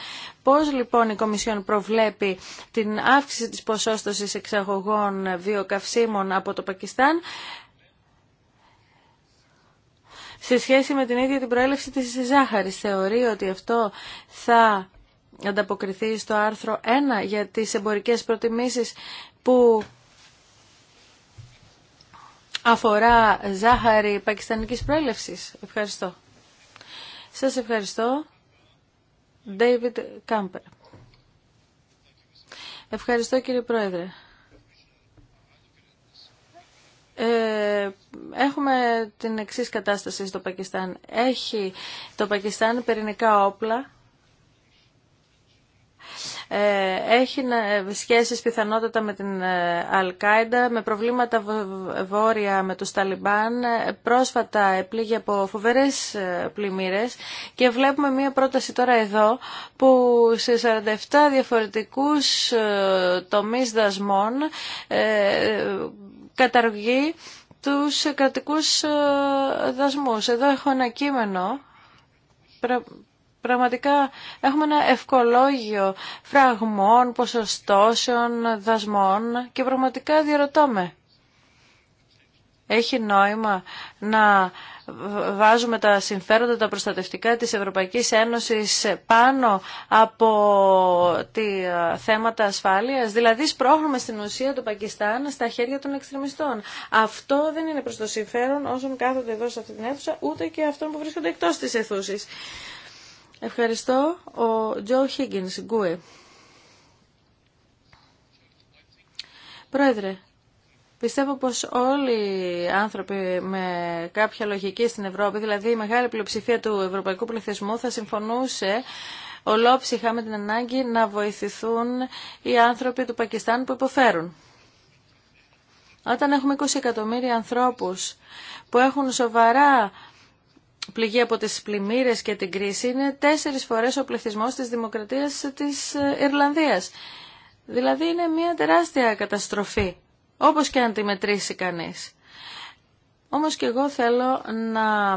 Πώς λοιπόν η Κομισιόν προβλέπει την αύξηση της ποσόστοσης εξαγωγών βιοκαυσίμων από το Πακιστάν σε σχέση με την ίδια την προέλευση της ζάχαρης. Θεωρεί ότι αυτό θα ανταποκριθεί στο άρθρο 1 για τις εμπορικές προτιμήσεις που αφορά ζάχαρη πακιστανικής προέλευσης. Ευχαριστώ. Σας ευχαριστώ. David Camper. Ευχαριστώ κύριε Πρόεδρε. Ε, έχουμε την εξής κατάσταση στο Πακιστάν. Έχει το Πακιστάν πυρηνικά όπλα ε, έχει ε, σχέσεις πιθανότατα με την ε, Αλ-Κάιντα, με προβλήματα βόρεια με τους Ταλιμπάν. Πρόσφατα επλήγει από φοβερές πλημμύρες και βλέπουμε μία πρόταση τώρα εδώ που σε 47 διαφορετικούς τομείς δασμών καταργεί τους κρατικούς δασμούς. Εδώ έχω ένα κείμενο Πραγματικά έχουμε ένα ευκολόγιο φραγμών, ποσοστώσεων, δασμών και πραγματικά διαρωτάμε. Έχει νόημα να βάζουμε τα συμφέροντα, τα προστατευτικά της Ευρωπαϊκής Ένωσης πάνω από τη ε, θέματα ασφάλειας. Δηλαδή σπρώχνουμε στην ουσία το Πακιστάν στα χέρια των εξτρεμιστών. Αυτό δεν είναι προς το συμφέρον όσων κάθονται εδώ σε αυτή την αίθουσα, ούτε και αυτών που βρίσκονται εκτός της αιθούσης. Ευχαριστώ. Ο Τζο Χίγγινς, Γκούε. Πρόεδρε, Πιστεύω πως όλοι οι άνθρωποι με κάποια λογική στην Ευρώπη, δηλαδή η μεγάλη πλειοψηφία του ευρωπαϊκού πληθυσμού, θα συμφωνούσε ολόψυχα με την ανάγκη να βοηθηθούν οι άνθρωποι του Πακιστάν που υποφέρουν. Όταν έχουμε 20 εκατομμύρια ανθρώπους που έχουν σοβαρά πληγή από τις πλημμύρες και την κρίση είναι τέσσερις φορές ο πληθυσμός της Δημοκρατίας της ε, Ιρλανδίας. Δηλαδή είναι μια τεράστια καταστροφή, όπως και αν τη μετρήσει κανείς. Όμως και εγώ θέλω να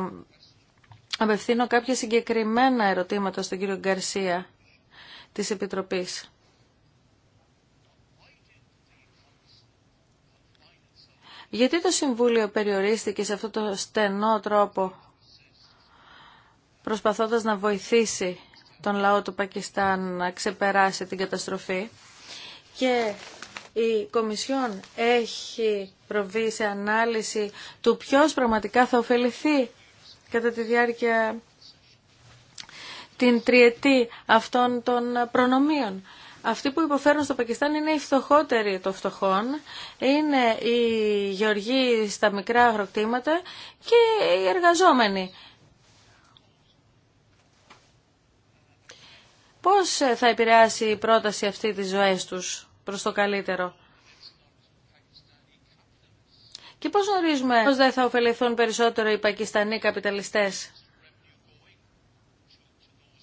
απευθύνω κάποια συγκεκριμένα ερωτήματα στον κύριο Γκαρσία της Επιτροπής. Γιατί το Συμβούλιο περιορίστηκε σε αυτό το στενό τρόπο προσπαθώντας να βοηθήσει τον λαό του Πακιστάν να ξεπεράσει την καταστροφή και η Κομισιόν έχει προβεί σε ανάλυση του ποιος πραγματικά θα ωφεληθεί κατά τη διάρκεια την τριετή αυτών των προνομίων. Αυτοί που υποφέρουν στο Πακιστάν είναι οι φτωχότεροι των φτωχών, είναι οι γεωργοί στα μικρά αγροκτήματα και οι εργαζόμενοι. πώς θα επηρεάσει η πρόταση αυτή τις ζωές τους προς το καλύτερο. Και πώς γνωρίζουμε πώς δεν θα ωφεληθούν περισσότερο οι πακιστανοί καπιταλιστές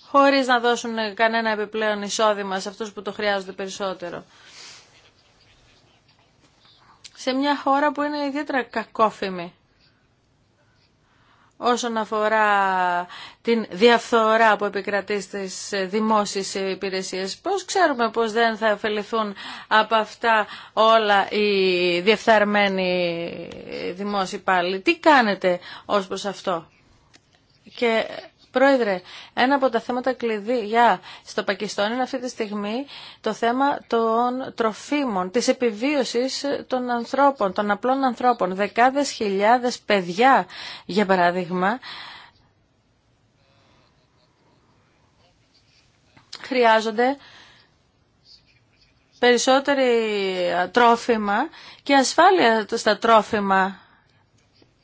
χωρίς να δώσουν κανένα επιπλέον εισόδημα σε αυτούς που το χρειάζονται περισσότερο. Σε μια χώρα που είναι ιδιαίτερα κακόφημη όσον αφορά την διαφθορά που επικρατεί στις δημόσιες υπηρεσίες. Πώς ξέρουμε πώς δεν θα ωφεληθούν από αυτά όλα οι διεφθαρμένοι δημόσιοι πάλι. Τι κάνετε ως προς αυτό. Και Πρόεδρε, ένα από τα θέματα κλειδί για στο Πακιστάν είναι αυτή τη στιγμή το θέμα των τροφίμων, της επιβίωσης των ανθρώπων, των απλών ανθρώπων. Δεκάδες χιλιάδες παιδιά, για παράδειγμα, χρειάζονται περισσότερη τρόφιμα και ασφάλεια στα τρόφιμα.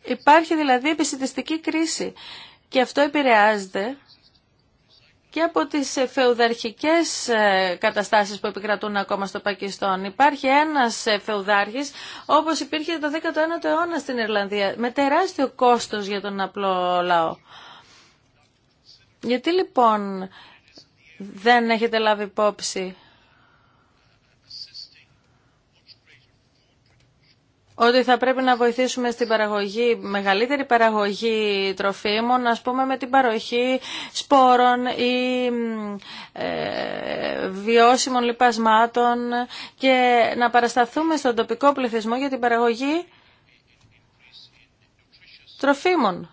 Υπάρχει δηλαδή επιστημιστική κρίση. Και αυτό επηρεάζεται και από τις φεουδαρχικές ε, καταστάσεις που επικρατούν ακόμα στο Πακιστάν. Υπάρχει ένας ε, φεουδάρχης όπως υπήρχε το 19ο αιώνα στην Ιρλανδία με τεράστιο κόστος για τον απλό λαό. Γιατί λοιπόν δεν έχετε λάβει υπόψη ότι θα πρέπει να βοηθήσουμε στην παραγωγή, μεγαλύτερη παραγωγή τροφίμων, ας πούμε με την παροχή σπόρων ή ε, βιώσιμων λιπασμάτων και να παρασταθούμε στον τοπικό πληθυσμό για την παραγωγή τροφίμων.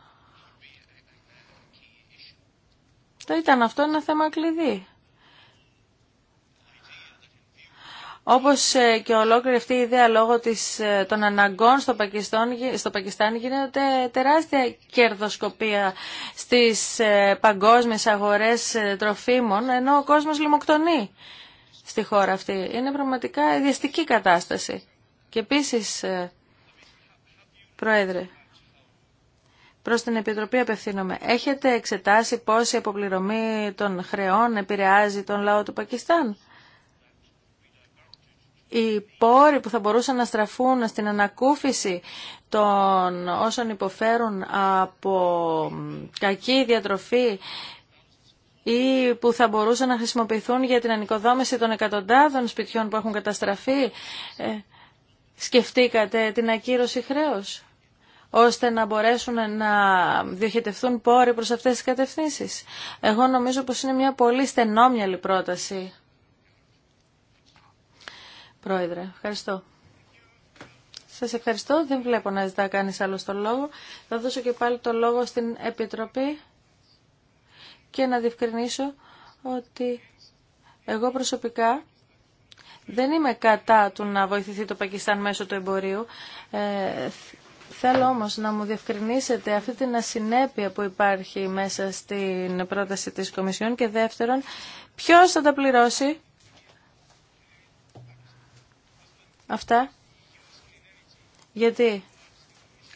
Το ήταν αυτό ένα θέμα κλειδί. Όπως ε, και ολόκληρη αυτή η ιδέα λόγω της, ε, των αναγκών στο Πακιστάν, στο Πακιστάν γίνεται τεράστια κερδοσκοπία στις ε, παγκόσμιες αγορές τροφίμων, ενώ ο κόσμος λιμοκτονεί στη χώρα αυτή. Είναι πραγματικά διαστική κατάσταση. Και επίσης, Πρόεδρε, προς την Επιτροπή απευθύνομαι. Έχετε εξετάσει πώς η αποπληρωμή των χρεών επηρεάζει τον λαό του Πακιστάν οι πόροι που θα μπορούσαν να στραφούν στην ανακούφιση των όσων υποφέρουν από κακή διατροφή ή που θα μπορούσαν να χρησιμοποιηθούν για την ανοικοδόμηση των εκατοντάδων σπιτιών που έχουν καταστραφεί. Ε, σκεφτήκατε την ακύρωση χρέους, ώστε να μπορέσουν να διοχετευθούν πόροι προς αυτές τις κατευθύνσεις. Εγώ νομίζω πως είναι μια πολύ στενόμυαλη πρόταση Πρόεδρε. Ευχαριστώ. Σας ευχαριστώ. Δεν βλέπω να ζητά κανείς άλλο το λόγο. Θα δώσω και πάλι το λόγο στην Επιτροπή και να διευκρινίσω ότι εγώ προσωπικά δεν είμαι κατά του να βοηθηθεί το Πακιστάν μέσω του εμπορίου. Ε, θέλω όμως να μου διευκρινίσετε αυτή την ασυνέπεια που υπάρχει μέσα στην πρόταση της Κομισιόν και δεύτερον, ποιος θα τα πληρώσει αυτά. Γιατί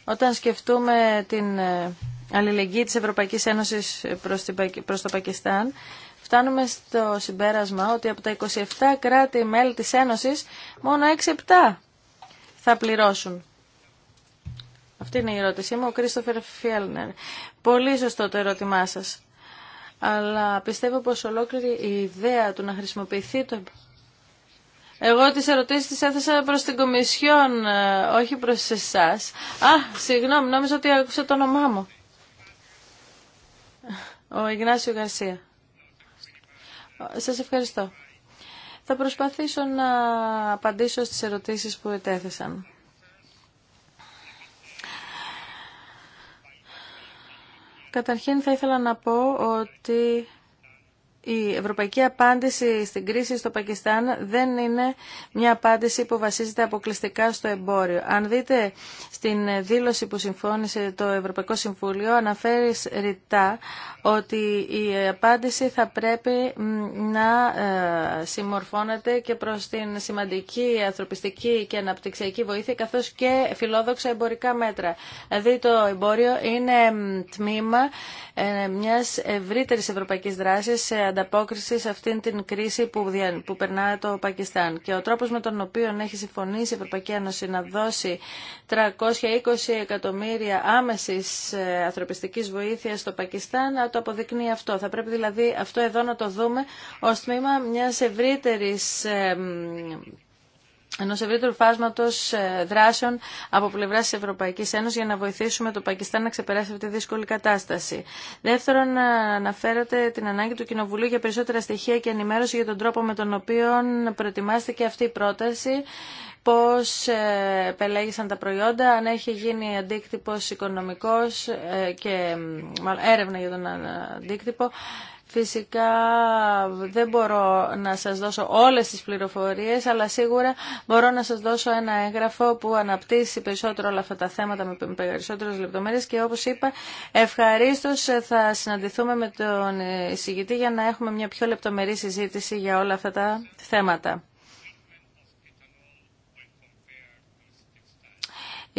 όταν σκεφτούμε την ε, αλληλεγγύη της Ευρωπαϊκής Ένωσης ε, προς το Πακιστάν, φτάνουμε στο συμπέρασμα ότι από τα 27 κράτη-μέλη της Ένωσης, μόνο 6-7 θα πληρώσουν. Αυτή είναι η ερώτησή μου, ο Κρίστοφερ Φιέλνερ. Πολύ σωστό το ερώτημά σας. Αλλά πιστεύω πως ολόκληρη η ιδέα του να χρησιμοποιηθεί το εγώ τις ερωτήσεις τις έθεσα προς την Κομισιόν, ε, όχι προς εσάς. Α, συγγνώμη, νόμιζα ότι άκουσα το όνομά μου. Ο Ιγνάσιο Γαρσία. Σας ευχαριστώ. Θα προσπαθήσω να απαντήσω στις ερωτήσεις που ετέθεσαν. Καταρχήν θα ήθελα να πω ότι η ευρωπαϊκή απάντηση στην κρίση στο Πακιστάν δεν είναι μια απάντηση που βασίζεται αποκλειστικά στο εμπόριο. Αν δείτε στην δήλωση που συμφώνησε το Ευρωπαϊκό Συμβούλιο, αναφέρει ρητά ότι η απάντηση θα πρέπει να ε, συμμορφώνεται και προς την σημαντική ανθρωπιστική και αναπτυξιακή βοήθεια, καθώς και φιλόδοξα εμπορικά μέτρα. Δηλαδή το εμπόριο είναι τμήμα ε, μιας ευρύτερης ευρωπαϊκής δράσης ανταπόκριση σε αυτήν την κρίση που, δια... που περνά το Πακιστάν. Και ο τρόπος με τον οποίο έχει συμφωνήσει η Ευρωπαϊκή Ένωση να δώσει 320 εκατομμύρια άμεσης ε, ανθρωπιστικής βοήθειας στο Πακιστάν να το αποδεικνύει αυτό. Θα πρέπει δηλαδή αυτό εδώ να το δούμε ως τμήμα μιας ευρύτερης ε, ενό ευρύτερου φάσματο ε, δράσεων από πλευρά τη Ευρωπαϊκή Ένωση για να βοηθήσουμε το Πακιστάν να ξεπεράσει αυτή τη δύσκολη κατάσταση. Δεύτερον, ε, αναφέρετε την ανάγκη του Κοινοβουλίου για περισσότερα στοιχεία και ενημέρωση για τον τρόπο με τον οποίο προετοιμάστηκε αυτή η πρόταση πώς ε, επελέγησαν τα προϊόντα, αν έχει γίνει αντίκτυπος οικονομικό και έρευνα για τον αντίκτυπο Φυσικά δεν μπορώ να σας δώσω όλες τις πληροφορίες, αλλά σίγουρα μπορώ να σας δώσω ένα έγγραφο που αναπτύσσει περισσότερο όλα αυτά τα θέματα με περισσότερες λεπτομέρειες και όπως είπα ευχαρίστως θα συναντηθούμε με τον εισηγητή για να έχουμε μια πιο λεπτομερή συζήτηση για όλα αυτά τα θέματα.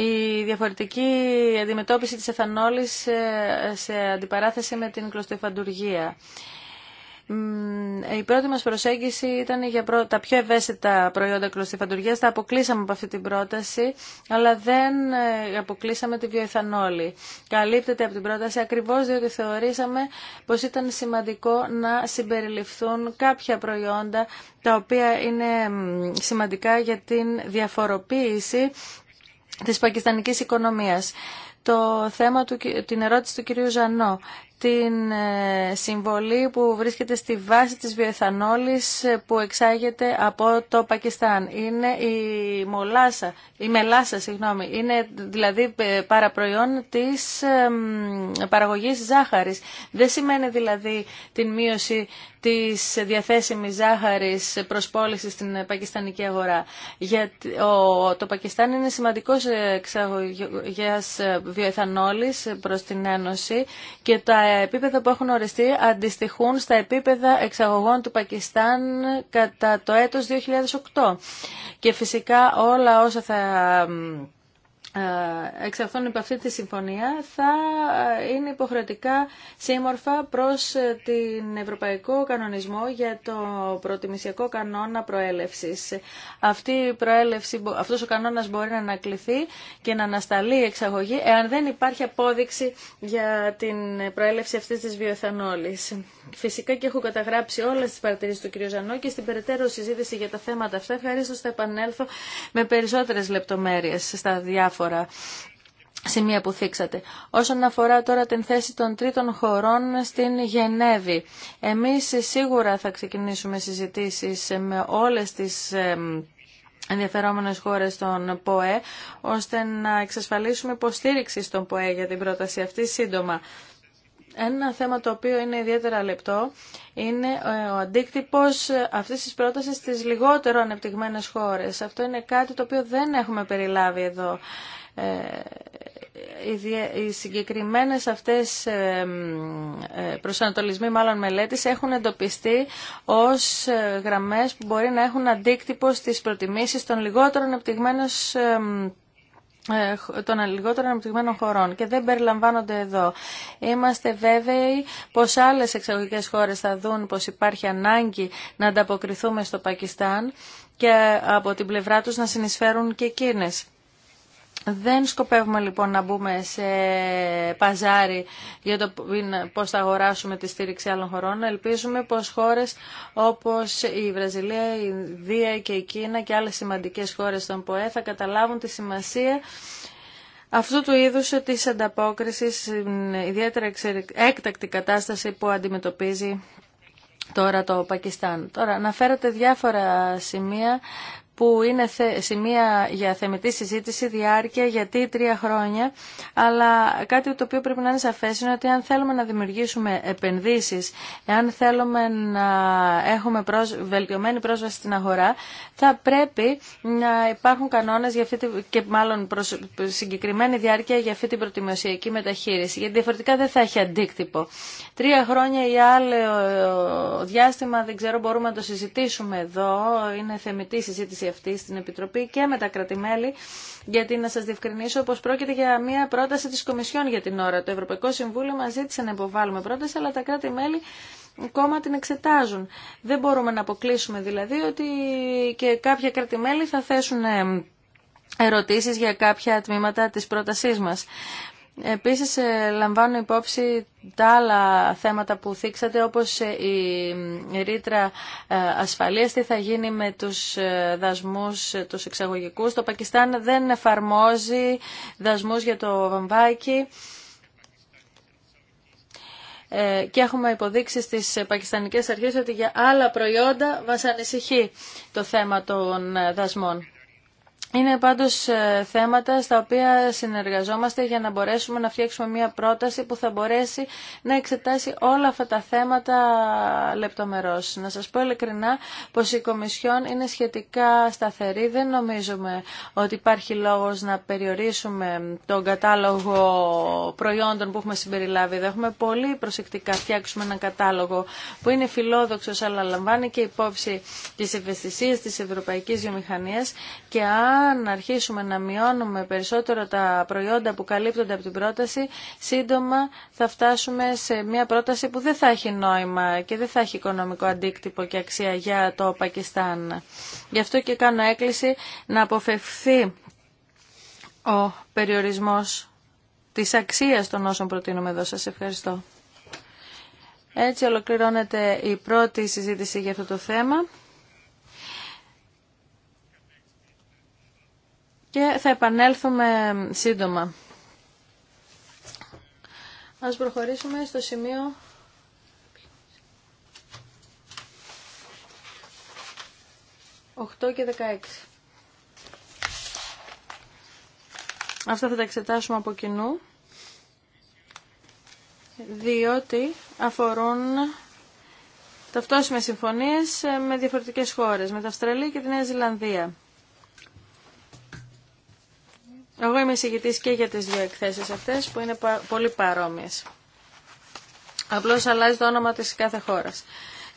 η διαφορετική αντιμετώπιση της εθανόλης ε, σε αντιπαράθεση με την κλωστοϊφαντουργία. Η πρώτη μας προσέγγιση ήταν για τα πιο ευαίσθητα προϊόντα κλωστοϊφαντουργίας. Τα αποκλείσαμε από αυτή την πρόταση, αλλά δεν ε, αποκλείσαμε τη βιοεθανόλη. Καλύπτεται από την πρόταση ακριβώς διότι θεωρήσαμε πως ήταν σημαντικό να συμπεριληφθούν κάποια προϊόντα τα οποία είναι σημαντικά για την διαφοροποίηση της πακιστανικής οικονομίας. Το θέμα του, την ερώτηση του κυρίου Ζανό την ε, συμβολή που βρίσκεται στη βάση της βιοεθανόλης ε, που εξάγεται από το Πακιστάν. Είναι η μολάσα, η μελάσα, συγγνώμη, είναι δηλαδή ε, παραπροϊόν της παραγωγής ζάχαρης. Δεν σημαίνει δηλαδή την μείωση της διαθέσιμης ζάχαρης προς πώληση στην πακιστανική αγορά. Γιατί το Πακιστάν είναι σημαντικός εξαγωγέας βιοεθανόλης προς την Ένωση και τα επίπεδα που έχουν οριστεί αντιστοιχούν στα επίπεδα εξαγωγών του Πακιστάν κατά το έτος 2008. Και φυσικά όλα όσα θα ε, εξαρθούν υπ' αυτή τη συμφωνία θα ε, είναι υποχρεωτικά σύμμορφα προς ε, την Ευρωπαϊκό Κανονισμό για το προτιμησιακό κανόνα προέλευσης. Αυτή η προέλευση, αυτός ο κανόνας μπορεί να ανακληθεί και να ανασταλεί η εξαγωγή εάν δεν υπάρχει απόδειξη για την προέλευση αυτής της βιοεθανόλης. Φυσικά και έχω καταγράψει όλε τι παρατηρήσεις του κ. Ζανό και στην περαιτέρω συζήτηση για τα θέματα αυτά ευχαρίστω θα επανέλθω με περισσότερες λεπτομέρειες στα διάφορα διάφορα σημεία που θίξατε. Όσον αφορά τώρα την θέση των τρίτων χωρών στην Γενέβη, εμείς σίγουρα θα ξεκινήσουμε συζητήσεις με όλες τις ενδιαφερόμενες χώρες των ΠΟΕ, ώστε να εξασφαλίσουμε υποστήριξη στον ΠΟΕ για την πρόταση αυτή σύντομα. Ένα θέμα το οποίο είναι ιδιαίτερα λεπτό είναι ε, ο αντίκτυπος αυτής της πρότασης στις λιγότερο ανεπτυγμένες χώρες. Αυτό είναι κάτι το οποίο δεν έχουμε περιλάβει εδώ. Ε, οι συγκεκριμένες αυτές ε, προσανατολισμοί μάλλον μελέτης έχουν εντοπιστεί ως γραμμές που μπορεί να έχουν αντίκτυπο στις προτιμήσεις των λιγότερων ανεπτυγμένων ε, των λιγότερων αναπτυγμένων χωρών και δεν περιλαμβάνονται εδώ. Είμαστε βέβαιοι πως άλλες εξαγωγικές χώρες θα δουν πως υπάρχει ανάγκη να ανταποκριθούμε στο Πακιστάν και από την πλευρά τους να συνεισφέρουν και εκείνες. Δεν σκοπεύουμε λοιπόν να μπούμε σε παζάρι για το πώς θα αγοράσουμε τη στήριξη άλλων χωρών. Ελπίζουμε πως χώρες όπως η Βραζιλία, η Ινδία και η Κίνα και άλλες σημαντικές χώρες των ΠΟΕ θα καταλάβουν τη σημασία αυτού του είδους της ανταπόκρισης ιδιαίτερα έκτακτη κατάσταση που αντιμετωπίζει τώρα το Πακιστάν. Τώρα αναφέρατε διάφορα σημεία που είναι σημεία για θεμητή συζήτηση, διάρκεια, γιατί τρία χρόνια, αλλά κάτι το οποίο πρέπει να είναι σαφές είναι ότι αν θέλουμε να δημιουργήσουμε επενδύσεις, αν θέλουμε να έχουμε βελτιωμένη πρόσβαση στην αγορά, θα πρέπει να υπάρχουν κανόνες για αυτή τη... και μάλλον προς... συγκεκριμένη διάρκεια για αυτή την προτιμωσιακή μεταχείριση, γιατί διαφορετικά δεν θα έχει αντίκτυπο. Τρία χρόνια ή άλλο ε, διάστημα, δεν ξέρω, μπορούμε να το συζητήσουμε εδώ, είναι θεμητή συζήτηση αυτή στην Επιτροπή και με τα κρατημέλη, γιατί να σας διευκρινίσω πως πρόκειται για μια πρόταση της Κομισιόν για την ώρα. Το Ευρωπαϊκό Συμβούλιο μας ζήτησε να υποβάλουμε πρόταση, αλλά τα κράτη-μέλη ακόμα την εξετάζουν. Δεν μπορούμε να αποκλείσουμε δηλαδή ότι και κάποια κράτη-μέλη θα θέσουν ε, ερωτήσεις για κάποια τμήματα της πρότασής μας. Επίσης ε, λαμβάνω υπόψη τα άλλα θέματα που θίξατε όπως ε, η ρήτρα ε, ασφαλείας, τι θα γίνει με τους δασμούς τους εξαγωγικούς. Το Πακιστάν δεν εφαρμόζει δασμούς για το βαμβάκι και έχουμε υποδείξει στις πακιστανικές αρχές ότι για άλλα προϊόντα μας ανησυχεί το θέμα των δασμών. Είναι πάντως ε, θέματα στα οποία συνεργαζόμαστε για να μπορέσουμε να φτιάξουμε μια πρόταση που θα μπορέσει να εξετάσει όλα αυτά τα θέματα λεπτομερώς. Να σας πω ειλικρινά πως η Κομισιόν είναι σχετικά σταθερή. Δεν νομίζουμε ότι υπάρχει λόγος να περιορίσουμε τον κατάλογο προϊόντων που έχουμε συμπεριλάβει. Δεν έχουμε πολύ προσεκτικά φτιάξουμε έναν κατάλογο που είναι φιλόδοξος αλλά λαμβάνει και υπόψη τις ευαισθησίες της ευρωπαϊκής βιομηχανίας και αν αρχίσουμε να μειώνουμε περισσότερο τα προϊόντα που καλύπτονται από την πρόταση, σύντομα θα φτάσουμε σε μια πρόταση που δεν θα έχει νόημα και δεν θα έχει οικονομικό αντίκτυπο και αξία για το Πακιστάν. Γι' αυτό και κάνω έκκληση να αποφευθεί ο περιορισμός της αξίας των όσων προτείνουμε εδώ. Σας ευχαριστώ. Έτσι ολοκληρώνεται η πρώτη συζήτηση για αυτό το θέμα. και θα επανέλθουμε σύντομα. Ας προχωρήσουμε στο σημείο... ...8 και 16. Αυτά θα τα εξετάσουμε από κοινού, διότι αφορούν ταυτόσιμες συμφωνίες με διαφορετικές χώρες, με την Αυστραλία και τη Νέα Ζηλανδία. Εγώ είμαι εισηγητής και για τις δύο εκθέσεις αυτές που είναι πολύ παρόμοιες. Απλώς αλλάζει το όνομα της κάθε χώρας.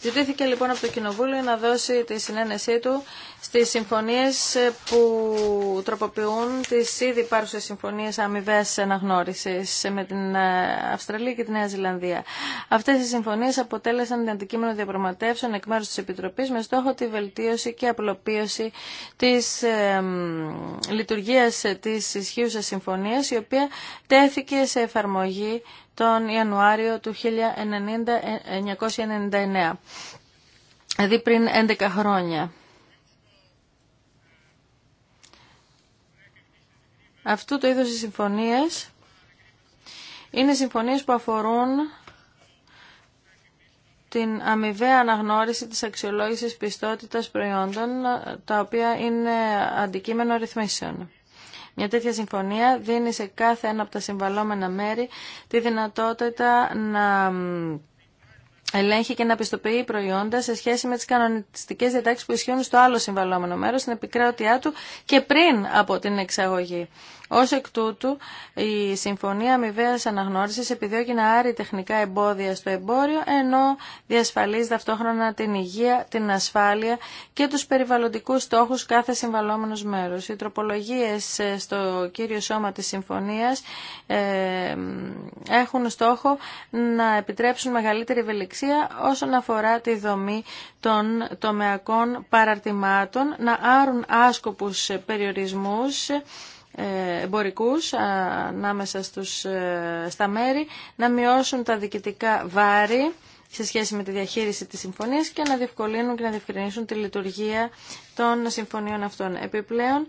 Ζητήθηκε λοιπόν από το Κοινοβούλιο να δώσει τη συνένεσή του στις συμφωνίες ε, που τροποποιούν τις ήδη υπάρχουσες συμφωνίες αμοιβέ αναγνώρισης ε, με την ε, Αυστραλία και τη Νέα Ζηλανδία. Αυτές οι συμφωνίες αποτέλεσαν την αντικείμενο διαπραγματεύσεων εκ μέρους της Επιτροπής με στόχο τη βελτίωση και απλοποίωση της λειτουργίας της ισχύουσας συμφωνίας η οποία τέθηκε σε εφαρμογή τον Ιανουάριο του 1999, δηλαδή πριν 11 χρόνια. Αυτού το είδος οι συμφωνίες είναι συμφωνίες που αφορούν την αμοιβαία αναγνώριση της αξιολόγησης πιστότητας προϊόντων, τα οποία είναι αντικείμενο ρυθμίσεων. Μια τέτοια συμφωνία δίνει σε κάθε ένα από τα συμβαλόμενα μέρη τη δυνατότητα να ελέγχει και να πιστοποιεί προϊόντα σε σχέση με τι κανονιστικέ διατάξει που ισχύουν στο άλλο συμβαλόμενο μέρο, στην επικράτειά του και πριν από την εξαγωγή. Ω εκ τούτου, η Συμφωνία Αμοιβαία Αναγνώριση επιδιώκει να άρει τεχνικά εμπόδια στο εμπόριο, ενώ διασφαλίζει ταυτόχρονα την υγεία, την ασφάλεια και του περιβαλλοντικού στόχου κάθε συμβαλόμενο μέρο. Οι τροπολογίε ε, στο κύριο σώμα της Συμφωνίας ε, έχουν στόχο να επιτρέψουν μεγαλύτερη ευελιξία όσον αφορά τη δομή των τομεακών παραρτημάτων, να άρουν άσκοπους περιορισμούς ε, εμπορικούς ανάμεσα στους, ε, στα μέρη, να μειώσουν τα διοικητικά βάρη σε σχέση με τη διαχείριση της συμφωνίας και να διευκολύνουν και να διευκρινίσουν τη λειτουργία των συμφωνίων αυτών. Επιπλέον,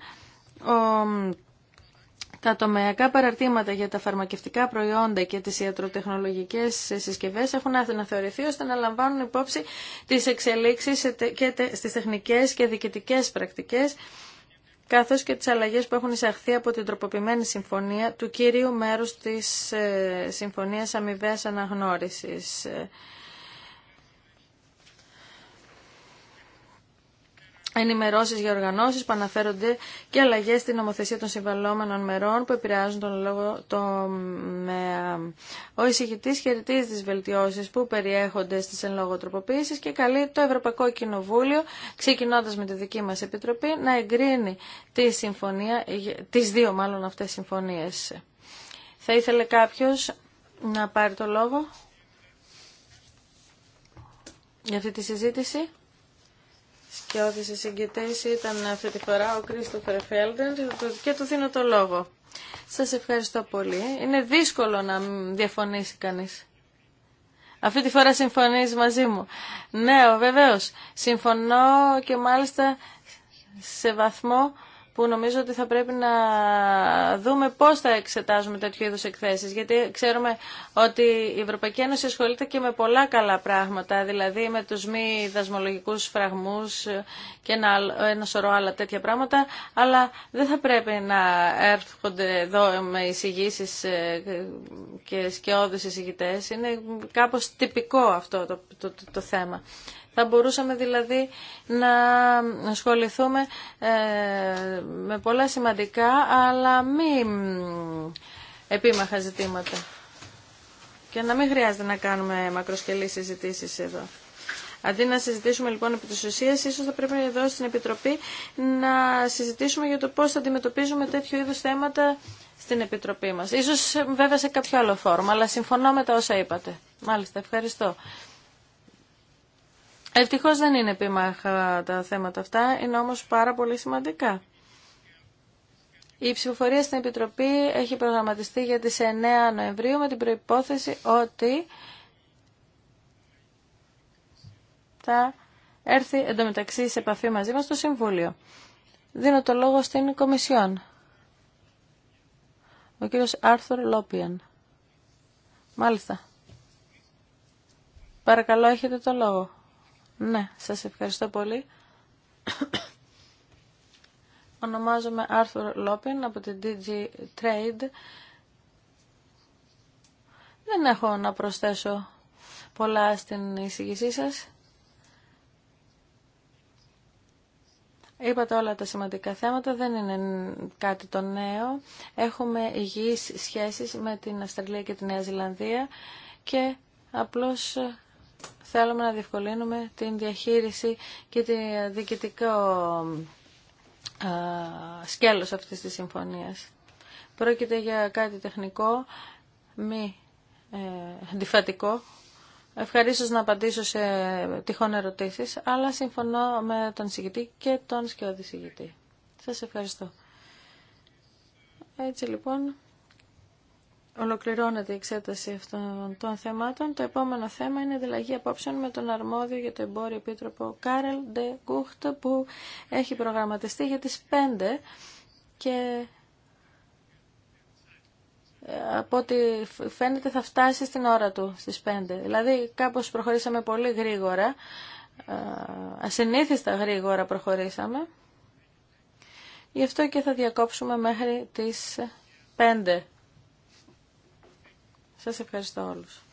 τα τομεακά παραρτήματα για τα φαρμακευτικά προϊόντα και τις ιατροτεχνολογικές συσκευές έχουν θεωρηθεί ώστε να λαμβάνουν υπόψη τις εξελίξεις και στις τεχνικές και διοικητικές πρακτικές καθώς και τις αλλαγές που έχουν εισαχθεί από την τροποποιημένη συμφωνία του κύριου μέρους της ε, Συμφωνίας Αμοιβαίας Αναγνώρισης. Ε, Ενημερώσει για οργανώσει που αναφέρονται και αλλαγές στην νομοθεσία των συμβαλόμενων μερών που επηρεάζουν τον λόγο το με... Ο εισηγητή χαιρετίζει τι βελτιώσει που περιέχονται στις εν λόγω και καλεί το Ευρωπαϊκό Κοινοβούλιο, ξεκινώντα με τη δική μας Επιτροπή, να εγκρίνει τη συμφωνία, τις δύο μάλλον αυτές συμφωνίες. Θα ήθελε κάποιο να πάρει το λόγο για αυτή τη συζήτηση σε συγκεκριτές ήταν αυτή τη φορά ο Κρίστοφερ Φέλντερ και του δίνω το λόγο. Σας ευχαριστώ πολύ. Είναι δύσκολο να διαφωνήσει κανείς. Αυτή τη φορά συμφωνείς μαζί μου. Ναι, βεβαίως. Συμφωνώ και μάλιστα σε βαθμό που νομίζω ότι θα πρέπει να δούμε πώς θα εξετάζουμε τέτοιου είδους εκθέσεις. Γιατί ξέρουμε ότι η Ευρωπαϊκή Ένωση ασχολείται και με πολλά καλά πράγματα, δηλαδή με τους μη δασμολογικούς φραγμούς και ένα, ένα σωρό άλλα τέτοια πράγματα, αλλά δεν θα πρέπει να έρχονται εδώ με εισηγήσει ε, και σκιώδεις εισηγητές. Είναι κάπως τυπικό αυτό το θέμα. Θα μπορούσαμε δηλαδή να ασχοληθούμε ε, με πολλά σημαντικά αλλά μη επίμαχα ζητήματα και να μην χρειάζεται να κάνουμε μακροσκελή συζητήσει εδώ. Αντί να συζητήσουμε λοιπόν επί της ουσίας, ίσως θα πρέπει εδώ στην Επιτροπή να συζητήσουμε για το πώς θα αντιμετωπίζουμε τέτοιου είδους θέματα στην Επιτροπή μας. Ίσως βέβαια σε κάποιο άλλο φόρμα, αλλά συμφωνώ με τα όσα είπατε. Μάλιστα, ευχαριστώ. Ευτυχώ δεν είναι επίμαχα τα θέματα αυτά, είναι όμως πάρα πολύ σημαντικά. Η ψηφοφορία στην Επιτροπή έχει προγραμματιστεί για τις 9 Νοεμβρίου με την προϋπόθεση ότι θα έρθει εντωμεταξύ σε επαφή μαζί μας το Συμβούλιο. Δίνω το λόγο στην Κομισιόν. Ο κύριος Άρθουρ Λόπιαν. Μάλιστα. Παρακαλώ έχετε το λόγο. Ναι, σας ευχαριστώ πολύ. Ονομάζομαι Άρθουρ Λόπιν από την DG Trade. Δεν έχω να προσθέσω πολλά στην εισηγησή σας. Είπατε όλα τα σημαντικά θέματα, δεν είναι κάτι το νέο. Έχουμε υγιείς σχέσεις με την Αυστραλία και τη Νέα Ζηλανδία και απλώς θέλουμε να διευκολύνουμε την διαχείριση και τη ε, διοικητικό ε, σκέλος αυτής της συμφωνίας. Πρόκειται για κάτι τεχνικό, μη ε, αντιφατικό. Ευχαρίστως να απαντήσω σε τυχόν ερωτήσεις, αλλά συμφωνώ με τον συγκητή και τον σκιώδη συγκητή. Σας ευχαριστώ. Έτσι λοιπόν, Ολοκληρώνεται η εξέταση αυτών των θεμάτων. Το επόμενο θέμα είναι δηλαδή απόψεων με τον αρμόδιο για το εμπόριο επίτροπο Κάρελ Ντε Κούχτ που έχει προγραμματιστεί για τις 5 και ε, από ό,τι φαίνεται θα φτάσει στην ώρα του στις 5. Δηλαδή κάπως προχωρήσαμε πολύ γρήγορα, ε, ασυνήθιστα γρήγορα προχωρήσαμε. Γι' αυτό και θα διακόψουμε μέχρι τις 5. Σας ευχαριστώ όλους.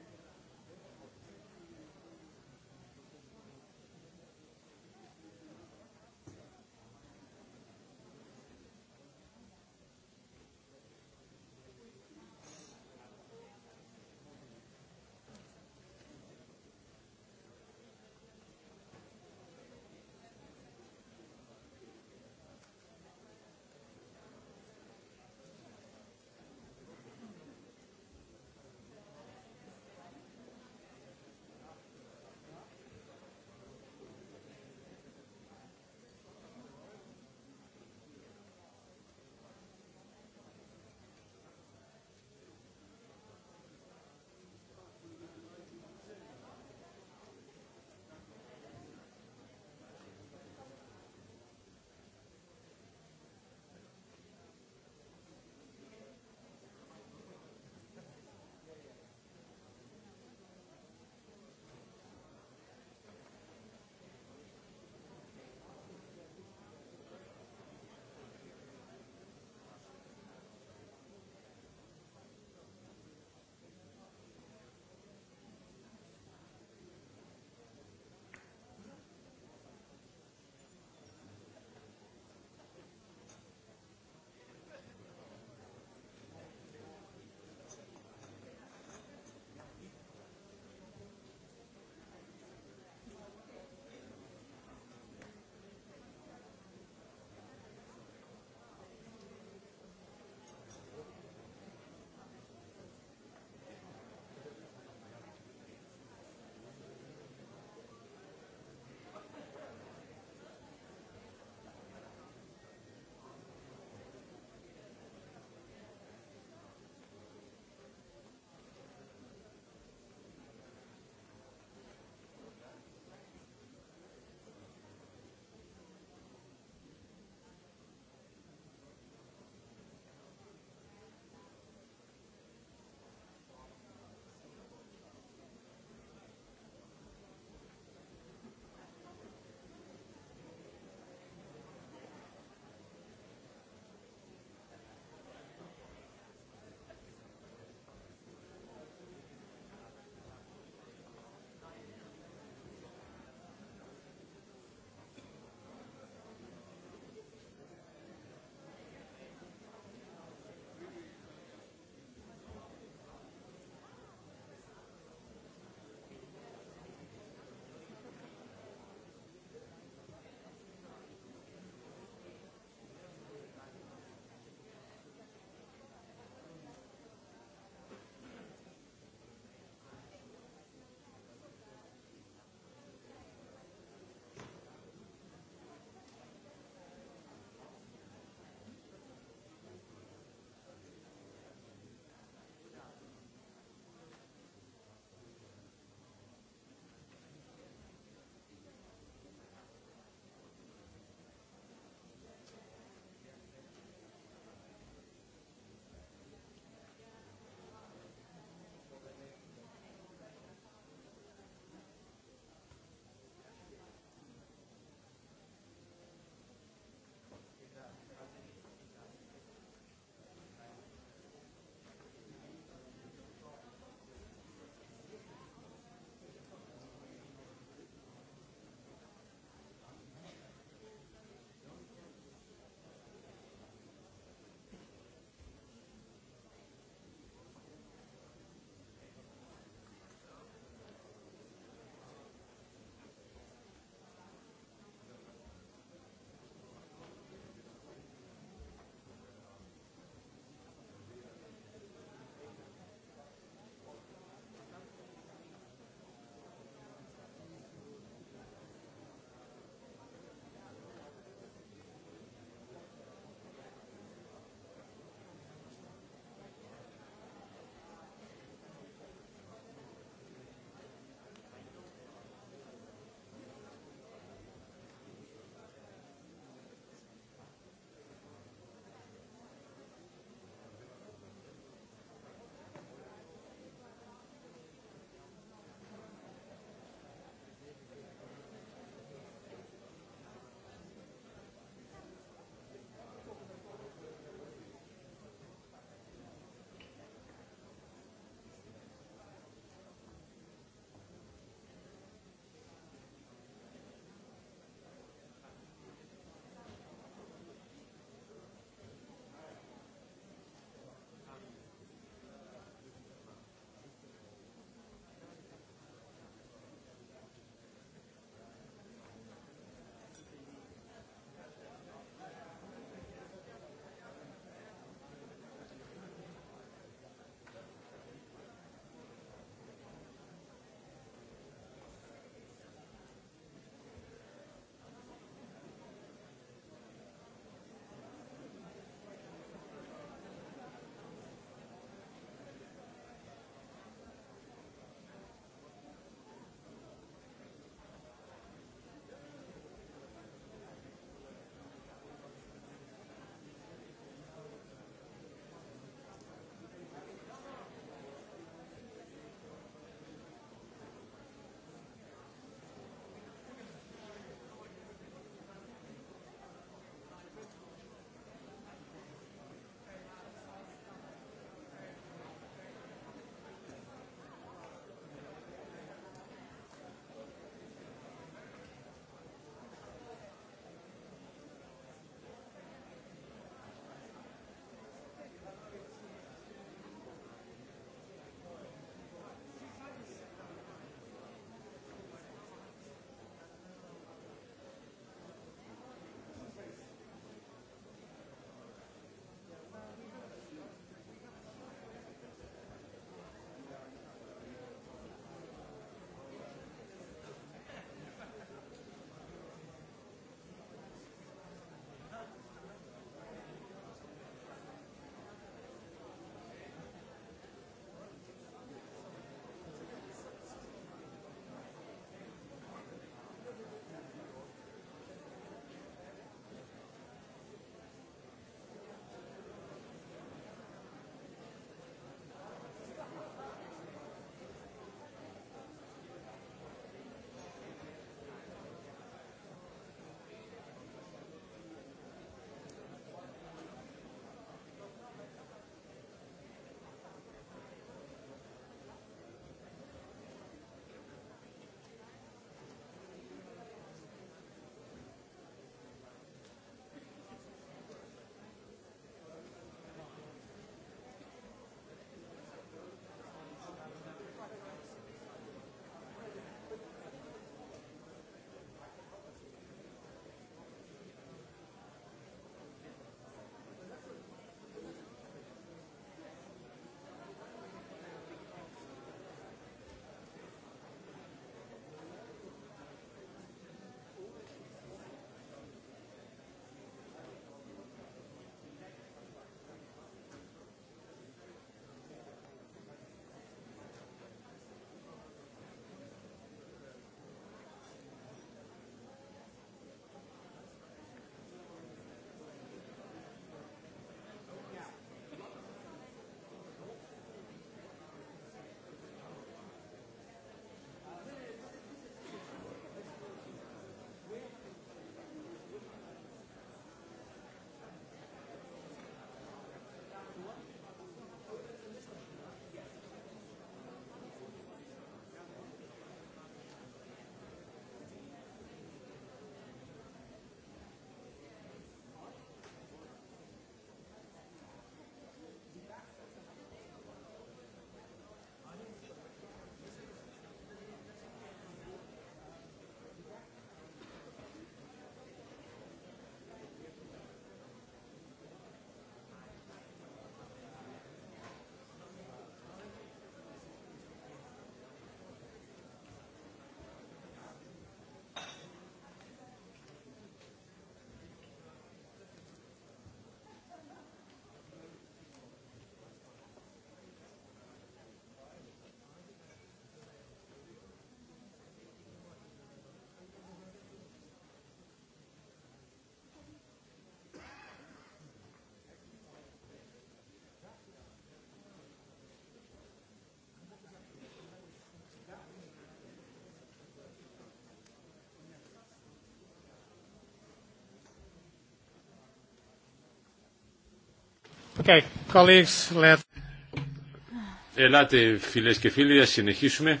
Ελάτε φίλε και φίλοι, ας συνεχίσουμε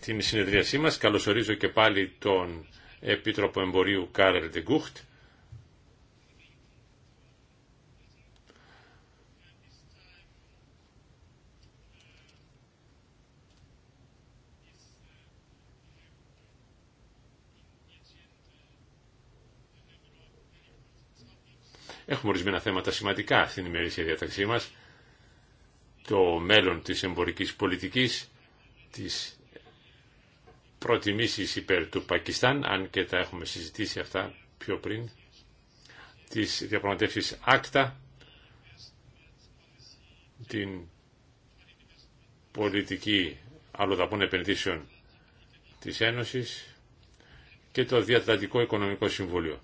την συνεδρίασή μας. Καλωσορίζω και πάλι τον Επίτροπο Εμπορίου Κάρελ Ντεγκούχτ. έχουμε ορισμένα θέματα σημαντικά στην ημερήσια διαταξή μας. Το μέλλον της εμπορικής πολιτικής, της προτιμήσεις υπέρ του Πακιστάν, αν και τα έχουμε συζητήσει αυτά πιο πριν, τις διαπραγματεύσεις άκτα, την πολιτική αλλοδαπών επενδύσεων της Ένωσης και το Διατλαντικό Οικονομικό Συμβούλιο.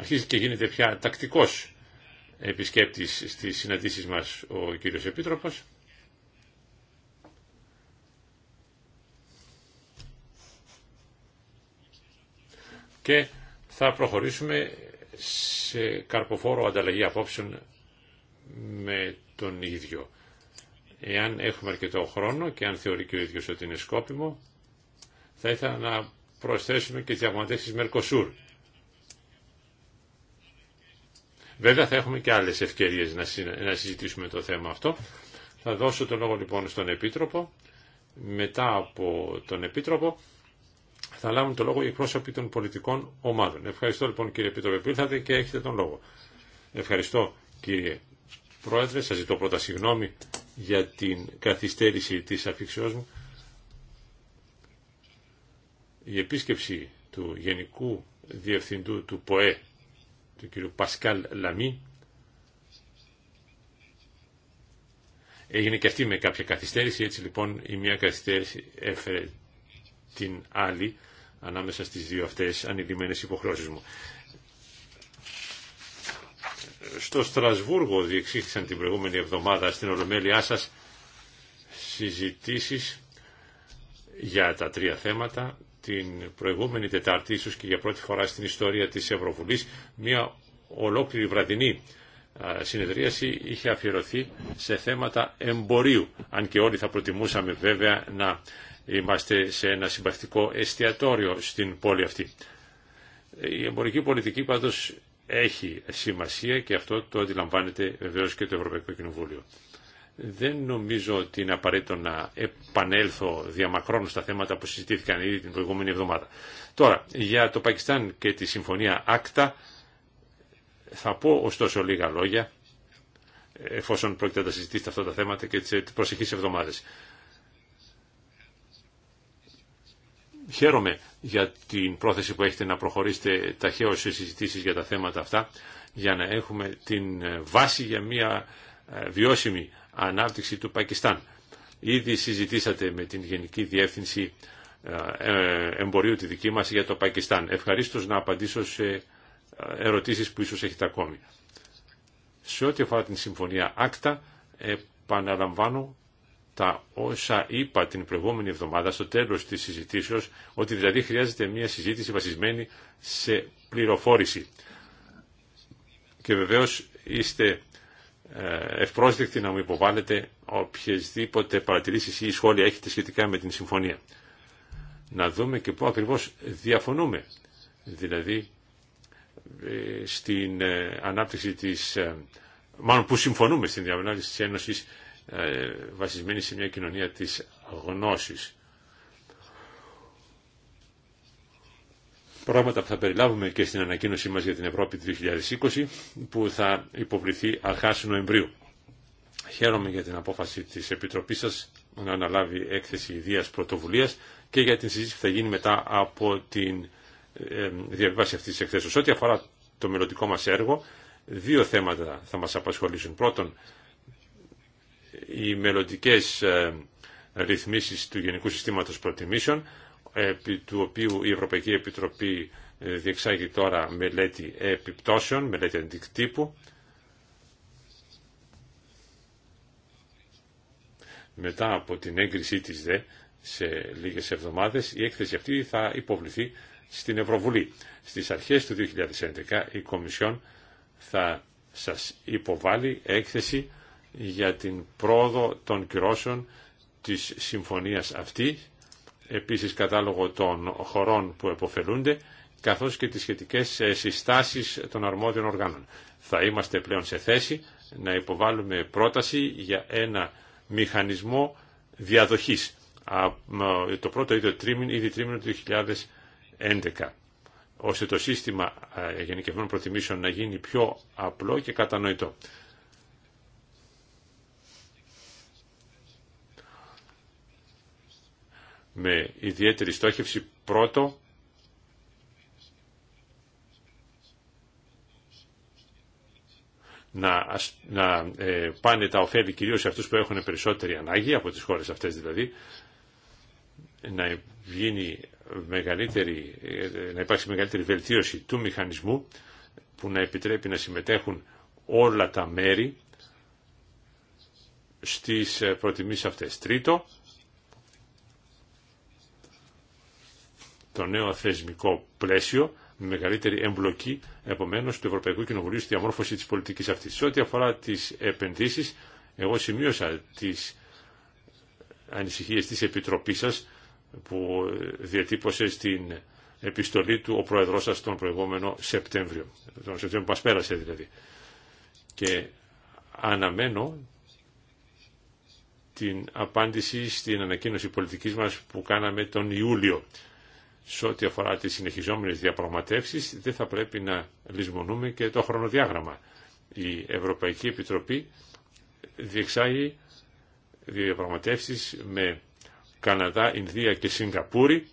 αρχίζει και γίνεται πια τακτικός επισκέπτης στις συναντήσεις μας ο κύριος Επίτροπος. Και θα προχωρήσουμε σε καρποφόρο ανταλλαγή απόψεων με τον ίδιο. Εάν έχουμε αρκετό χρόνο και αν θεωρεί και ο ίδιος ότι είναι σκόπιμο, θα ήθελα να προσθέσουμε και τις της Μερκοσούρ Βέβαια θα έχουμε και άλλες ευκαιρίες να συζητήσουμε το θέμα αυτό. Θα δώσω το λόγο λοιπόν στον Επίτροπο. Μετά από τον Επίτροπο θα λάβουν το λόγο οι εκπρόσωποι των πολιτικών ομάδων. Ευχαριστώ λοιπόν κύριε Επίτροπε που ήρθατε και έχετε τον λόγο. Ευχαριστώ κύριε Πρόεδρε. Σας ζητώ πρώτα συγγνώμη για την καθυστέρηση της αφήξεώς μου. Η επίσκεψη του Γενικού Διευθυντού του ΠΟΕ του κ. Πασκάλ Λαμί. έγινε και αυτή με κάποια καθυστέρηση έτσι λοιπόν η μία καθυστέρηση έφερε την άλλη ανάμεσα στις δύο αυτές ανειδημένες υποχρώσεις μου στο Στρασβούργο διεξήχθησαν την προηγούμενη εβδομάδα στην Ολομέλειά σας συζητήσεις για τα τρία θέματα την προηγούμενη Τετάρτη, ίσως και για πρώτη φορά στην ιστορία της Ευρωβουλής, μια ολόκληρη βραδινή συνεδρίαση είχε αφιερωθεί σε θέματα εμπορίου, αν και όλοι θα προτιμούσαμε βέβαια να είμαστε σε ένα συμπαθητικό εστιατόριο στην πόλη αυτή. Η εμπορική πολιτική πάντως έχει σημασία και αυτό το αντιλαμβάνεται βεβαίως και το Ευρωπαϊκό Κοινοβούλιο. Δεν νομίζω ότι είναι απαραίτητο να επανέλθω διαμακρών στα θέματα που συζητήθηκαν ήδη την προηγούμενη εβδομάδα. Τώρα, για το Πακιστάν και τη συμφωνία Άκτα θα πω ωστόσο λίγα λόγια εφόσον πρόκειται να τα συζητήσετε αυτά τα θέματα και τις προσεχείς εβδομάδες. Χαίρομαι για την πρόθεση που έχετε να προχωρήσετε ταχαίως σε συζητήσεις για τα θέματα αυτά για να έχουμε την ε, βάση για μια ε, βιώσιμη ανάπτυξη του Πακιστάν. Ήδη συζητήσατε με την Γενική Διεύθυνση ε, ε, Εμπορίου τη δική μας για το Πακιστάν. Ευχαριστώ να απαντήσω σε ε, ερωτήσεις που ίσως έχετε ακόμη. Σε ό,τι αφορά την συμφωνία Άκτα, επαναλαμβάνω τα όσα είπα την προηγούμενη εβδομάδα στο τέλος της συζητήσεως, ότι δηλαδή χρειάζεται μια συζήτηση βασισμένη σε πληροφόρηση. Και βεβαίως είστε ε, ευπρόσδεκτοι να μου υποβάλλετε οποιασδήποτε παρατηρήσεις ή σχόλια έχετε σχετικά με την συμφωνία. Να δούμε και πού ακριβώς διαφωνούμε. Δηλαδή, ε, στην ε, ανάπτυξη της... Μάλλον που συμφωνούμε στην διαμενάδηση της Ένωσης βασισμένη σε μια κοινωνία της γνώσης. πράγματα που θα περιλάβουμε και στην ανακοίνωσή μας για την Ευρώπη 2020 που θα υποβληθεί αρχάς Νοεμβρίου. Χαίρομαι για την απόφαση της Επιτροπής σας να αναλάβει έκθεση ιδίας πρωτοβουλίας και για την συζήτηση που θα γίνει μετά από την ε, διαβίβαση αυτής της εκθέσεως. Ό,τι αφορά το μελλοντικό μας έργο, δύο θέματα θα μας απασχολήσουν. Πρώτον, οι μελλοντικέ ε, ρυθμίσεις του Γενικού Συστήματος Προτιμήσεων, του οποίου η Ευρωπαϊκή Επιτροπή ε, διεξάγει τώρα μελέτη επιπτώσεων, μελέτη αντικτύπου. Μετά από την έγκρισή της ΔΕ σε λίγες εβδομάδες η έκθεση αυτή θα υποβληθεί στην Ευρωβουλή. Στις αρχές του 2011 η Κομισιόν θα σας υποβάλει έκθεση για την πρόοδο των κυρώσεων της συμφωνίας αυτή επίσης κατάλογο των χωρών που εποφελούνται, καθώς και τις σχετικές ε, συστάσεις των αρμόδιων οργάνων. Θα είμαστε πλέον σε θέση να υποβάλουμε πρόταση για ένα μηχανισμό διαδοχής. Το πρώτο ήδη τρίμηνο, ήδη τρίμηνο του 2011 ώστε το σύστημα ε, γενικευμένων προτιμήσεων να γίνει πιο απλό και κατανοητό. με ιδιαίτερη στόχευση πρώτο να, να ε, πάνε τα ωφέλη κυρίως σε αυτούς που έχουν περισσότερη ανάγκη από τις χώρες αυτές δηλαδή να γίνει μεγαλύτερη, ε, να υπάρξει μεγαλύτερη βελτίωση του μηχανισμού που να επιτρέπει να συμμετέχουν όλα τα μέρη στις ε, προτιμήσεις αυτές. Τρίτο, το νέο θεσμικό πλαίσιο με μεγαλύτερη εμπλοκή επομένως του Ευρωπαϊκού Κοινοβουλίου στη διαμόρφωση της πολιτικής αυτής. Σε ό,τι αφορά τις επενδύσεις, εγώ σημείωσα τις ανησυχίες της Επιτροπής σας που διατύπωσε στην επιστολή του ο Πρόεδρός σας τον προηγούμενο Σεπτέμβριο, τον Σεπτέμβριο που μας πέρασε δηλαδή. Και αναμένω την απάντηση στην ανακοίνωση πολιτικής μας που κάναμε τον Ιούλιο σε ό,τι αφορά τις συνεχιζόμενες διαπραγματεύσεις δεν θα πρέπει να λησμονούμε και το χρονοδιάγραμμα. Η Ευρωπαϊκή Επιτροπή διεξάγει διαπραγματεύσεις με Καναδά, Ινδία και Σιγκαπούρη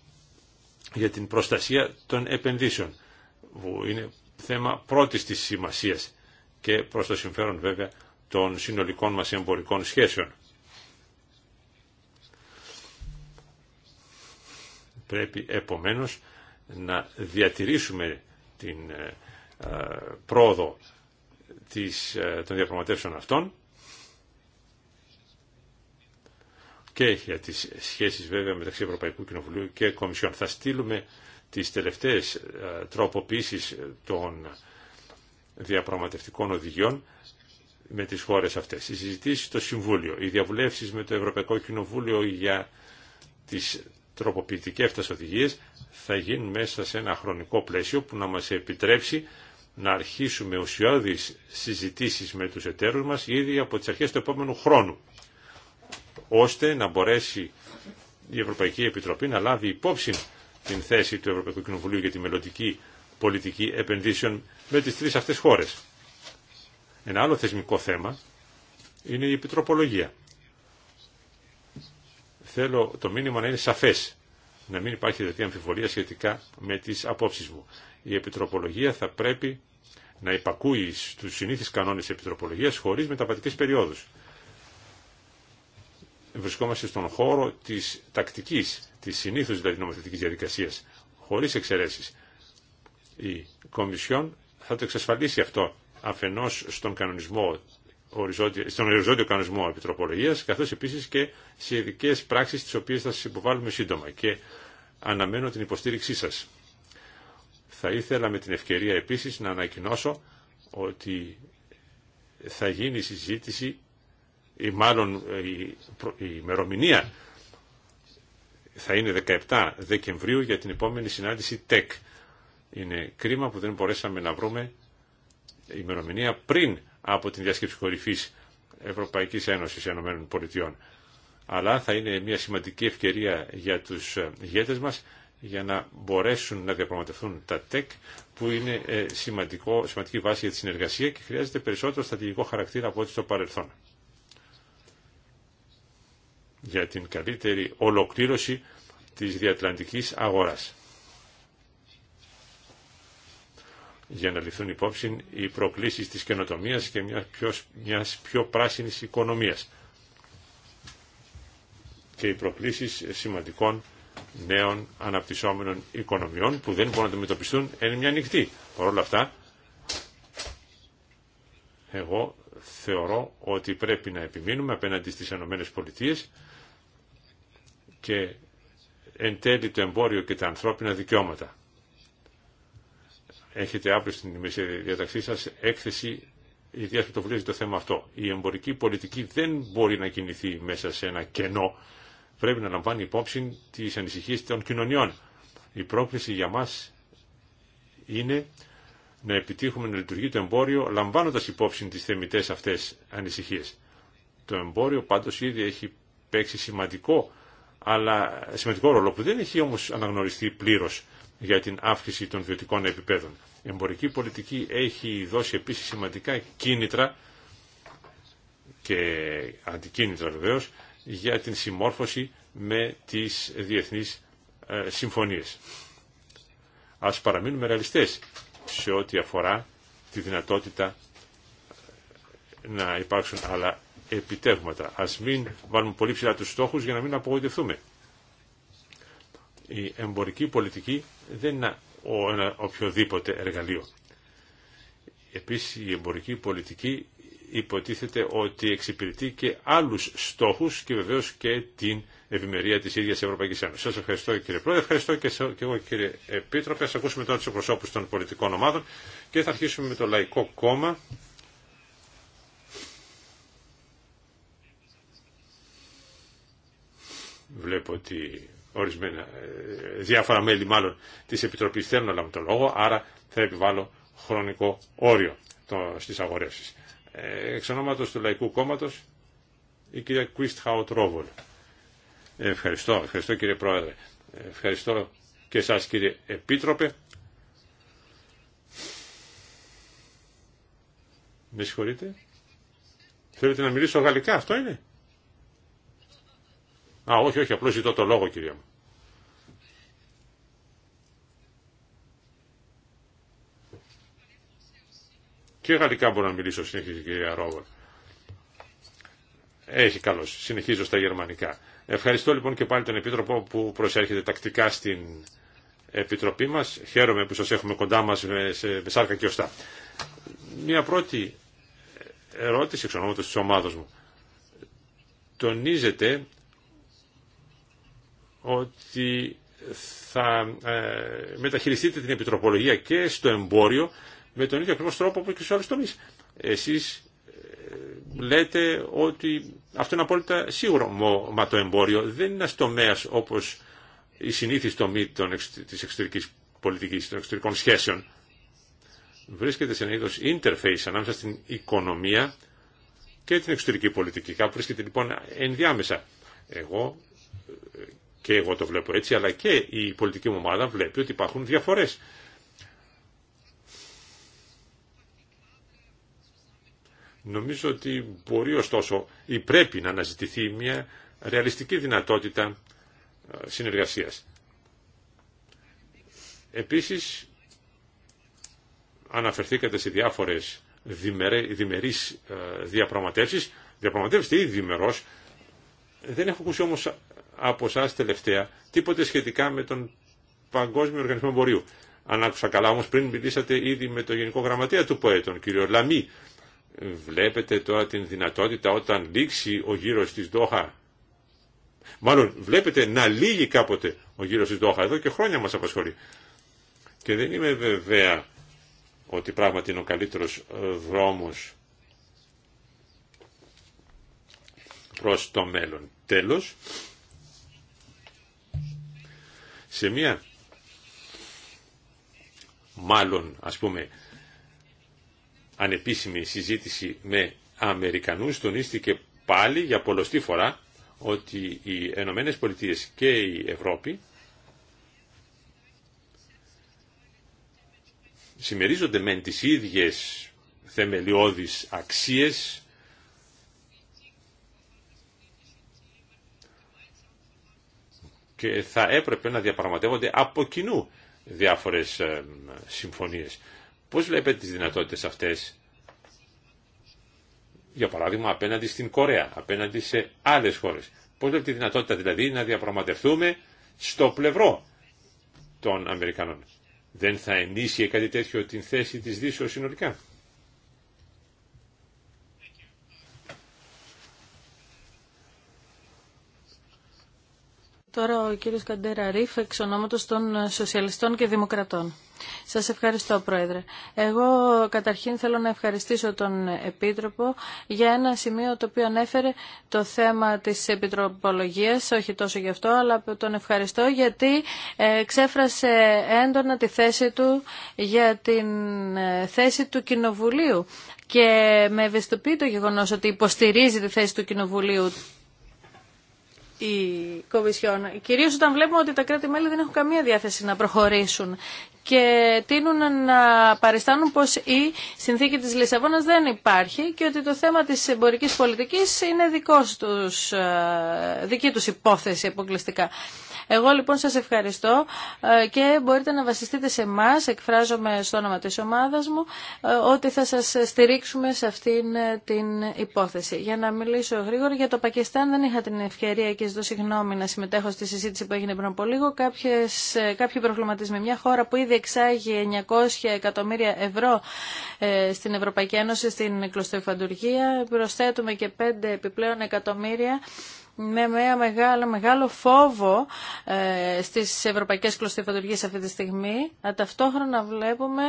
για την προστασία των επενδύσεων που είναι θέμα πρώτης της σημασίας και προς το συμφέρον βέβαια των συνολικών μας εμπορικών σχέσεων. Πρέπει επομένως να διατηρήσουμε την ε, ε, πρόοδο της, ε, των διαπραγματεύσεων αυτών και για τις σχέσεις βέβαια μεταξύ Ευρωπαϊκού Κοινοβουλίου και Κομισιόν. Θα στείλουμε τις τελευταίες τροποποίησεις των διαπραγματευτικών οδηγιών με τις χώρες αυτές. Οι συζητήσεις στο Συμβούλιο, οι διαβουλεύσεις με το Ευρωπαϊκό Κοινοβούλιο για τις Τροποποιητικέ αυτέ οδηγίες θα γίνουν μέσα σε ένα χρονικό πλαίσιο που να μας επιτρέψει να αρχίσουμε ουσιώδεις συζητήσεις με τους εταίρου μας ήδη από τις αρχές του επόμενου χρόνου, ώστε να μπορέσει η Ευρωπαϊκή Επιτροπή να λάβει υπόψη την θέση του Ευρωπαϊκού Κοινοβουλίου για τη μελλοντική πολιτική επενδύσεων με τις τρεις αυτές χώρες. Ένα άλλο θεσμικό θέμα είναι η επιτροπολογία. Θέλω το μήνυμα να είναι σαφές, να μην υπάρχει δηλαδή αμφιβολία σχετικά με τις απόψει μου. Η επιτροπολογία θα πρέπει να υπακούει στους συνήθεις κανόνες επιτροπολογίας χωρίς μεταβατικές περιόδους. Βρισκόμαστε στον χώρο της τακτικής, της συνήθους δηλαδή νομοθετική διαδικασίας, χωρίς εξαιρέσεις. Η Κομισιόν θα το εξασφαλίσει αυτό αφενός στον κανονισμό στον οριζόντιο κανονισμό επιτροπολογία, καθώς επίσης και σε ειδικέ πράξει τις οποίες θα σα υποβάλουμε σύντομα και αναμένω την υποστήριξή σας. Θα ήθελα με την ευκαιρία επίσης να ανακοινώσω ότι θα γίνει συζήτηση ή μάλλον ε, η ημερομηνία θα είναι 17 Δεκεμβρίου για την επόμενη συνάντηση ΤΕΚ. Είναι κρίμα που δεν μπορέσαμε να βρούμε ημερομηνία πριν από την διάσκεψη κορυφή Ευρωπαϊκής Ένωση Ενωμένων Πολιτειών. Αλλά θα είναι μια σημαντική ευκαιρία για τους ηγέτε μας για να μπορέσουν να διαπραγματευτούν τα ΤΕΚ που είναι ε, σημαντικό, σημαντική βάση για τη συνεργασία και χρειάζεται περισσότερο στρατηγικό χαρακτήρα από ό,τι στο παρελθόν. Για την καλύτερη ολοκλήρωση της διατλαντικής αγοράς. για να ληφθούν υπόψη οι προκλήσεις της καινοτομίας και μιας πιο, μιας πιο πράσινης οικονομίας και οι προκλήσεις σημαντικών νέων αναπτυσσόμενων οικονομιών που δεν μπορούν να αντιμετωπιστούν εν μια νυχτή. Παρ' όλα αυτά, εγώ θεωρώ ότι πρέπει να επιμείνουμε απέναντι στις ΗΠΑ και εν τέλει το εμπόριο και τα ανθρώπινα δικαιώματα έχετε αύριο στην ημερήσια διαταξή σα, έκθεση ιδιαίτερη πρωτοβουλία για το θέμα αυτό. Η εμπορική πολιτική δεν μπορεί να κινηθεί μέσα σε ένα κενό. Πρέπει να λαμβάνει υπόψη τις ανησυχίες των κοινωνιών. Η πρόκληση για μα είναι να επιτύχουμε να λειτουργεί το εμπόριο λαμβάνοντας υπόψη τις θεμητές αυτές ανησυχίες. Το εμπόριο πάντως ήδη έχει παίξει σημαντικό, αλλά, σημαντικό ρόλο που δεν έχει όμως αναγνωριστεί πλήρως για την αύξηση των βιωτικών επιπέδων. Η εμπορική πολιτική έχει δώσει επίσης σημαντικά κίνητρα και αντικίνητρα βεβαίως για την συμμόρφωση με τις διεθνείς ε, συμφωνίες. Ας παραμείνουμε ρεαλιστές σε ό,τι αφορά τη δυνατότητα ε, να υπάρξουν άλλα επιτεύγματα. Ας μην βάλουμε πολύ ψηλά τους στόχους για να μην απογοητευτούμε. Η εμπορική πολιτική δεν είναι ένα οποιοδήποτε εργαλείο. Επίσης η εμπορική πολιτική υποτίθεται ότι εξυπηρετεί και άλλους στόχους και βεβαίως και την ευημερία της ίδιας Ευρωπαϊκής Ένωσης. Σας ευχαριστώ κύριε Πρόεδρε, ευχαριστώ και, και εγώ κύριε Επίτροπε. Ας ακούσουμε τώρα τους προσώπους των πολιτικών ομάδων και θα αρχίσουμε με το Λαϊκό Κόμμα. Βλέπω ότι ορισμένα, ε, διάφορα μέλη μάλλον της Επιτροπής θέλουν να λάβουν το λόγο, άρα θα επιβάλλω χρονικό όριο το, στις αγορεύσεις. Ε, εξ ονόματος του Λαϊκού Κόμματος, η κυρία Κουίστχαουτ Ρόβολ. Ευχαριστώ, ευχαριστώ κύριε Πρόεδρε. Ευχαριστώ και εσάς κύριε Επίτροπε. Με συγχωρείτε. Θέλετε να μιλήσω γαλλικά, αυτό είναι. Α, όχι, όχι, απλώς ζητώ το λόγο, κυρία μου. Και γαλλικά μπορώ να μιλήσω, συνεχίζει η κυρία Ρόβερ. Έχει καλώ. Συνεχίζω στα γερμανικά. Ευχαριστώ λοιπόν και πάλι τον Επίτροπο που προσέρχεται τακτικά στην Επιτροπή μας. Χαίρομαι που σας έχουμε κοντά μας με, σε, με σάρκα και οστά. Μια πρώτη ερώτηση εξ ονόματος της ομάδος μου. Τονίζεται ότι θα ε, μεταχειριστείτε την επιτροπολογία και στο εμπόριο με τον ίδιο ακριβώ τρόπο που και στους άλλους τομείς. Εσείς ε, λέτε ότι αυτό είναι απόλυτα σίγουρο, μα το εμπόριο δεν είναι ένας τομέας όπως η συνήθις τομή των της εξωτερικής πολιτικής, των εξωτερικών σχέσεων. Βρίσκεται σε ένα είδος interface ανάμεσα στην οικονομία και την εξωτερική πολιτική. Κάπου βρίσκεται λοιπόν ενδιάμεσα. Εγώ ε, και εγώ το βλέπω έτσι, αλλά και η πολιτική μου ομάδα βλέπει ότι υπάρχουν διαφορές. Νομίζω ότι μπορεί ωστόσο ή πρέπει να αναζητηθεί μια ρεαλιστική δυνατότητα ε, συνεργασίας. Επίσης, αναφερθήκατε σε διάφορες διμερείς ε, διαπραγματεύσεις. Διαπραγματεύεστε ήδη διμερός. Δεν έχω ακούσει όμως από εσά τελευταία τίποτε σχετικά με τον Παγκόσμιο Οργανισμό Εμπορίου. Αν άκουσα καλά όμως πριν μιλήσατε ήδη με τον Γενικό Γραμματέα του ΠΟΕ, κύριο Λαμί. Βλέπετε τώρα την δυνατότητα όταν λήξει ο γύρος της Δόχα, μάλλον βλέπετε να λύγει κάποτε ο γύρος της Δόχα, εδώ και χρόνια μας απασχολεί. Και δεν είμαι βεβαία ότι πράγματι είναι ο καλύτερος ε, δρόμος προς το μέλλον. Τέλος, σε μια μάλλον ας πούμε ανεπίσημη συζήτηση με Αμερικανούς τονίστηκε πάλι για πολλωστή φορά ότι οι Ενωμένε Πολιτείε και η Ευρώπη συμμερίζονται μεν τις ίδιες θεμελιώδεις αξίες και θα έπρεπε να διαπραγματεύονται από κοινού διάφορες ε, συμφωνίες. Πώς βλέπετε τις δυνατότητες αυτές, για παράδειγμα απέναντι στην Κορέα, απέναντι σε άλλες χώρες. Πώς βλέπετε τη δυνατότητα δηλαδή να διαπραγματευτούμε στο πλευρό των Αμερικανών. Δεν θα ενίσχυε κάτι τέτοιο την θέση της Δύσεως συνολικά. Τώρα ο κύριος Καντέρα Ρίφ, εξ ονόματος των Σοσιαλιστών και Δημοκρατών. Σας ευχαριστώ, Πρόεδρε. Εγώ καταρχήν θέλω να ευχαριστήσω τον Επίτροπο για ένα σημείο το οποίο ανέφερε το θέμα της Επιτροπολογίας, όχι τόσο γι' αυτό, αλλά τον ευχαριστώ γιατί ε, ξέφρασε έντονα τη θέση του για την ε, θέση του Κοινοβουλίου και με ευαισθητοποιεί το γεγονός ότι υποστηρίζει τη θέση του Κοινοβουλίου η Κομισιόν. Κυρίως όταν βλέπουμε ότι τα κράτη-μέλη δεν έχουν καμία διάθεση να προχωρήσουν και τείνουν να παριστάνουν πως η συνθήκη της Λισαβόνας δεν υπάρχει και ότι το θέμα της εμπορικής πολιτικής είναι δικός τους, ε, δική τους υπόθεση αποκλειστικά. Εγώ λοιπόν σας ευχαριστώ ε, και μπορείτε να βασιστείτε σε εμά, εκφράζομαι στο όνομα της ομάδας μου, ε, ότι θα σας στηρίξουμε σε αυτήν ε, την υπόθεση. Για να μιλήσω γρήγορα, για το Πακιστάν δεν είχα την ευκαιρία και ζητώ συγγνώμη να συμμετέχω στη συζήτηση που έγινε πριν από λίγο. Κάποιες, κάποιοι προβληματισμοί. Μια χώρα που ήδη εξάγει 900 εκατομμύρια ευρώ στην Ευρωπαϊκή Ένωση στην κλωστοϊφαντουργία. Προσθέτουμε και 5 επιπλέον εκατομμύρια με ένα μεγάλο, μεγάλο φόβο ε, στις ευρωπαϊκές αυτή τη στιγμή. Ταυτόχρονα βλέπουμε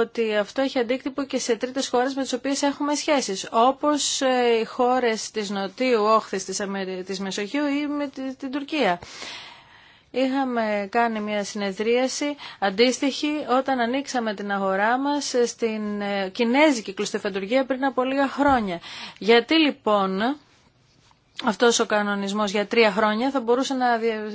ότι αυτό έχει αντίκτυπο και σε τρίτες χώρες με τις οποίες έχουμε σχέσεις, όπως ε, οι χώρες της Νοτίου όχθης της, Αμερι... της Μεσογείου ή με την Τουρκία. Είχαμε κάνει μια συνεδρίαση αντίστοιχη όταν ανοίξαμε την αγορά μας στην ε, Κινέζικη κλωστοφαντουργία πριν από λίγα χρόνια. Γιατί λοιπόν αυτός ο κανονισμός για τρία χρόνια θα μπορούσε να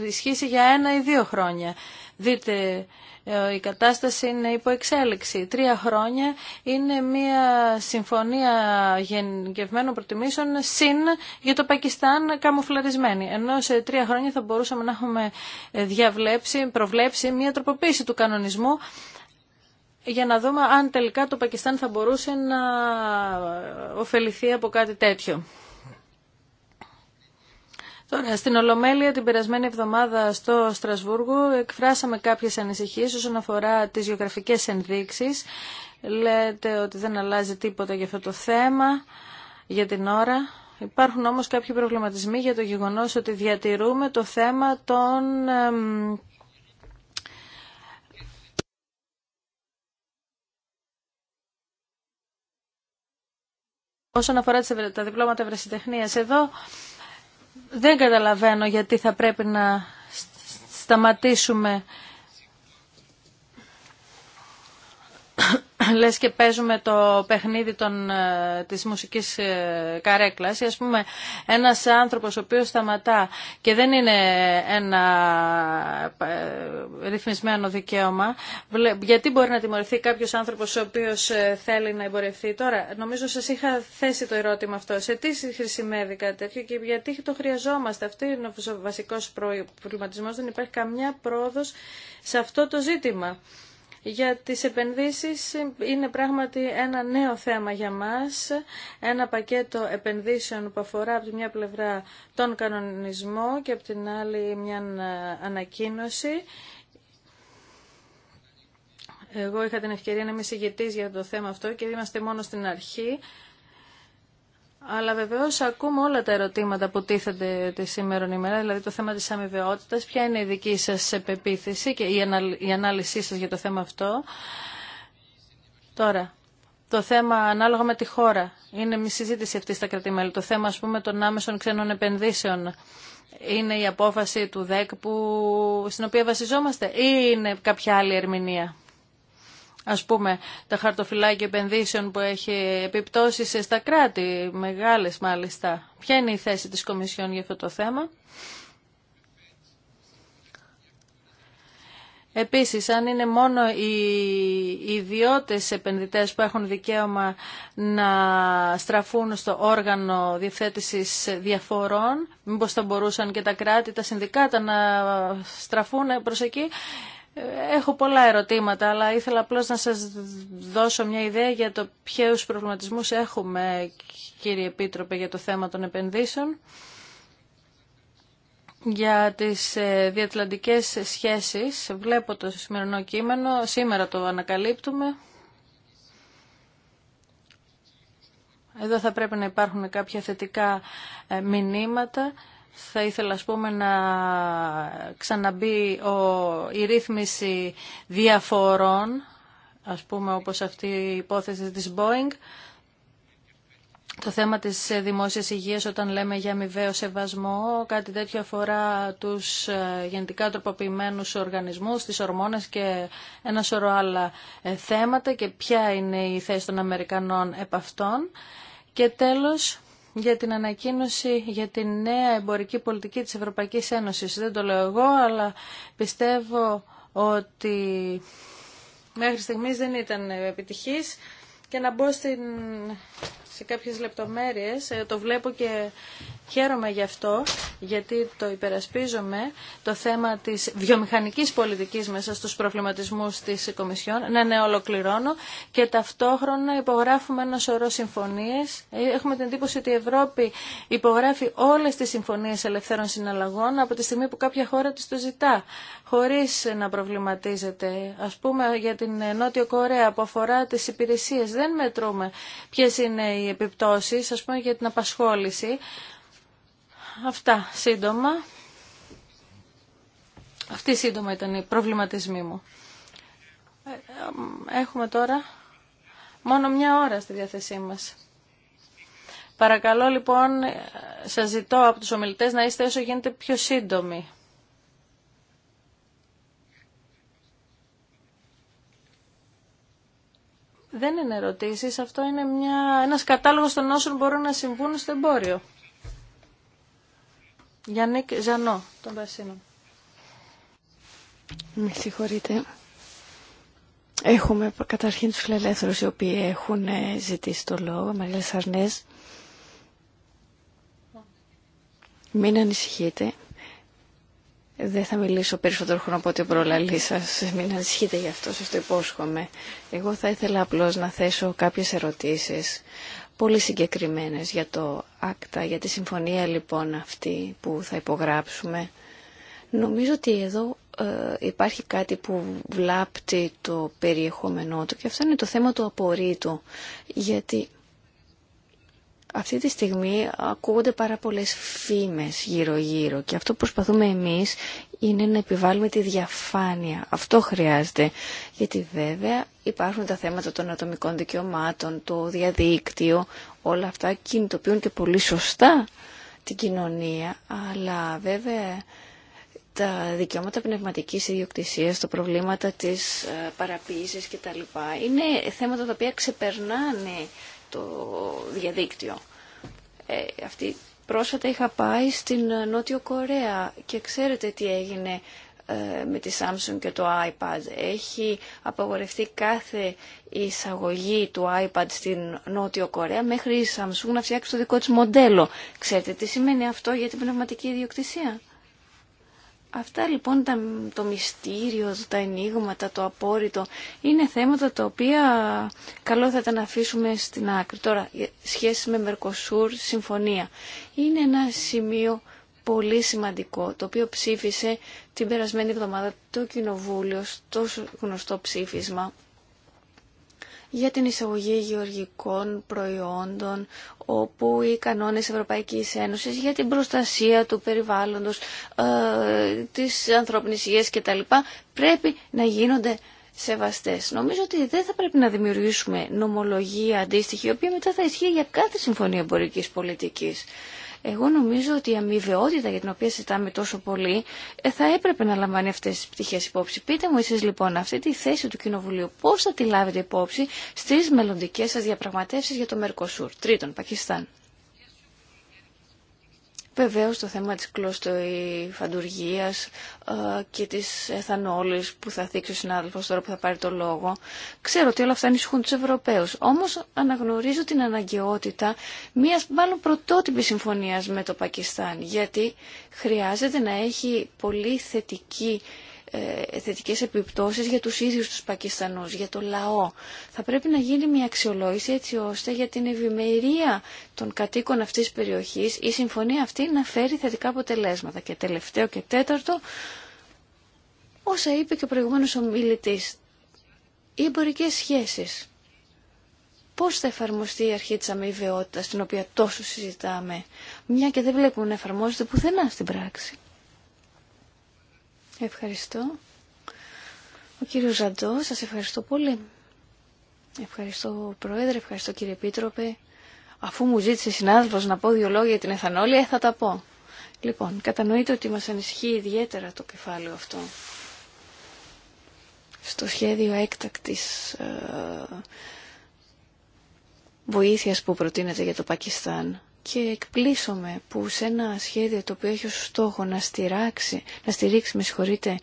ισχύσει για ένα ή δύο χρόνια. Δείτε, ε, η κατάσταση είναι υπό εξέλιξη. Τρία χρόνια είναι μια συμφωνία γενικευμένων προτιμήσεων συν για το Πακιστάν καμουφλαρισμένη. Ενώ σε τρία χρόνια θα μπορούσαμε να έχουμε ε, διαβλέψει, προβλέψει μια τροποποίηση του κανονισμού για να δούμε αν τελικά το Πακιστάν θα μπορούσε να ε, ωφεληθεί από κάτι τέτοιο. Τώρα, στην Ολομέλεια την περασμένη εβδομάδα στο Στρασβούργο εκφράσαμε κάποιες ανησυχίες όσον αφορά τις γεωγραφικές ενδείξεις. Λέτε ότι δεν αλλάζει τίποτα για αυτό το θέμα για την ώρα. Υπάρχουν όμως κάποιοι προβληματισμοί για το γεγονός ότι διατηρούμε το θέμα των όσον αφορά τα διπλώματα ευρεσιτεχνίας εδώ δεν καταλαβαίνω γιατί θα πρέπει να σταματήσουμε λες και παίζουμε το παιχνίδι των, ε, της μουσικής ε, καρέκλας. Ας πούμε, ένας άνθρωπος ο οποίος σταματά και δεν είναι ένα ε, ρυθμισμένο δικαίωμα, γιατί μπορεί να τιμωρηθεί κάποιος άνθρωπος ο οποίος θέλει να εμπορευτεί. Τώρα, νομίζω σας είχα θέσει το ερώτημα αυτό. Σε τι χρησιμεύει κάτι τέτοιο και γιατί το χρειαζόμαστε. Αυτό είναι ο βασικός προβληματισμός. Δεν υπάρχει καμιά πρόοδος σε αυτό το ζήτημα. Για τις επενδύσεις είναι πράγματι ένα νέο θέμα για μας, ένα πακέτο επενδύσεων που αφορά από τη μια πλευρά τον κανονισμό και από την άλλη μια ανακοίνωση. Εγώ είχα την ευκαιρία να είμαι συγγετής για το θέμα αυτό και είμαστε μόνο στην αρχή. Αλλά βεβαίω ακούμε όλα τα ερωτήματα που τίθενται τη σήμερα ημέρα, δηλαδή το θέμα τη αμοιβαιότητα. Ποια είναι η δική σα επεπίθεση και η ανάλυση σα για το θέμα αυτό. Τώρα, το θέμα ανάλογα με τη χώρα. Είναι μια συζήτηση αυτή στα κρατημέλη. Το θέμα, α πούμε, των άμεσων ξένων επενδύσεων. Είναι η απόφαση του ΔΕΚ που, στην οποία βασιζόμαστε ή είναι κάποια άλλη ερμηνεία ας πούμε, τα χαρτοφυλάκια επενδύσεων που έχει επιπτώσεις στα κράτη, μεγάλες μάλιστα. Ποια είναι η θέση της Κομισιόν για αυτό το θέμα. Επίσης, αν είναι μόνο οι ιδιώτες επενδυτές που έχουν δικαίωμα να στραφούν στο όργανο διευθέτησης διαφορών, μήπως θα μπορούσαν και τα κράτη, τα συνδικάτα να στραφούν προς εκεί. Έχω πολλά ερωτήματα, αλλά ήθελα απλώς να σας δώσω μια ιδέα για το ποιους προβληματισμούς έχουμε, κύριε Επίτροπε, για το θέμα των επενδύσεων, για τις ε, διατλαντικές σχέσεις. Βλέπω το σημερινό κείμενο, σήμερα το ανακαλύπτουμε. Εδώ θα πρέπει να υπάρχουν κάποια θετικά ε, μηνύματα θα ήθελα να ξαναμπεί ο, η ρύθμιση διαφορών, ας πούμε όπως αυτή η υπόθεση της Boeing, το θέμα της δημόσιας υγείας όταν λέμε για αμοιβαίο σεβασμό, κάτι τέτοιο αφορά τους ε, γενετικά τροποποιημένους οργανισμούς, τις ορμόνες και ένα σωρό άλλα ε, θέματα και ποια είναι η θέση των Αμερικανών επ' αυτών. Και τέλος, για την ανακοίνωση για τη νέα εμπορική πολιτική της Ευρωπαϊκής Ένωσης. Δεν το λέω εγώ, αλλά πιστεύω ότι μέχρι στιγμής δεν ήταν επιτυχής και να μπω στην σε κάποιες λεπτομέρειες. Ε, το βλέπω και χαίρομαι γι' αυτό, γιατί το υπερασπίζομαι το θέμα της βιομηχανικής πολιτικής μέσα στους προβληματισμούς της Κομισιόν. Ναι, ναι, ολοκληρώνω και ταυτόχρονα υπογράφουμε ένα σωρό συμφωνίες. Ε, έχουμε την εντύπωση ότι η Ευρώπη υπογράφει όλες τις συμφωνίες ελευθέρων συναλλαγών από τη στιγμή που κάποια χώρα τη το ζητά, χωρίς να προβληματίζεται. Ας πούμε για την Νότιο Κορέα που αφορά τις υπηρεσίες δεν μετρούμε ποιες είναι οι επιπτώσεις, ας πούμε, για την απασχόληση. Αυτά σύντομα. Αυτή σύντομα ήταν η προβληματισμή μου. Ε, ε, έχουμε τώρα μόνο μια ώρα στη διάθεσή μας. Παρακαλώ λοιπόν, σας ζητώ από τους ομιλητές να είστε όσο γίνεται πιο σύντομοι. δεν είναι ερωτήσει. αυτό είναι μια, ένας κατάλογος των όσων μπορούν να συμβούν στο εμπόριο. Γιάννη Ζανό, των Περσίνων. Με συγχωρείτε. Έχουμε καταρχήν τους φιλελεύθερους οι οποίοι έχουν ε, ζητήσει το λόγο, Μαρία Σαρνές. Μην ανησυχείτε. Δεν θα μιλήσω περισσότερο χρόνο από ό,τι προλαλή σα. Μην ανησυχείτε γι' αυτό, σα το υπόσχομαι. Εγώ θα ήθελα απλώ να θέσω κάποιε ερωτήσει πολύ συγκεκριμένε για το ΑΚΤΑ, για τη συμφωνία λοιπόν αυτή που θα υπογράψουμε. Νομίζω ότι εδώ ε, υπάρχει κάτι που βλάπτει το περιεχόμενό του και αυτό είναι το θέμα του απορρίτου. Γιατί αυτή τη στιγμή ακούγονται πάρα πολλές φήμες γύρω-γύρω και αυτό που προσπαθούμε εμείς είναι να επιβάλλουμε τη διαφάνεια. Αυτό χρειάζεται. Γιατί βέβαια υπάρχουν τα θέματα των ατομικών δικαιωμάτων, το διαδίκτυο, όλα αυτά κινητοποιούν και πολύ σωστά την κοινωνία, αλλά βέβαια τα δικαιώματα πνευματικής ιδιοκτησίας, τα προβλήματα της ε, παραποίησης κτλ. Είναι θέματα τα οποία ξεπερνάνε το διαδίκτυο. Ε, αυτή πρόσφατα είχα πάει στην ε, Νότιο Κορέα και ξέρετε τι έγινε ε, με τη Samsung και το iPad. Έχει απαγορευτεί κάθε εισαγωγή του iPad στην Νότιο Κορέα μέχρι η Samsung να φτιάξει το δικό της μοντέλο. Ξέρετε τι σημαίνει αυτό για την πνευματική ιδιοκτησία. Αυτά λοιπόν τα, το μυστήριο, τα ενίγματα, το απόρριτο είναι θέματα τα οποία καλό θα τα να αφήσουμε στην άκρη. Τώρα, σχέση με Μερκοσούρ, συμφωνία. Είναι ένα σημείο πολύ σημαντικό, το οποίο ψήφισε την περασμένη εβδομάδα το Κοινοβούλιο στο γνωστό ψήφισμα για την εισαγωγή γεωργικών προϊόντων όπου οι κανόνες Ευρωπαϊκής Ένωσης για την προστασία του περιβάλλοντος, ε, της ανθρώπινης υγείας κτλ. πρέπει να γίνονται σεβαστές. Νομίζω ότι δεν θα πρέπει να δημιουργήσουμε νομολογία αντίστοιχη, η οποία μετά θα ισχύει για κάθε συμφωνία εμπορική πολιτικής. Εγώ νομίζω ότι η αμοιβαιότητα για την οποία συζητάμε τόσο πολύ ε, θα έπρεπε να λαμβάνει αυτέ τι πτυχέ υπόψη. Πείτε μου εσεί λοιπόν αυτή τη θέση του Κοινοβουλίου πώ θα τη λάβετε υπόψη στι μελλοντικέ σα διαπραγματεύσει για το Μερκοσούρ. Τρίτον, Πακιστάν. Βεβαίω το θέμα της κλωστοϊφαντουργίας ε, και της εθανόλης που θα θίξει ο συνάδελφος τώρα που θα πάρει το λόγο. Ξέρω ότι όλα αυτά ανησυχούν τους Ευρωπαίους. Όμως αναγνωρίζω την αναγκαιότητα μιας μάλλον πρωτότυπης συμφωνίας με το Πακιστάν. Γιατί χρειάζεται να έχει πολύ θετική ε, θετικές επιπτώσεις για τους ίδιους τους Πακιστανούς, για το λαό. Θα πρέπει να γίνει μια αξιολόγηση έτσι ώστε για την ευημερία των κατοίκων αυτής της περιοχής η συμφωνία αυτή να φέρει θετικά αποτελέσματα. Και τελευταίο και τέταρτο, όσα είπε και ο προηγούμενος ομιλητής, οι εμπορικές σχέσεις. Πώς θα εφαρμοστεί η αρχή της αμοιβαιότητας, την οποία τόσο συζητάμε, μια και δεν βλέπουμε να εφαρμόζεται πουθενά στην πράξη. Ευχαριστώ. Ο κύριος Ζαντό, σας ευχαριστώ πολύ. Ευχαριστώ Πρόεδρε, ευχαριστώ κύριε Επίτροπε. Αφού μου ζήτησε συνάδελφος να πω δύο λόγια για την εθανόλια, ε, θα τα πω. Λοιπόν, κατανοείτε ότι μας ανησυχεί ιδιαίτερα το κεφάλαιο αυτό. Στο σχέδιο έκτακτης ε, βοήθειας που προτείνεται για το Πακιστάν και εκπλήσωμαι που σε ένα σχέδιο το οποίο έχει ως στόχο να, στηράξει, να στηρίξει με συγχωρείτε,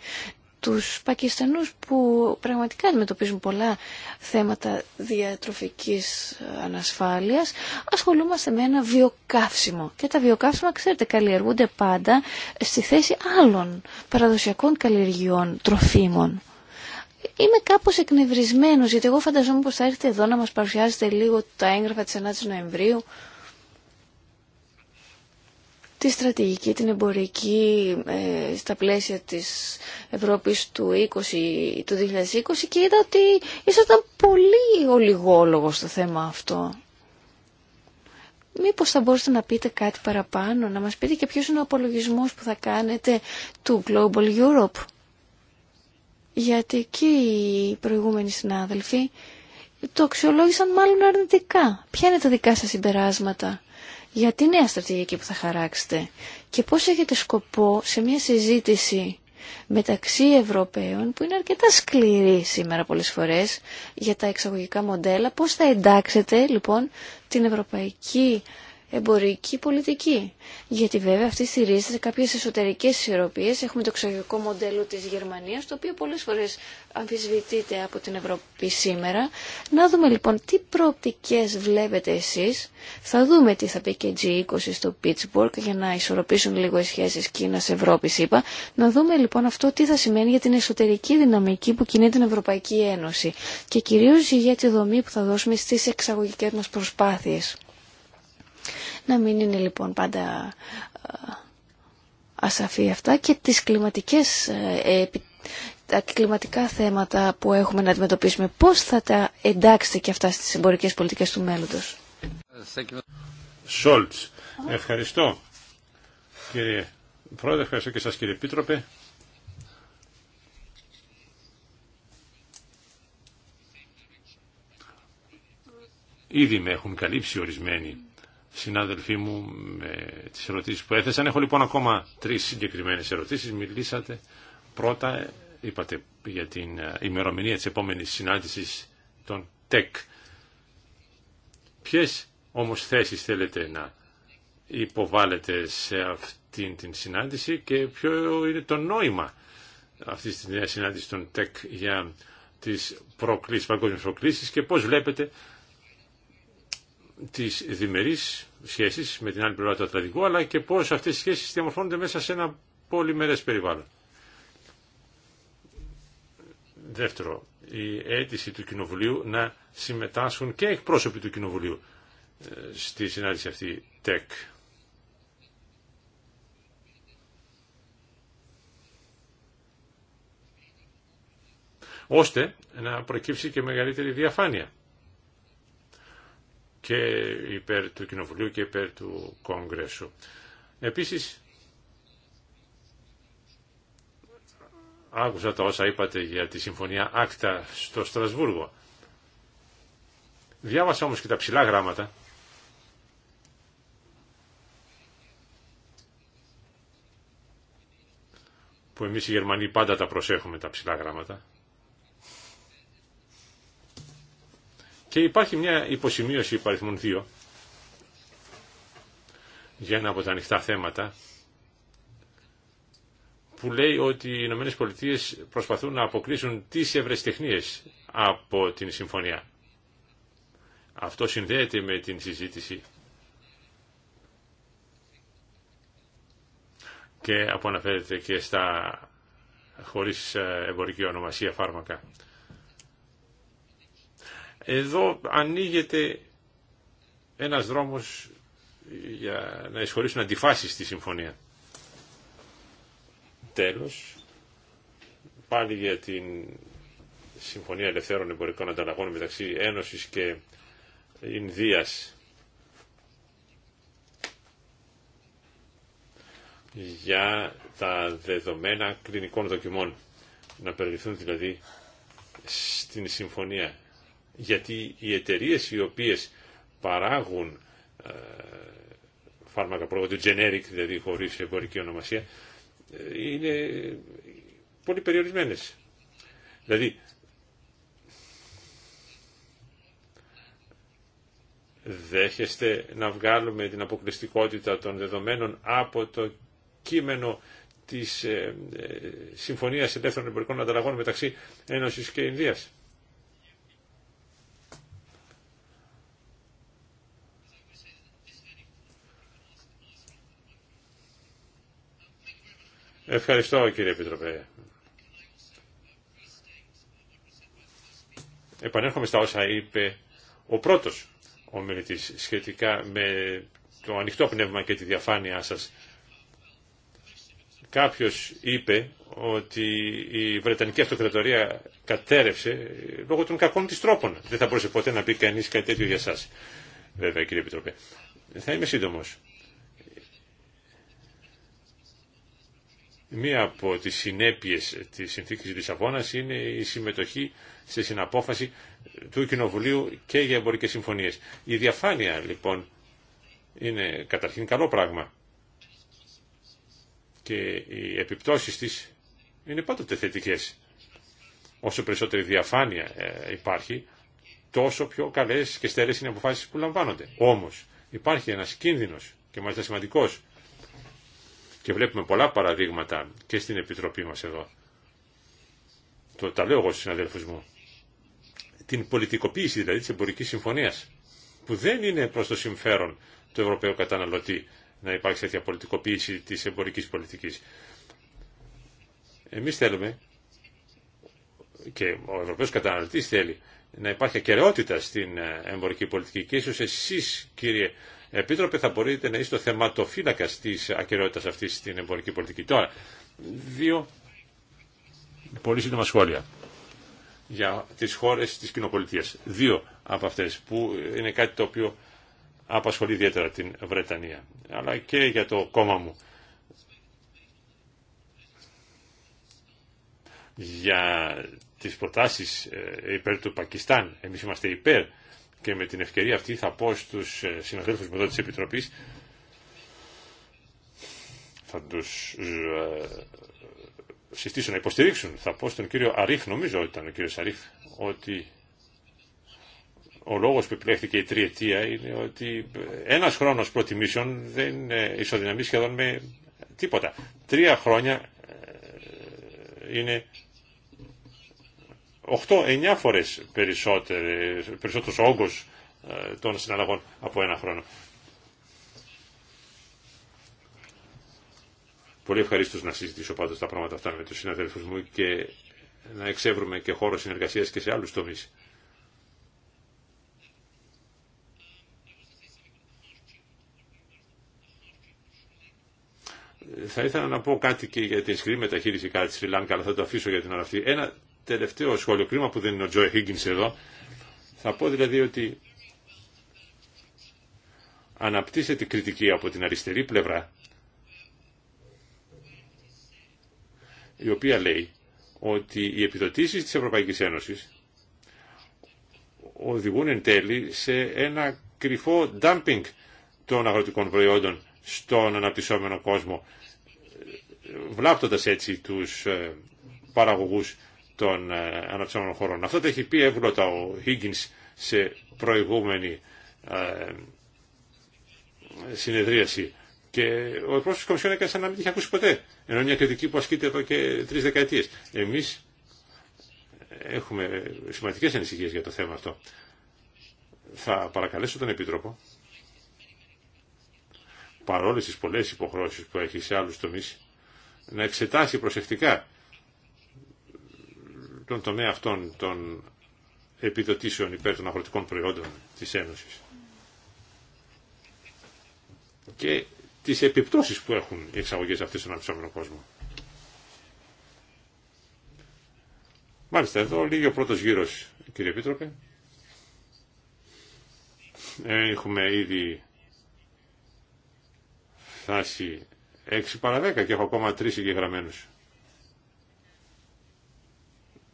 τους Πακιστανούς που πραγματικά αντιμετωπίζουν πολλά θέματα διατροφικής ανασφάλειας, ασχολούμαστε με ένα βιοκαύσιμο. Και τα βιοκαύσιμα, ξέρετε, καλλιεργούνται πάντα στη θέση άλλων παραδοσιακών καλλιεργιών τροφίμων. Είμαι κάπως εκνευρισμένος, γιατί εγώ φανταζόμουν πως θα έρθετε εδώ να μας παρουσιάσετε λίγο τα έγγραφα της 9 η Νοεμβρίου, τη στρατηγική, την εμπορική ε, στα πλαίσια της Ευρώπης του, 20, του 2020 και είδα ότι ήσασταν πολύ ολιγόλογος στο θέμα αυτό. Μήπως θα μπορούσατε να πείτε κάτι παραπάνω, να μας πείτε και ποιος είναι ο απολογισμός που θα κάνετε του Global Europe. Γιατί και οι προηγούμενοι συνάδελφοι το αξιολόγησαν μάλλον αρνητικά. Ποια είναι τα δικά σας συμπεράσματα για τη νέα στρατηγική που θα χαράξετε και πώς έχετε σκοπό σε μια συζήτηση μεταξύ Ευρωπαίων που είναι αρκετά σκληρή σήμερα πολλές φορές για τα εξαγωγικά μοντέλα. Πώς θα εντάξετε λοιπόν την ευρωπαϊκή εμπορική πολιτική. Γιατί βέβαια αυτή στηρίζεται σε κάποιες εσωτερικές ισορροπίες. Έχουμε το εξωτερικό μοντέλο της Γερμανίας, το οποίο πολλές φορές αμφισβητείται από την Ευρώπη σήμερα. Να δούμε λοιπόν τι προοπτικές βλέπετε εσείς. Θα δούμε τι θα πει και G20 στο Pittsburgh για να ισορροπήσουν λίγο οι σχέσεις Κίνας-Ευρώπης, είπα. Να δούμε λοιπόν αυτό τι θα σημαίνει για την εσωτερική δυναμική που κινεί την Ευρωπαϊκή Ένωση και κυρίως για τη δομή που θα δώσουμε στι εξαγωγικέ μα προσπάθειε. Να μην είναι λοιπόν πάντα ε, ασαφή αυτά και τις κλιματικές ε, τα κλιματικά θέματα που έχουμε να αντιμετωπίσουμε, πώς θα τα εντάξετε και αυτά στις εμπορικές πολιτικές του μέλλοντος. Σόλτς, ευχαριστώ κύριε Πρόεδρε, ευχαριστώ και σας κύριε Πίτροπε. Ήδη με έχουν καλύψει ορισμένοι συνάδελφοί μου με τις ερωτήσεις που έθεσαν. Έχω λοιπόν ακόμα τρεις συγκεκριμένες ερωτήσεις. Μιλήσατε πρώτα, είπατε για την ε, ημερομηνία της επόμενης συνάντησης των ΤΕΚ. Ποιες όμως θέσεις θέλετε να υποβάλλετε σε αυτήν την συνάντηση και ποιο είναι το νόημα αυτής της νέα συνάντησης των ΤΕΚ για τις προκλήσεις, παγκόσμιες προκλήσεις και πώς βλέπετε τις διμερείς σχέσεις με την άλλη πλευρά του Ατλαντικού, αλλά και πώς αυτές οι σχέσεις διαμορφώνονται μέσα σε ένα πολυμερές περιβάλλον. Δεύτερο, η αίτηση του Κοινοβουλίου να συμμετάσχουν και εκπρόσωποι του Κοινοβουλίου ε, στη συνάντηση αυτή ΤΕΚ. ώστε να προκύψει και μεγαλύτερη διαφάνεια και υπέρ του Κοινοβουλίου και υπέρ του Κόγκρεσου. Επίσης, άκουσα τα όσα είπατε για τη Συμφωνία Άκτα στο Στρασβούργο. Διάβασα όμως και τα ψηλά γράμματα. που εμείς οι Γερμανοί πάντα τα προσέχουμε τα ψηλά γράμματα. Και υπάρχει μια υποσημείωση υπαριθμών 2 για ένα από τα ανοιχτά θέματα που λέει ότι οι Ηνωμένε Πολιτείε προσπαθούν να αποκλείσουν τις ευρεσιτεχνίες από την συμφωνία. Αυτό συνδέεται με την συζήτηση και αποναφέρεται και στα χωρίς ε, εμπορική ονομασία φάρμακα. Εδώ ανοίγεται ένας δρόμος για να εισχωρήσουν αντιφάσεις στη συμφωνία. Τέλος, πάλι για την Συμφωνία Ελευθέρων Εμπορικών Ανταλλαγών μεταξύ Ένωσης και Ινδίας για τα δεδομένα κλινικών δοκιμών να περιληφθούν δηλαδή στην συμφωνία γιατί οι εταιρείε οι οποίες παράγουν ε, φάρμακα του generic, δηλαδή χωρίς εμπορική ονομασία, ε, είναι πολύ περιορισμένες. Δηλαδή, δέχεστε να βγάλουμε την αποκλειστικότητα των δεδομένων από το κείμενο της ε, Συμφωνίας Ελεύθερων Εμπορικών Ανταλλαγών μεταξύ Ένωσης και Ινδίας. Ευχαριστώ κύριε Επιτροπέ. Επανέρχομαι στα όσα είπε ο πρώτος ομιλητής σχετικά με το ανοιχτό πνεύμα και τη διαφάνειά σας. Κάποιος είπε ότι η Βρετανική Αυτοκρατορία κατέρευσε λόγω των κακών της τρόπων. Δεν θα μπορούσε ποτέ να πει κανείς κάτι τέτοιο για σας. Βέβαια κύριε Επιτροπέ. Θα είμαι σύντομος. Μία από τις συνέπειες της συνθήκης Λισαβόνας είναι η συμμετοχή σε συναπόφαση του Κοινοβουλίου και για εμπορικές συμφωνίες. Η διαφάνεια λοιπόν είναι καταρχήν καλό πράγμα και οι επιπτώσεις της είναι πάντοτε θετικές. Όσο περισσότερη διαφάνεια ε, υπάρχει, τόσο πιο καλές και στέρες είναι οι αποφάσεις που λαμβάνονται. Όμως υπάρχει ένας κίνδυνος και μάλιστα σημαντικός και βλέπουμε πολλά παραδείγματα και στην Επιτροπή μας εδώ. Το τα λέω εγώ στους συναδέλφους μου. Την πολιτικοποίηση δηλαδή της εμπορικής συμφωνίας που δεν είναι προς το συμφέρον του Ευρωπαίου καταναλωτή να υπάρξει τέτοια πολιτικοποίηση της εμπορικής πολιτικής. Εμείς θέλουμε και ο Ευρωπαίος καταναλωτής θέλει να υπάρχει ακεραιότητα στην ε, εμπορική πολιτική και ίσως εσείς κύριε Επίτροπε, θα μπορείτε να είστε ο θεματοφύλακα τη ακαιρεότητα αυτή στην εμπορική πολιτική. Τώρα, δύο πολύ σύντομα σχόλια για τι χώρε τη κοινοπολιτεία. Δύο από αυτέ που είναι κάτι το οποίο απασχολεί ιδιαίτερα την Βρετανία, αλλά και για το κόμμα μου. Για τις προτάσεις ε, υπέρ του Πακιστάν, εμείς είμαστε υπέρ και με την ευκαιρία αυτή θα πω στους ε, συναδέλφους μου εδώ της Επιτροπής θα τους ε, συστήσω να υποστηρίξουν. Θα πω στον κύριο Αρίφ, νομίζω ότι ήταν ο κύριος Αρίφ ότι ο λόγος που επιλέχθηκε η τριετία είναι ότι ένας χρόνος προτιμήσεων δεν ε, ισοδυναμεί σχεδόν με τίποτα. Τρία χρόνια είναι 8-9 φορές περισσότερος όγκος ε, των συναλλαγών από ένα χρόνο. Πολύ ευχαρίστως να συζητήσω πάντως τα πράγματα αυτά με τους συναδέλφους μου και να εξεύρουμε και χώρο συνεργασίας και σε άλλους τομείς. Θα ήθελα να πω κάτι και για την σκληρή μεταχείριση κάτι τη Σρι αλλά θα το αφήσω για την ώρα αυτή. Ένα τελευταίο σχόλιο, κρίμα που δεν είναι ο Τζοε Higgins εδώ, θα πω δηλαδή ότι αναπτύσσεται κριτική από την αριστερή πλευρά, η οποία λέει ότι οι επιδοτήσεις της Ευρωπαϊκής Ένωσης οδηγούν εν τέλει σε ένα κρυφό dumping των αγροτικών προϊόντων στον αναπτυσσόμενο κόσμο, βλάπτοντας έτσι τους ε, παραγωγούς των ε, αναψώμενων χωρών. Αυτό το έχει πει εύγλωτα ο Higgins σε προηγούμενη ε, συνεδρίαση. Και ο εκπρόσωπο τη Κομισιόν έκανε σαν να μην είχε ακούσει ποτέ. Ενώ μια κριτική που ασκείται εδώ και τρει δεκαετίε. Εμεί έχουμε σημαντικέ ανησυχίε για το θέμα αυτό. Θα παρακαλέσω τον Επίτροπο, παρόλε τι πολλέ υποχρεώσει που έχει σε άλλου τομεί, να εξετάσει προσεκτικά τον τομέα αυτών των επιδοτήσεων υπέρ των αγροτικών προϊόντων της Ένωσης και τις επιπτώσεις που έχουν οι εξαγωγές αυτές στον αναπτυσσόμενο κόσμο. Μάλιστα, εδώ λίγο ο πρώτος γύρος, κύριε Επίτροπε. Ε, έχουμε ήδη φτάσει 6 παρα 10 και έχω ακόμα 3 εγγεγραμμένους.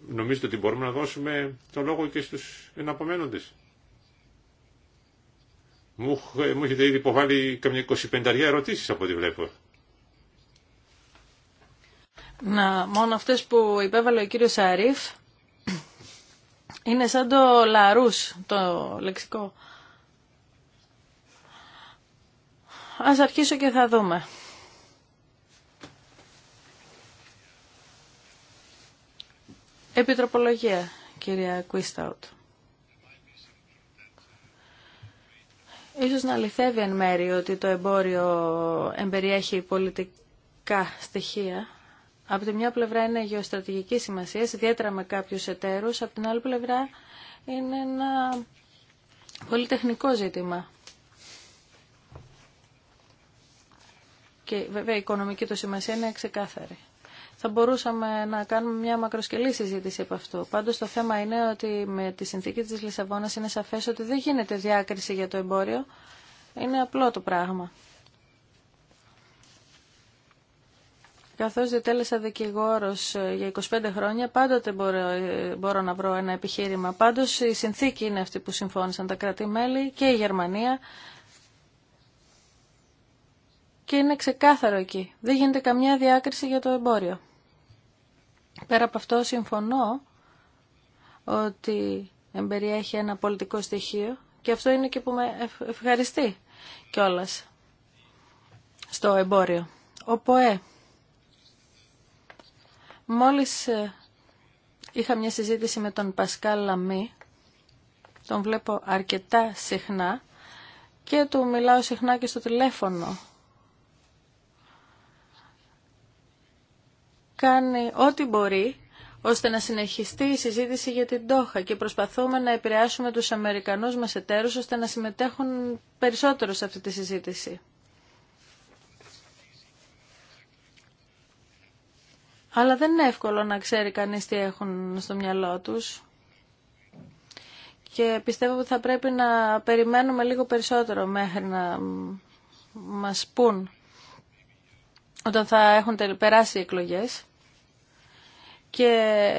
Νομίζετε ότι μπορούμε να δώσουμε το λόγο και στους εναπομένοντες. Μου, μου έχετε ήδη υποβάλει καμιά 25 ερωτήσεις από ό,τι βλέπω. Να, μόνο αυτές που υπέβαλε ο κύριος Αρίφ είναι σαν το λαρούς, το λεξικό. Ας αρχίσω και θα δούμε. Επιτροπολογία, κυρία Κουίσταουτ. Ίσως να αληθεύει εν μέρη ότι το εμπόριο εμπεριέχει πολιτικά στοιχεία. Από τη μια πλευρά είναι γεωστρατηγική σημασία, ιδιαίτερα με κάποιους εταίρους. Από την άλλη πλευρά είναι ένα πολυτεχνικό ζήτημα. Και βέβαια η οικονομική του σημασία είναι ξεκάθαρη θα μπορούσαμε να κάνουμε μια μακροσκελή συζήτηση από αυτό. Πάντως το θέμα είναι ότι με τη συνθήκη της Λισαβόνας είναι σαφές ότι δεν γίνεται διάκριση για το εμπόριο. Είναι απλό το πράγμα. Καθώς διτέλεσα δικηγόρος ε, για 25 χρόνια, πάντοτε μπορώ, ε, μπορώ να βρω ένα επιχείρημα. Πάντως η συνθήκη είναι αυτή που συμφώνησαν τα κράτη-μέλη και η Γερμανία και είναι ξεκάθαρο εκεί. Δεν γίνεται καμιά διάκριση για το εμπόριο. Πέρα από αυτό συμφωνώ ότι εμπεριέχει ένα πολιτικό στοιχείο και αυτό είναι και που με ευχαριστεί κιόλας στο εμπόριο. Ο ΠΟΕ. Μόλις ε, είχα μια συζήτηση με τον Πασκάλ Λαμή, τον βλέπω αρκετά συχνά και του μιλάω συχνά και στο τηλέφωνο. κάνει ό,τι μπορεί ώστε να συνεχιστεί η συζήτηση για την Τόχα και προσπαθούμε να επηρεάσουμε τους Αμερικανούς μας εταίρους ώστε να συμμετέχουν περισσότερο σε αυτή τη συζήτηση. Αλλά δεν είναι εύκολο να ξέρει κανείς τι έχουν στο μυαλό τους. Και πιστεύω ότι θα πρέπει να περιμένουμε λίγο περισσότερο μέχρι να μας πούν όταν θα έχουν περάσει οι εκλογές και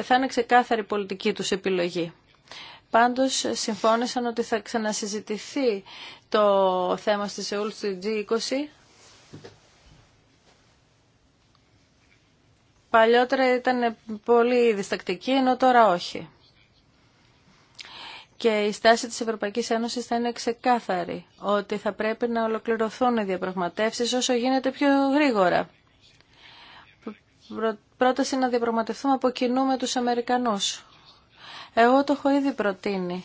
θα είναι ξεκάθαρη η πολιτική τους επιλογή. Πάντως συμφώνησαν ότι θα ξανασυζητηθεί το θέμα στη Σεούλ στη G20. Παλιότερα ήταν πολύ διστακτική, ενώ τώρα όχι. Και η στάση της Ευρωπαϊκής Ένωσης θα είναι ξεκάθαρη ότι θα πρέπει να ολοκληρωθούν οι διαπραγματεύσεις όσο γίνεται πιο γρήγορα πρόταση να διαπραγματευτούμε από κοινού με τους Αμερικανούς. Εγώ το έχω ήδη προτείνει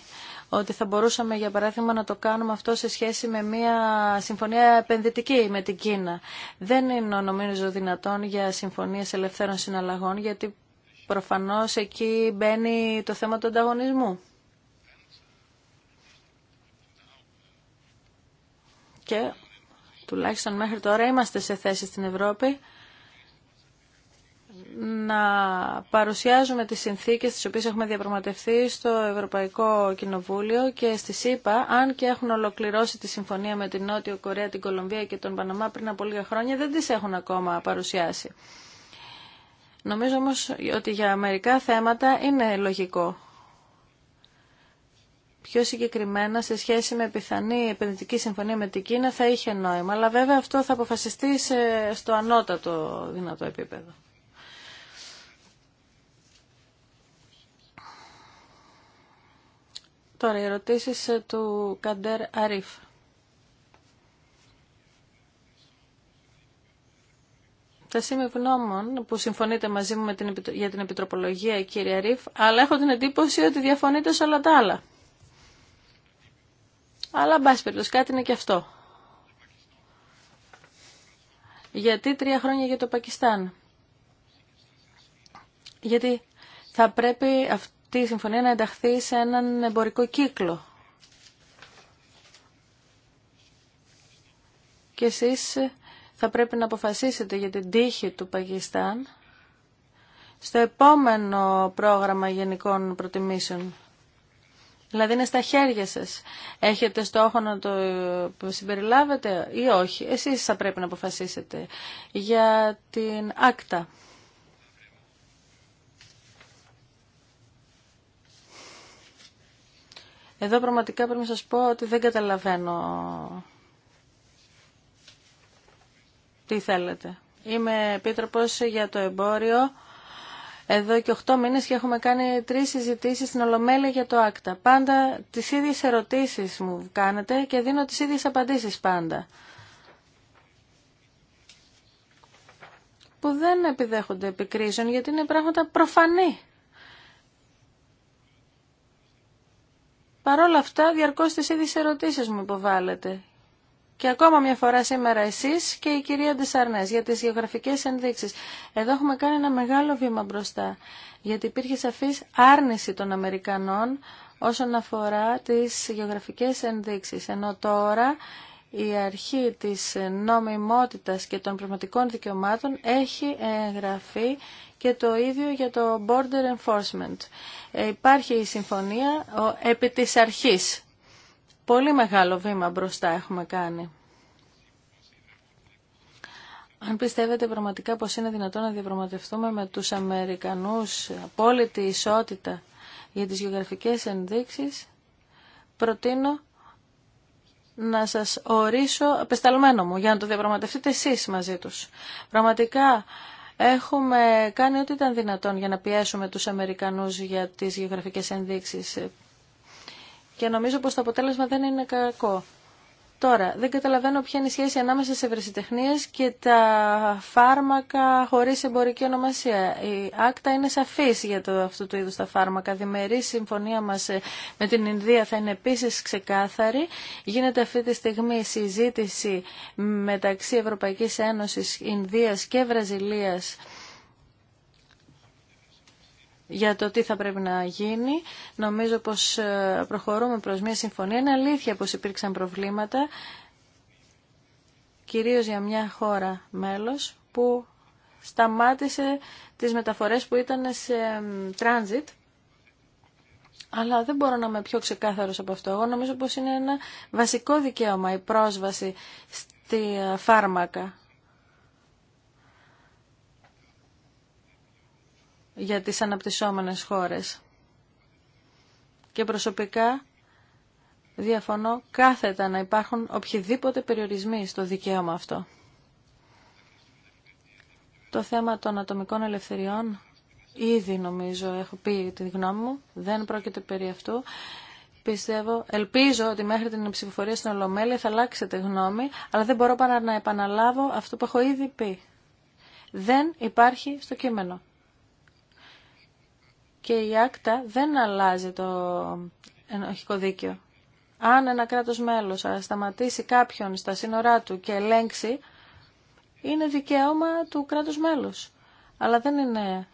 ότι θα μπορούσαμε για παράδειγμα να το κάνουμε αυτό σε σχέση με μια συμφωνία επενδυτική με την Κίνα. Δεν είναι νομίζω δυνατόν για συμφωνίες ελευθέρων συναλλαγών γιατί προφανώς εκεί μπαίνει το θέμα του ανταγωνισμού. Και τουλάχιστον μέχρι τώρα είμαστε σε θέση στην Ευρώπη να παρουσιάζουμε τις συνθήκες τις οποίες έχουμε διαπραγματευτεί στο Ευρωπαϊκό Κοινοβούλιο και στη ΣΥΠΑ, αν και έχουν ολοκληρώσει τη συμφωνία με την Νότιο Κορέα, την Κολομβία και τον Παναμά πριν από λίγα χρόνια, δεν τις έχουν ακόμα παρουσιάσει. Νομίζω όμως ότι για μερικά θέματα είναι λογικό. Πιο συγκεκριμένα σε σχέση με πιθανή επενδυτική συμφωνία με την Κίνα θα είχε νόημα, αλλά βέβαια αυτό θα αποφασιστεί στο ανώτατο δυνατό επίπεδο. Τώρα, οι ερωτήσεις ε, του Καντέρ Αρίφ. Θα είμαι γνώμων που συμφωνείτε μαζί μου με την, για την επιτροπολογία, κύριε Αρίφ, αλλά έχω την εντύπωση ότι διαφωνείτε σε όλα τα άλλα. Αλλά, μπας περιπτώσει, κάτι είναι και αυτό. Γιατί τρία χρόνια για το Πακιστάν. Γιατί θα πρέπει αυτό αυτή η συμφωνία να ενταχθεί σε έναν εμπορικό κύκλο. Και εσείς θα πρέπει να αποφασίσετε για την τύχη του Πακιστάν στο επόμενο πρόγραμμα γενικών προτιμήσεων. Δηλαδή είναι στα χέρια σας. Έχετε στόχο να το συμπεριλάβετε ή όχι. Εσείς θα πρέπει να αποφασίσετε για την άκτα. Εδώ πραγματικά πρέπει να σας πω ότι δεν καταλαβαίνω τι θέλετε. Είμαι επίτροπος για το εμπόριο εδώ και 8 μήνες και έχουμε κάνει τρεις συζητήσεις στην Ολομέλεια για το ΆΚΤΑ. Πάντα τις ίδιες ερωτήσεις μου κάνετε και δίνω τις ίδιες απαντήσεις πάντα. Που δεν επιδέχονται επικρίσεων γιατί είναι πράγματα προφανή. όλα αυτά διαρκώ τι ίδιε ερωτήσεις μου υποβάλλετε. Και ακόμα μια φορά σήμερα εσείς και η κυρία Ντεσσαρνέ για τις γεωγραφικές ενδείξεις. Εδώ έχουμε κάνει ένα μεγάλο βήμα μπροστά, γιατί υπήρχε σαφής άρνηση των Αμερικανών όσον αφορά τις γεωγραφικές ενδείξεις. Ενώ τώρα η αρχή της νομιμότητας και των πνευματικών δικαιωμάτων έχει εγγραφεί και το ίδιο για το border enforcement. Ε, υπάρχει η συμφωνία επί της αρχής. Πολύ μεγάλο βήμα μπροστά έχουμε κάνει. Αν πιστεύετε πραγματικά πως είναι δυνατόν να διαπραγματευτούμε με τους Αμερικανούς απόλυτη ισότητα για τις γεωγραφικές ενδείξεις, προτείνω να σας ορίσω απεσταλμένο μου για να το διαπραγματευτείτε εσείς μαζί τους. Πραγματικά Έχουμε κάνει ό,τι ήταν δυνατόν για να πιέσουμε τους Αμερικανούς για τις γεωγραφικές ενδείξεις. Και νομίζω πως το αποτέλεσμα δεν είναι κακό. Τώρα, δεν καταλαβαίνω ποια είναι η σχέση ανάμεσα σε ευρεσιτεχνίε και τα φάρμακα χωρίς εμπορική ονομασία. Η άκτα είναι σαφής για το, αυτού του είδου τα φάρμακα. Διμερή συμφωνία μας ε, με την Ινδία θα είναι επίση ξεκάθαρη. Γίνεται αυτή τη στιγμή συζήτηση μεταξύ Ευρωπαϊκής Ένωσης, Ινδίας και Βραζιλίας για το τι θα πρέπει να γίνει. Νομίζω πως ε, προχωρούμε προς μια συμφωνία. Είναι αλήθεια πως υπήρξαν προβλήματα, κυρίως για μια χώρα μέλος που σταμάτησε τις μεταφορές που ήταν σε τράνζιτ. Αλλά δεν μπορώ να είμαι πιο ξεκάθαρος από αυτό. Εγώ νομίζω πως είναι ένα βασικό δικαίωμα η πρόσβαση στη ε, φάρμακα. για τις αναπτυσσόμενες χώρες. Και προσωπικά διαφωνώ κάθετα να υπάρχουν οποιοδήποτε περιορισμοί στο δικαίωμα αυτό. Το θέμα των ατομικών ελευθεριών ήδη νομίζω έχω πει τη γνώμη μου, δεν πρόκειται περί αυτού. Πιστεύω, ελπίζω ότι μέχρι την ψηφοφορία στην Ολομέλεια θα αλλάξετε γνώμη, αλλά δεν μπορώ παρά να επαναλάβω αυτό που έχω ήδη πει. Δεν υπάρχει στο κείμενο και η άκτα δεν αλλάζει το ενοχικό δίκαιο. Αν ένα κράτος μέλος σταματήσει κάποιον στα σύνορά του και ελέγξει, είναι δικαίωμα του κράτους μέλους. Αλλά δεν είναι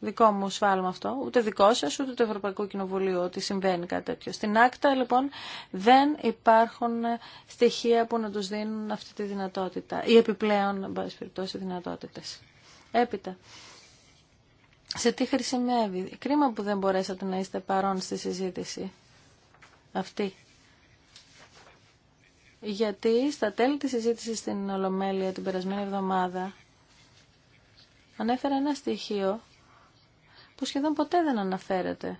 δικό μου σφάλμα αυτό, ούτε δικό σας, ούτε του Ευρωπαϊκού Κοινοβουλίου ότι συμβαίνει κάτι τέτοιο. Στην άκτα λοιπόν δεν υπάρχουν στοιχεία που να τους δίνουν αυτή τη δυνατότητα ή επιπλέον, εν πάση περιπτώσει, δυνατότητες. Έπειτα, σε τι χρησιμεύει. Κρίμα που δεν μπορέσατε να είστε παρόν στη συζήτηση αυτή. Γιατί στα τέλη της συζήτησης στην Ολομέλεια την περασμένη εβδομάδα ανέφερα ένα στοιχείο που σχεδόν ποτέ δεν αναφέρεται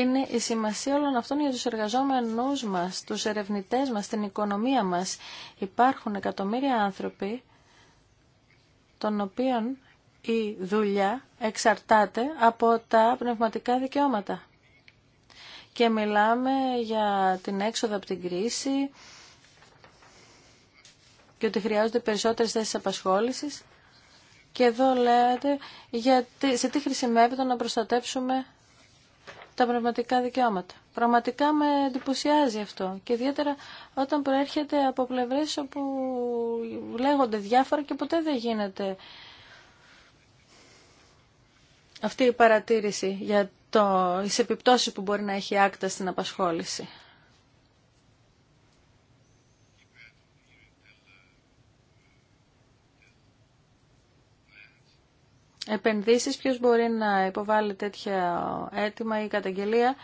είναι η σημασία όλων αυτών για τους εργαζόμενούς μας, τους ερευνητές μας, την οικονομία μας. Υπάρχουν εκατομμύρια άνθρωποι των οποίων η δουλειά εξαρτάται από τα πνευματικά δικαιώματα. Και μιλάμε για την έξοδο από την κρίση και ότι χρειάζονται περισσότερες θέσεις απασχόλησης. Και εδώ λέτε γιατί, σε τι χρησιμεύεται να προστατέψουμε τα πνευματικά δικαιώματα. Πραγματικά με εντυπωσιάζει αυτό και ιδιαίτερα όταν προέρχεται από πλευρές όπου λέγονται διάφορα και ποτέ δεν γίνεται αυτή η παρατήρηση για το, τις επιπτώσεις που μπορεί να έχει άκτα στην απασχόληση. επενδύσεις, ποιος μπορεί να υποβάλει τέτοια αίτημα ή καταγγελία.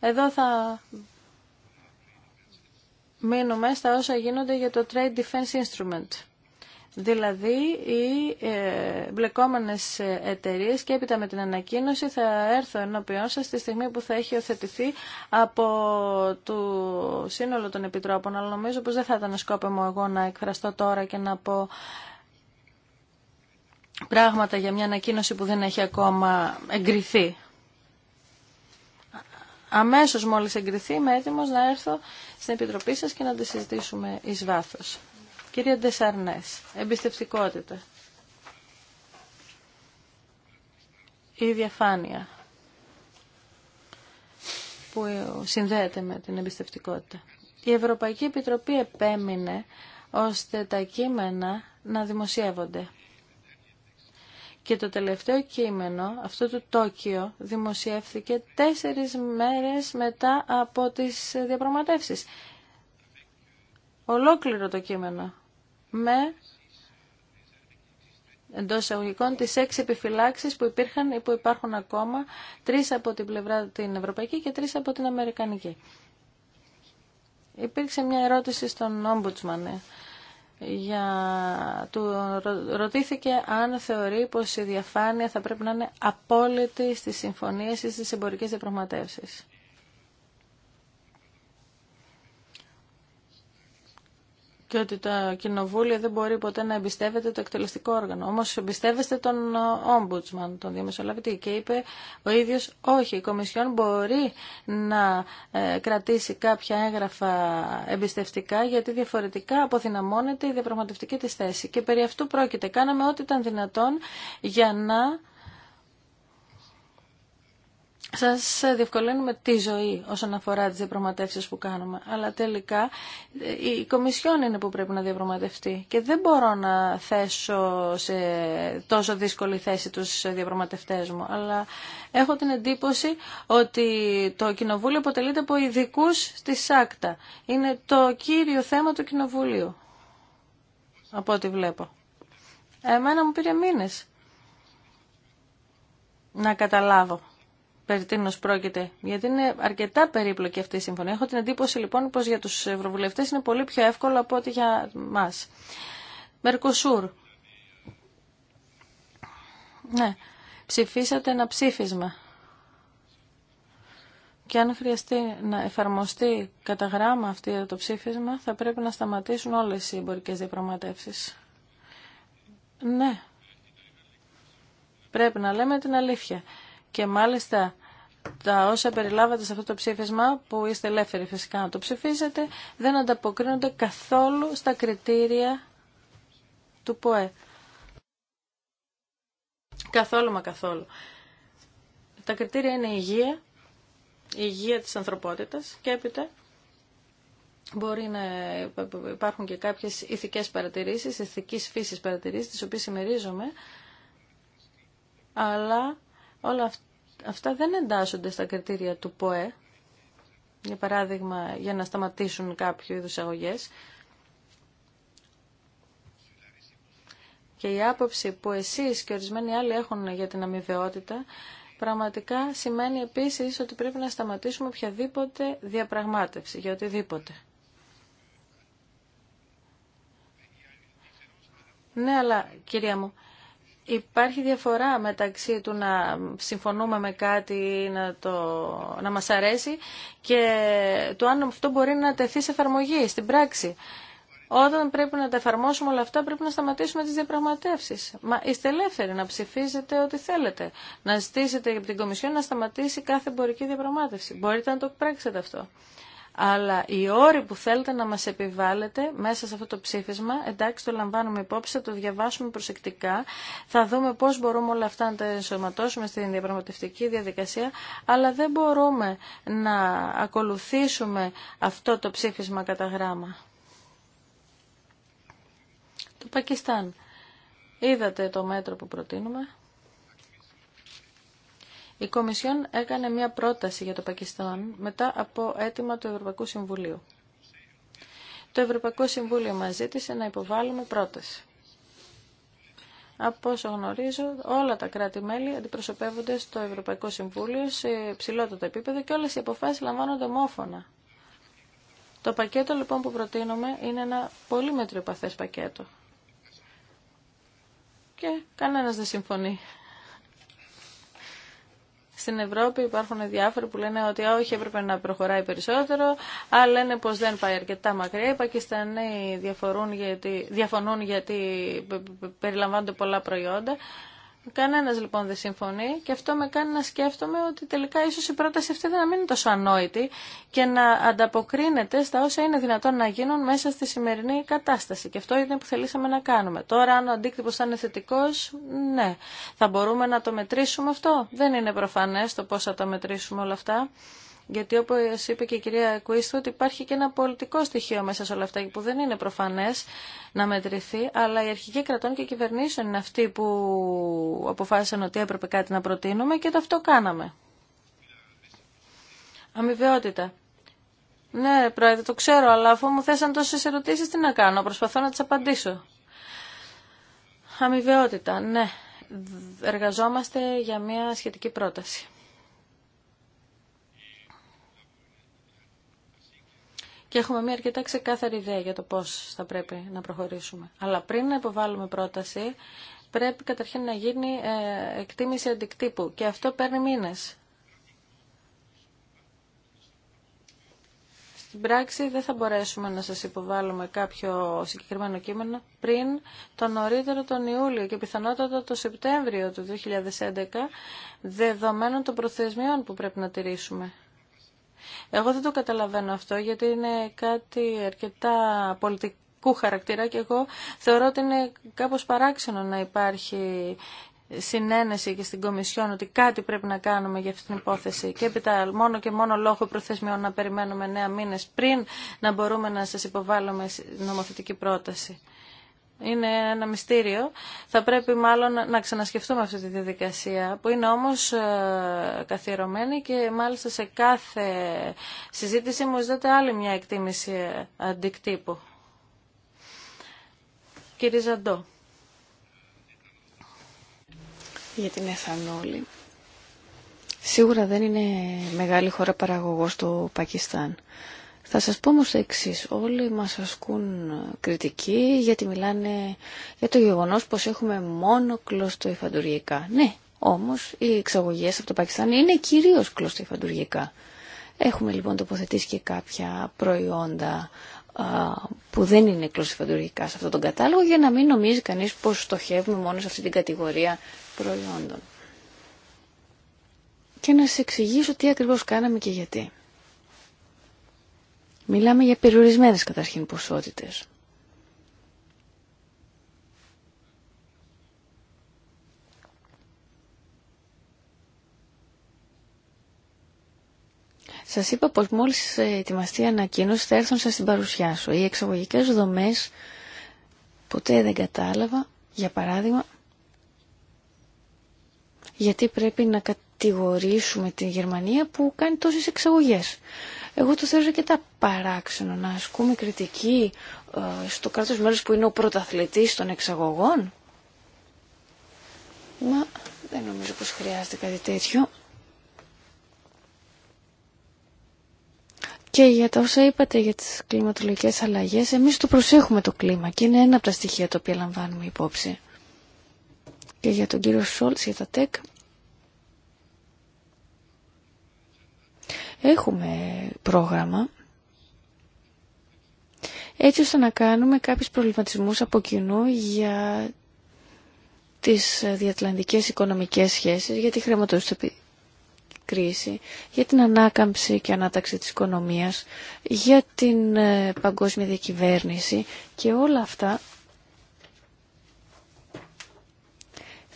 Εδώ θα μείνουμε στα όσα γίνονται για το Trade Defense Instrument. Δηλαδή, οι ε, μπλεκόμενες εταιρείες και έπειτα με την ανακοίνωση θα έρθω ενώπιόν σας τη στιγμή που θα έχει οθετηθεί από το σύνολο των επιτρόπων. Αλλά νομίζω πως δεν θα ήταν σκόπιμο εγώ να εκφραστώ τώρα και να πω πράγματα για μια ανακοίνωση που δεν έχει ακόμα εγκριθεί. Αμέσως μόλις εγκριθεί είμαι έτοιμος να έρθω στην Επιτροπή σας και να τη συζητήσουμε εις βάθος. Κυρία Ντεσαρνές, εμπιστευτικότητα. Η διαφάνεια που συνδέεται με την εμπιστευτικότητα. Η Ευρωπαϊκή Επιτροπή επέμεινε ώστε τα κείμενα να δημοσιεύονται. Και το τελευταίο κείμενο, αυτό του Τόκιο, δημοσιεύθηκε τέσσερις μέρες μετά από τις διαπραγματεύσεις. Ολόκληρο το κείμενο. Με εντό εισαγωγικών τι έξι επιφυλάξει που υπήρχαν ή που υπάρχουν ακόμα, τρει από την πλευρά την ευρωπαϊκή και τρει από την αμερικανική. Υπήρξε μια ερώτηση στον Ombudsman για... του ρωτήθηκε αν θεωρεί πως η διαφάνεια θα πρέπει να είναι απόλυτη στις συμφωνίες ή στις εμπορικές διαπραγματεύσεις. και ότι το κοινοβούλιο δεν μπορεί ποτέ να εμπιστεύεται το εκτελεστικό όργανο. Όμως εμπιστεύεστε τον ε, Ombudsman, τον διαμεσολαβητή και είπε ο ίδιος όχι, η Κομισιόν μπορεί να ε, κρατήσει κάποια έγγραφα εμπιστευτικά γιατί διαφορετικά αποδυναμώνεται η διαπραγματευτική της θέση. Και περί αυτού πρόκειται. Κάναμε ό,τι ήταν δυνατόν για να σας διευκολύνουμε τη ζωή όσον αφορά τις διαπραγματεύσει που κάνουμε. Αλλά τελικά ε, η Κομισιόν είναι που πρέπει να διαπραγματευτεί και δεν μπορώ να θέσω σε τόσο δύσκολη θέση τους διαπραγματεύτέ μου. Αλλά έχω την εντύπωση ότι το Κοινοβούλιο αποτελείται από ειδικού στη ΣΑΚΤΑ. Είναι το κύριο θέμα του Κοινοβουλίου, από ό,τι βλέπω. Εμένα μου πήρε μήνες να καταλάβω περί τίνο πρόκειται. Γιατί είναι αρκετά περίπλοκη αυτή η συμφωνία. Έχω την εντύπωση λοιπόν πως για τους ευρωβουλευτές είναι πολύ πιο εύκολο από ό,τι για μας. Μερκοσούρ. Ναι. Ψηφίσατε ένα ψήφισμα. Και αν χρειαστεί να εφαρμοστεί κατά γράμμα αυτό το ψήφισμα, θα πρέπει να σταματήσουν όλες οι εμπορικές διαπραγματεύσει. Ναι. Πρέπει να λέμε την αλήθεια και μάλιστα τα όσα περιλάβατε σε αυτό το ψήφισμα, που είστε ελεύθεροι φυσικά να το ψηφίσετε, δεν ανταποκρίνονται καθόλου στα κριτήρια του ΠΟΕ. Καθόλου μα καθόλου. Τα κριτήρια είναι η υγεία, η υγεία της ανθρωπότητας και έπειτα μπορεί να υπάρχουν και κάποιες ηθικές παρατηρήσεις, ηθικής φύσης παρατηρήσεις, τις οποίες συμμερίζομαι, αλλά Όλα αυτά δεν εντάσσονται στα κριτήρια του ΠΟΕ, για παράδειγμα για να σταματήσουν κάποιο είδους αγωγές. Και η άποψη που εσείς και ορισμένοι άλλοι έχουν για την αμοιβαιότητα πραγματικά σημαίνει επίσης ότι πρέπει να σταματήσουμε οποιαδήποτε διαπραγμάτευση για οτιδήποτε. Ναι, αλλά κυρία μου, Υπάρχει διαφορά μεταξύ του να συμφωνούμε με κάτι, να, το, να μας αρέσει και το αν αυτό μπορεί να τεθεί σε εφαρμογή, στην πράξη. Όταν πρέπει να τα εφαρμόσουμε όλα αυτά, πρέπει να σταματήσουμε τις διαπραγματεύσεις. Μα είστε ελεύθεροι να ψηφίζετε ό,τι θέλετε. Να ζητήσετε από την Κομισιόν να σταματήσει κάθε εμπορική διαπραγμάτευση. Μπορείτε να το πράξετε αυτό αλλά οι όροι που θέλετε να μας επιβάλλετε μέσα σε αυτό το ψήφισμα, εντάξει το λαμβάνουμε υπόψη, θα το διαβάσουμε προσεκτικά, θα δούμε πώς μπορούμε όλα αυτά να τα ενσωματώσουμε στην διαπραγματευτική διαδικασία, αλλά δεν μπορούμε να ακολουθήσουμε αυτό το ψήφισμα κατά γράμμα. Το Πακιστάν. Είδατε το μέτρο που προτείνουμε. Η Κομισιόν έκανε μια πρόταση για το Πακιστάν μετά από αίτημα του Ευρωπαϊκού Συμβουλίου. Το Ευρωπαϊκό Συμβούλιο μας ζήτησε να υποβάλουμε πρόταση. Από όσο γνωρίζω, όλα τα κράτη-μέλη αντιπροσωπεύονται στο Ευρωπαϊκό Συμβούλιο σε ψηλότερο επίπεδο και όλες οι αποφάσεις λαμβάνονται ομόφωνα. Το πακέτο λοιπόν που προτείνουμε είναι ένα πολύ μετριοπαθές πακέτο. Και κανένας δεν συμφωνεί. Στην Ευρώπη υπάρχουν διάφοροι που λένε ότι όχι έπρεπε να προχωράει περισσότερο, αλλά λένε πως δεν πάει αρκετά μακριά. Οι Πακιστανοί διαφωνούν γιατί, διαφωνούν γιατί περιλαμβάνονται πολλά προϊόντα. Κανένα λοιπόν δεν συμφωνεί και αυτό με κάνει να σκέφτομαι ότι τελικά ίσως η πρόταση αυτή δεν να είναι τόσο ανόητη και να ανταποκρίνεται στα όσα είναι δυνατόν να γίνουν μέσα στη σημερινή κατάσταση. Και αυτό είναι που θελήσαμε να κάνουμε. Τώρα αν ο αντίκτυπο θα είναι θετικό, ναι. Θα μπορούμε να το μετρήσουμε αυτό. Δεν είναι προφανέ το πώ θα το μετρήσουμε όλα αυτά. Γιατί όπως είπε και η κυρία Κουίστο, ότι υπάρχει και ένα πολιτικό στοιχείο μέσα σε όλα αυτά που δεν είναι προφανές να μετρηθεί, αλλά οι αρχική κρατών και κυβερνήσεων είναι αυτοί που αποφάσισαν ότι έπρεπε κάτι να προτείνουμε και το αυτό κάναμε. Αμοιβαιότητα. Ναι, πρόεδρε, το ξέρω, αλλά αφού μου θέσαν τόσε ερωτήσει, τι να κάνω. Προσπαθώ να τι απαντήσω. Αμοιβαιότητα, ναι. Εργαζόμαστε για μια σχετική πρόταση. και έχουμε μια αρκετά ξεκάθαρη ιδέα για το πώ θα πρέπει να προχωρήσουμε. Αλλά πριν να υποβάλουμε πρόταση, πρέπει καταρχήν να γίνει ε, εκτίμηση αντικτύπου και αυτό παίρνει μήνε. στην πράξη δεν θα μπορέσουμε να σας υποβάλουμε κάποιο συγκεκριμένο κείμενο πριν το νωρίτερο τον Ιούλιο και πιθανότατα το Σεπτέμβριο του 2011 δεδομένων των προθεσμιών που πρέπει να τηρήσουμε. Εγώ δεν το καταλαβαίνω αυτό γιατί είναι κάτι αρκετά πολιτικού χαρακτήρα και εγώ θεωρώ ότι είναι κάπως παράξενο να υπάρχει συνένεση και στην Κομισιόν ότι κάτι πρέπει να κάνουμε για αυτή την υπόθεση και έπειτα μόνο και μόνο λόγω προθεσμιών να περιμένουμε νέα μήνες πριν να μπορούμε να σας υποβάλουμε νομοθετική πρόταση είναι ένα μυστήριο. Θα πρέπει μάλλον να ξανασκεφτούμε αυτή τη διαδικασία που είναι όμως ε, καθιερωμένη και μάλιστα σε κάθε συζήτηση μου ζητάτε άλλη μια εκτίμηση ε, αντικτύπου. Κύριε Ζαντό. Για την Εθανόλη. Σίγουρα δεν είναι μεγάλη χώρα παραγωγός του Πακιστάν. Θα σας πω όμως το Όλοι μας ασκούν κριτική γιατί μιλάνε για το γεγονός πως έχουμε μόνο υφαντουργικά. Ναι, όμως οι εξαγωγέ από το Πακιστάν είναι κυρίως υφαντουργικά. Έχουμε λοιπόν τοποθετήσει και κάποια προϊόντα που δεν είναι υφαντουργικά σε αυτόν τον κατάλογο για να μην νομίζει κανείς πως στοχεύουμε μόνο σε αυτή την κατηγορία προϊόντων. Και να σας εξηγήσω τι ακριβώς κάναμε και γιατί. Μιλάμε για περιορισμένες καταρχήν ποσότητες. Σας είπα πως μόλις ετοιμαστεί η ανακοίνωση θα έρθουν σας την παρουσιάσω. Οι εξαγωγικές δομές ποτέ δεν κατάλαβα, για παράδειγμα, γιατί πρέπει να κατηγορήσουμε τη Γερμανία που κάνει τόσες εξαγωγές. Εγώ το θεωρώ τα παράξενο να ασκούμε κριτική ε, στο κράτος μέλος που είναι ο πρωταθλητής των εξαγωγών. Μα δεν νομίζω πως χρειάζεται κάτι τέτοιο. Και για τα όσα είπατε για τις κλιματολογικές αλλαγές, εμείς το προσέχουμε το κλίμα και είναι ένα από τα στοιχεία τα οποία λαμβάνουμε υπόψη. Και για τον κύριο Σόλτς, για τα ΤΕΚ, έχουμε πρόγραμμα έτσι ώστε να κάνουμε κάποιους προβληματισμούς από κοινού για τις διατλαντικές οικονομικές σχέσεις, για τη χρηματοδοτική κρίση, για την ανάκαμψη και ανάταξη της οικονομίας, για την ε, παγκόσμια διακυβέρνηση και όλα αυτά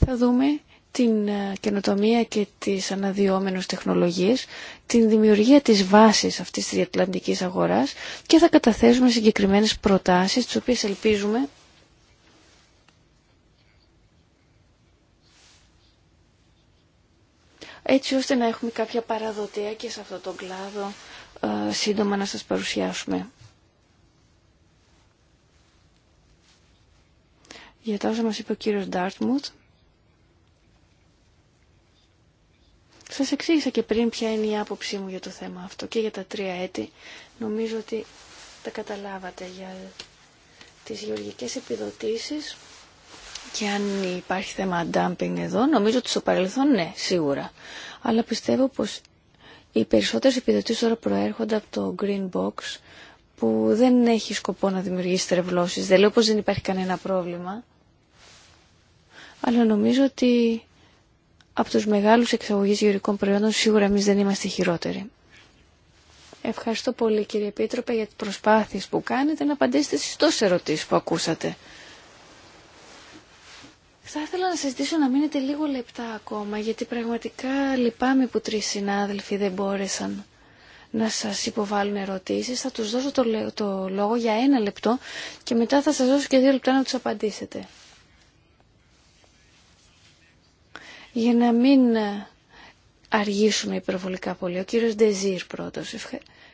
θα δούμε την ε, καινοτομία και τις αναδυόμενες τεχνολογίες, την δημιουργία της βάσης αυτής της διατλαντικής αγοράς και θα καταθέσουμε συγκεκριμένες προτάσεις, τις οποίες ελπίζουμε έτσι ώστε να έχουμε κάποια παραδοτέα και σε αυτό τον κλάδο ε, σύντομα να σας παρουσιάσουμε. Για τα όσα μας είπε ο κύριος Ντάρτμουτ, Σας εξήγησα και πριν ποια είναι η άποψή μου για το θέμα αυτό και για τα τρία έτη. Νομίζω ότι τα καταλάβατε για τις γεωργικές επιδοτήσεις και αν υπάρχει θέμα dumping εδώ, νομίζω ότι στο παρελθόν ναι, σίγουρα. Αλλά πιστεύω πως οι περισσότερες επιδοτήσεις τώρα προέρχονται από το Green Box που δεν έχει σκοπό να δημιουργήσει τρευλώσεις. Δεν λέω πως δεν υπάρχει κανένα πρόβλημα. Αλλά νομίζω ότι από τους μεγάλους εξαγωγείς γεωρικών προϊόντων σίγουρα εμείς δεν είμαστε χειρότεροι. Ευχαριστώ πολύ κύριε Επίτροπε για τις προσπάθειες που κάνετε να απαντήσετε στις τόσες ερωτήσεις που ακούσατε. Θα ήθελα να σας ζητήσω να μείνετε λίγο λεπτά ακόμα, γιατί πραγματικά λυπάμαι που τρεις συνάδελφοι δεν μπόρεσαν να σας υποβάλουν ερωτήσεις. Θα τους δώσω το, λόγο για ένα λεπτό και μετά θα σας δώσω και δύο λεπτά να τους απαντήσετε. για να μην ε, αργήσουμε υπερβολικά πολύ. Ο κύριος Ντεζίρ πρώτος.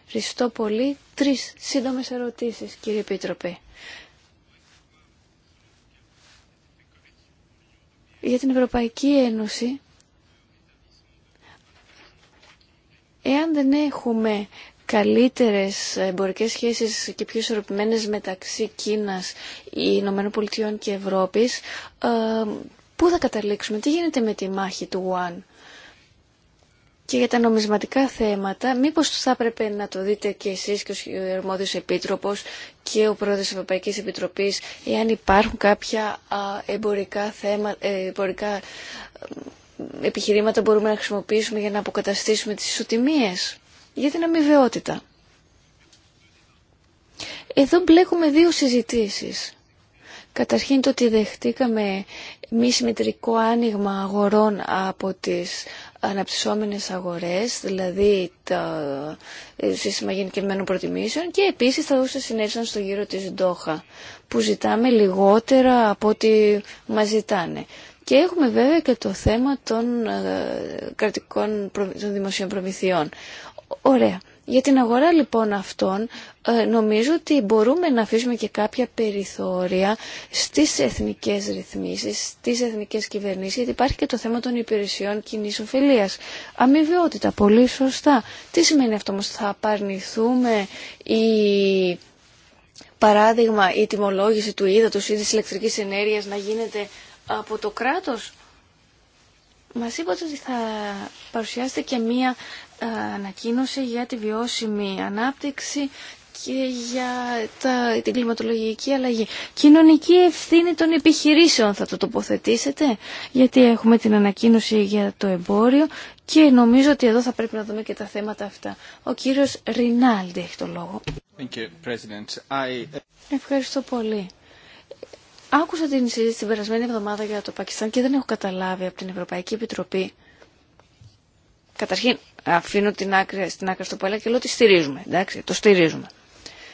Ευχαριστώ πολύ. Τρεις σύντομες ερωτήσεις, κύριε Επίτροπε. Για την Ευρωπαϊκή Ένωση, εάν δεν έχουμε καλύτερες εμπορικές σχέσεις και πιο ισορροπημένες μεταξύ Κίνας, Ηνωμένων Πολιτειών και Ευρώπης, ε, Πού θα καταλήξουμε, τι γίνεται με τη μάχη του Ουάν. Και για τα νομισματικά θέματα, μήπως θα έπρεπε να το δείτε και εσείς και ο Ερμόδιος Επίτροπος και ο Πρόεδρος της Ευρωπαϊκής Επιτροπής, εάν υπάρχουν κάποια εμπορικά, θέματα, ε, εμπορικά επιχειρήματα που μπορούμε να χρησιμοποιήσουμε για να αποκαταστήσουμε τις ισοτιμίες για την αμοιβαιότητα. Εδώ μπλέκουμε δύο συζητήσεις. Καταρχήν το ότι δεχτήκαμε μη συμμετρικό άνοιγμα αγορών από τις αναπτυσσόμενες αγορές, δηλαδή το σύστημα γενικευμένων προτιμήσεων και επίσης θα δούσε συνέχεια στο γύρο της Ντόχα, που ζητάμε λιγότερα από ό,τι μας ζητάνε. Και έχουμε βέβαια και το θέμα των ε, κρατικών των δημοσίων προμηθειών. Ωραία. Για την αγορά λοιπόν αυτών ε, νομίζω ότι μπορούμε να αφήσουμε και κάποια περιθώρια στις εθνικές ρυθμίσεις, στις εθνικές κυβερνήσεις, γιατί υπάρχει και το θέμα των υπηρεσιών κοινή ωφελία. Αμοιβαιότητα, πολύ σωστά. Τι σημαίνει αυτό όμως, θα απαρνηθούμε η παράδειγμα η τιμολόγηση του ύδατος ή της ηλεκτρικής ενέργειας να γίνεται από το κράτος. Μας είπατε ότι θα παρουσιάσετε και μία ανακοίνωση για τη βιώσιμη ανάπτυξη και για τα, την κλιματολογική αλλαγή. Κοινωνική ευθύνη των επιχειρήσεων θα το τοποθετήσετε, γιατί έχουμε την ανακοίνωση για το εμπόριο και νομίζω ότι εδώ θα πρέπει να δούμε και τα θέματα αυτά. Ο κύριος Ρινάλντι έχει το λόγο. Thank you, I... Ευχαριστώ πολύ. Άκουσα την συζήτηση την περασμένη εβδομάδα για το Πακιστάν και δεν έχω καταλάβει από την Ευρωπαϊκή Επιτροπή Καταρχήν, αφήνω την άκρη, στην άκρη στο παλιά και λέω ότι στηρίζουμε. Εντάξει, το στηρίζουμε.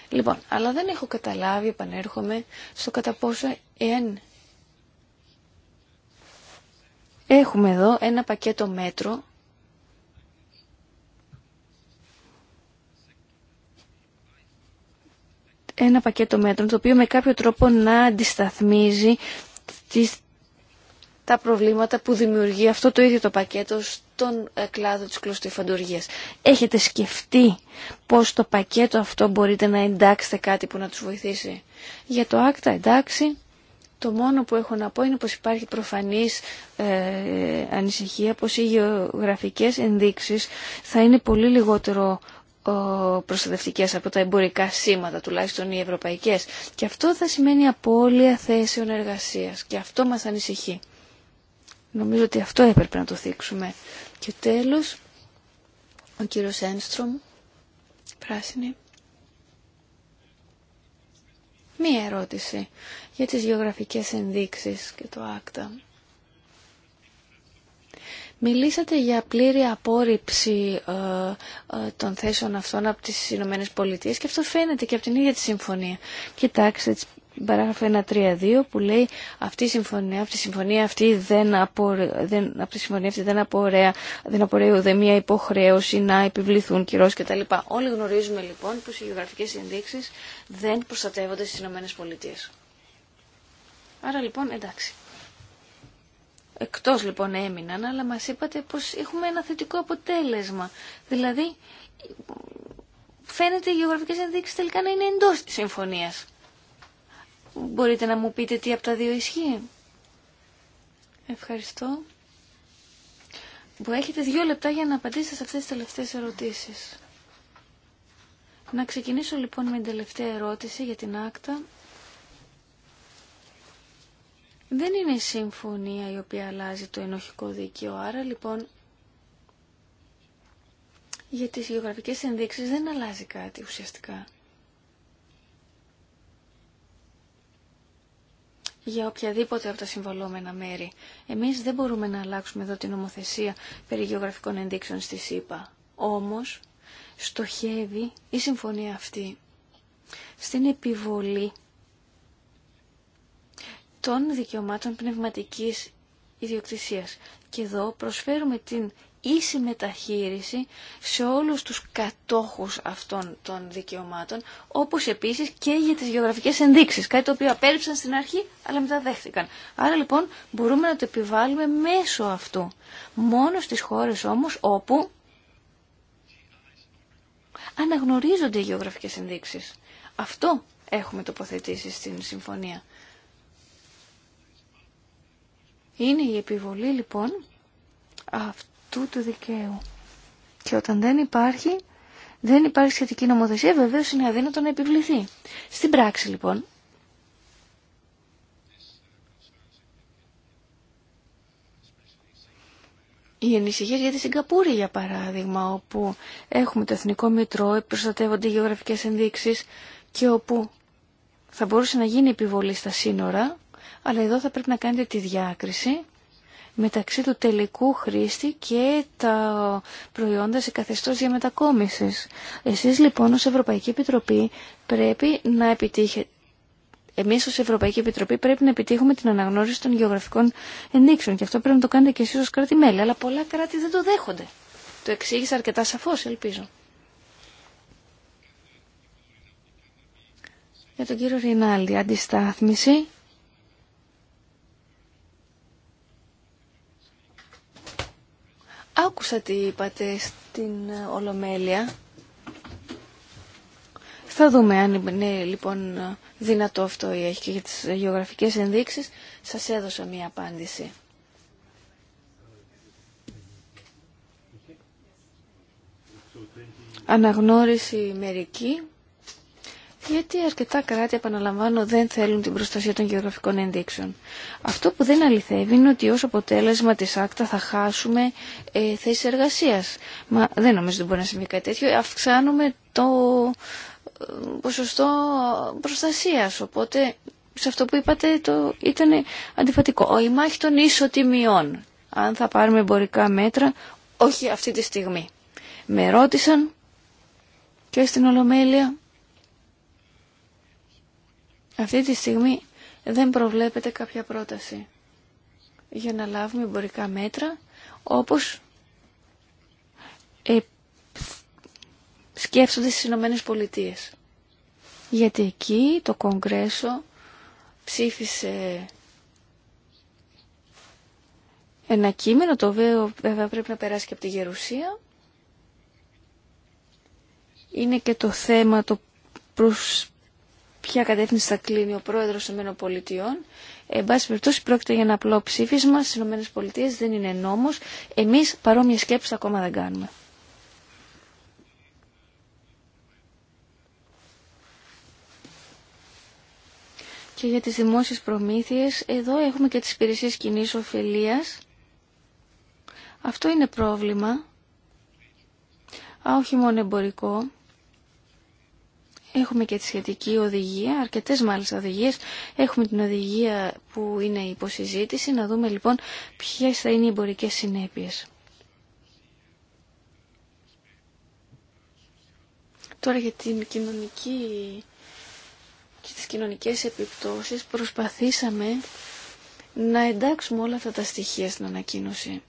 Λοιπόν, αλλά δεν έχω καταλάβει, επανέρχομαι, στο κατά πόσο... έχουμε εδώ ένα πακέτο μέτρο ένα πακέτο μέτρων το οποίο με κάποιο τρόπο να αντισταθμίζει τις τα προβλήματα που δημιουργεί αυτό το ίδιο το πακέτο στον ε, κλάδο της κλωστοϊφαντουργίας. Έχετε σκεφτεί πώς το πακέτο αυτό μπορείτε να εντάξετε κάτι που να τους βοηθήσει. Για το άκτα εντάξει, το μόνο που έχω να πω είναι πως υπάρχει προφανής ε, ανησυχία πως οι γεωγραφικές ενδείξεις θα είναι πολύ λιγότερο προστατευτικές από τα εμπορικά σήματα τουλάχιστον οι ευρωπαϊκές και αυτό θα σημαίνει απώλεια θέσεων εργασίας και αυτό μας ανησυχεί Νομίζω ότι αυτό έπρεπε να το θίξουμε. Και τέλος, ο κύριος Ένστρομ, πράσινη. Μία ερώτηση για τις γεωγραφικές ενδείξεις και το άκτα. Μιλήσατε για πλήρη απόρριψη ε, ε, των θέσεων αυτών από τις Ηνωμένε Πολιτείες και αυτό φαίνεται και από την ίδια τη συμφωνία. Κοιτάξτε, παράγραφο 1.3.2 που λέει αυτή η συμφωνία, αυτή η συμφωνία αυτή δεν, απορρέ, δεν, αυτή η συμφωνία αυτή δεν, απορρέα, δεν απορρέει ούτε μία υποχρέωση να επιβληθούν κυρώσεις κτλ. Όλοι γνωρίζουμε λοιπόν πως οι γεωγραφικέ ενδείξει δεν προστατεύονται στι ΗΠΑ. Άρα λοιπόν εντάξει. Εκτός λοιπόν έμειναν, αλλά μας είπατε πως έχουμε ένα θετικό αποτέλεσμα. Δηλαδή, φαίνεται οι γεωγραφικές ενδείξεις τελικά να είναι εντός της συμφωνίας. Μπορείτε να μου πείτε τι από τα δύο ισχύει. Ευχαριστώ. Που έχετε δύο λεπτά για να απαντήσετε σε αυτές τις τελευταίες ερωτήσεις. Να ξεκινήσω λοιπόν με την τελευταία ερώτηση για την άκτα. Δεν είναι η συμφωνία η οποία αλλάζει το ενοχικό δίκαιο, άρα λοιπόν για τις γεωγραφικές ενδείξεις δεν αλλάζει κάτι ουσιαστικά. για οποιαδήποτε από τα συμβολόμενα μέρη. Εμείς δεν μπορούμε να αλλάξουμε εδώ την νομοθεσία περί γεωγραφικών ενδείξεων στη ΣΥΠΑ. Όμως, στοχεύει η συμφωνία αυτή στην επιβολή των δικαιωμάτων πνευματικής ιδιοκτησίας. Και εδώ προσφέρουμε την ίση μεταχείριση σε όλους τους κατόχους αυτών των δικαιωμάτων, όπως επίσης και για τις γεωγραφικές ενδείξεις, κάτι το οποίο απέρριψαν στην αρχή, αλλά μετά δέχτηκαν. Άρα λοιπόν μπορούμε να το επιβάλλουμε μέσω αυτού. Μόνο στις χώρες όμως όπου αναγνωρίζονται οι γεωγραφικές ενδείξεις. Αυτό έχουμε τοποθετήσει στην συμφωνία. Είναι η επιβολή λοιπόν αυτού του του δικαίου. Και όταν δεν υπάρχει, δεν υπάρχει σχετική νομοθεσία, βεβαίως είναι αδύνατο να επιβληθεί. Στην πράξη λοιπόν, η ενησυχίε για τη Σιγκαπούρη, για παράδειγμα, όπου έχουμε το Εθνικό Μητρό, προστατεύονται οι γεωγραφικές ενδείξεις και όπου θα μπορούσε να γίνει επιβολή στα σύνορα, αλλά εδώ θα πρέπει να κάνετε τη διάκριση μεταξύ του τελικού χρήστη και τα προϊόντα σε καθεστώς διαμετακόμισης. Εσείς λοιπόν ως Ευρωπαϊκή Επιτροπή πρέπει να επιτύχετε εμείς ως Ευρωπαϊκή Επιτροπή πρέπει να επιτύχουμε την αναγνώριση των γεωγραφικών ενδείξεων και αυτό πρέπει να το κάνετε και εσείς ως κράτη-μέλη, αλλά πολλά κράτη δεν το δέχονται. Το εξήγησα αρκετά σαφώς, ελπίζω. Για τον κύριο Ρινάλδη, αντιστάθμιση Άκουσα τι είπατε στην ε, Ολομέλεια. Θα δούμε αν είναι λοιπόν ε, δυνατό αυτό ή έχει και για τις γεωγραφικές ενδείξεις. Σας έδωσα μία απάντηση. Αναγνώριση μερική γιατί αρκετά κράτη, επαναλαμβάνω, δεν θέλουν την προστασία των γεωγραφικών ενδείξεων. Αυτό που δεν αληθεύει είναι ότι ω αποτέλεσμα τη άκτα θα χάσουμε ε, θέσεις Μα δεν νομίζω ότι μπορεί να συμβεί κάτι τέτοιο. Αυξάνουμε το ε, ποσοστό προστασία. οπότε σε αυτό που είπατε το ήταν αντιφατικό. Η μάχη των ισοτιμιών, αν θα πάρουμε εμπορικά μέτρα, όχι αυτή τη στιγμή. Με ρώτησαν και στην Ολομέλεια αυτή τη στιγμή δεν προβλέπεται κάποια πρόταση για να λάβουμε εμπορικά μέτρα όπως ε, σκέφτονται στις Ηνωμένε Πολιτείε. Γιατί εκεί το Κογκρέσο ψήφισε ένα κείμενο, το οποίο βέβαια πρέπει να περάσει και από τη Γερουσία. Είναι και το θέμα το προς ποια κατεύθυνση θα κλείνει ο πρόεδρος των Πολιτειών. Εν πάση περιπτώσει πρόκειται για ένα απλό ψήφισμα στι ΗΠΑ, δεν είναι νόμος. Εμείς παρόμοια σκέψη ακόμα δεν κάνουμε. Και για τις δημόσιες προμήθειες, εδώ έχουμε και τις υπηρεσίες κοινή ωφελία. Αυτό είναι πρόβλημα, α, όχι μόνο εμπορικό. Έχουμε και τη σχετική οδηγία, αρκετέ μάλιστα οδηγίε. Έχουμε την οδηγία που είναι υποσυζήτηση. Να δούμε λοιπόν ποιε θα είναι οι εμπορικέ συνέπειε. Τώρα για την κοινωνική και τις κοινωνικές επιπτώσεις προσπαθήσαμε να εντάξουμε όλα αυτά τα στοιχεία στην ανακοίνωση.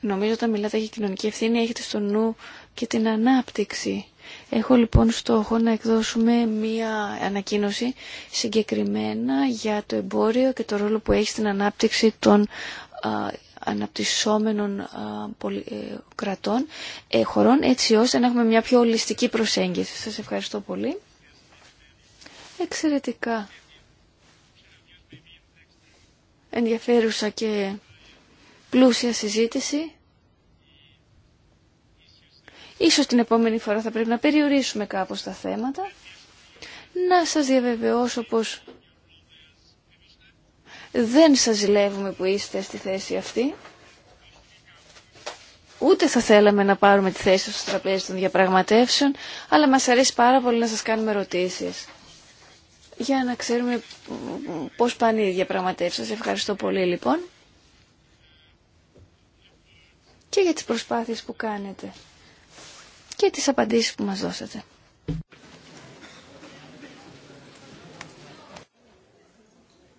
Νομίζω όταν μιλάτε για κοινωνική ευθύνη έχετε στο νου και την ανάπτυξη. Έχω λοιπόν στόχο να εκδώσουμε μία ανακοίνωση συγκεκριμένα για το εμπόριο και το ρόλο που έχει στην ανάπτυξη των αναπτυσσόμενων ε, κρατών, ε, χωρών, έτσι ώστε να έχουμε μια πιο ολιστική προσέγγιση. Σας ευχαριστώ πολύ. Εξαιρετικά. Ενδιαφέρουσα και πλούσια συζήτηση. Ίσως την επόμενη φορά θα πρέπει να περιορίσουμε κάπως τα θέματα. Να σας διαβεβαιώσω πως δεν σας ζηλεύουμε που είστε στη θέση αυτή. Ούτε θα θέλαμε να πάρουμε τη θέση στο τραπέζι των διαπραγματεύσεων, αλλά μας αρέσει πάρα πολύ να σας κάνουμε ερωτήσεις. Για να ξέρουμε πώς πάνε οι διαπραγματεύσεις. Σας ευχαριστώ πολύ λοιπόν. Και για τις προσπάθειες που κάνετε και τις απαντήσεις που μας δώσατε.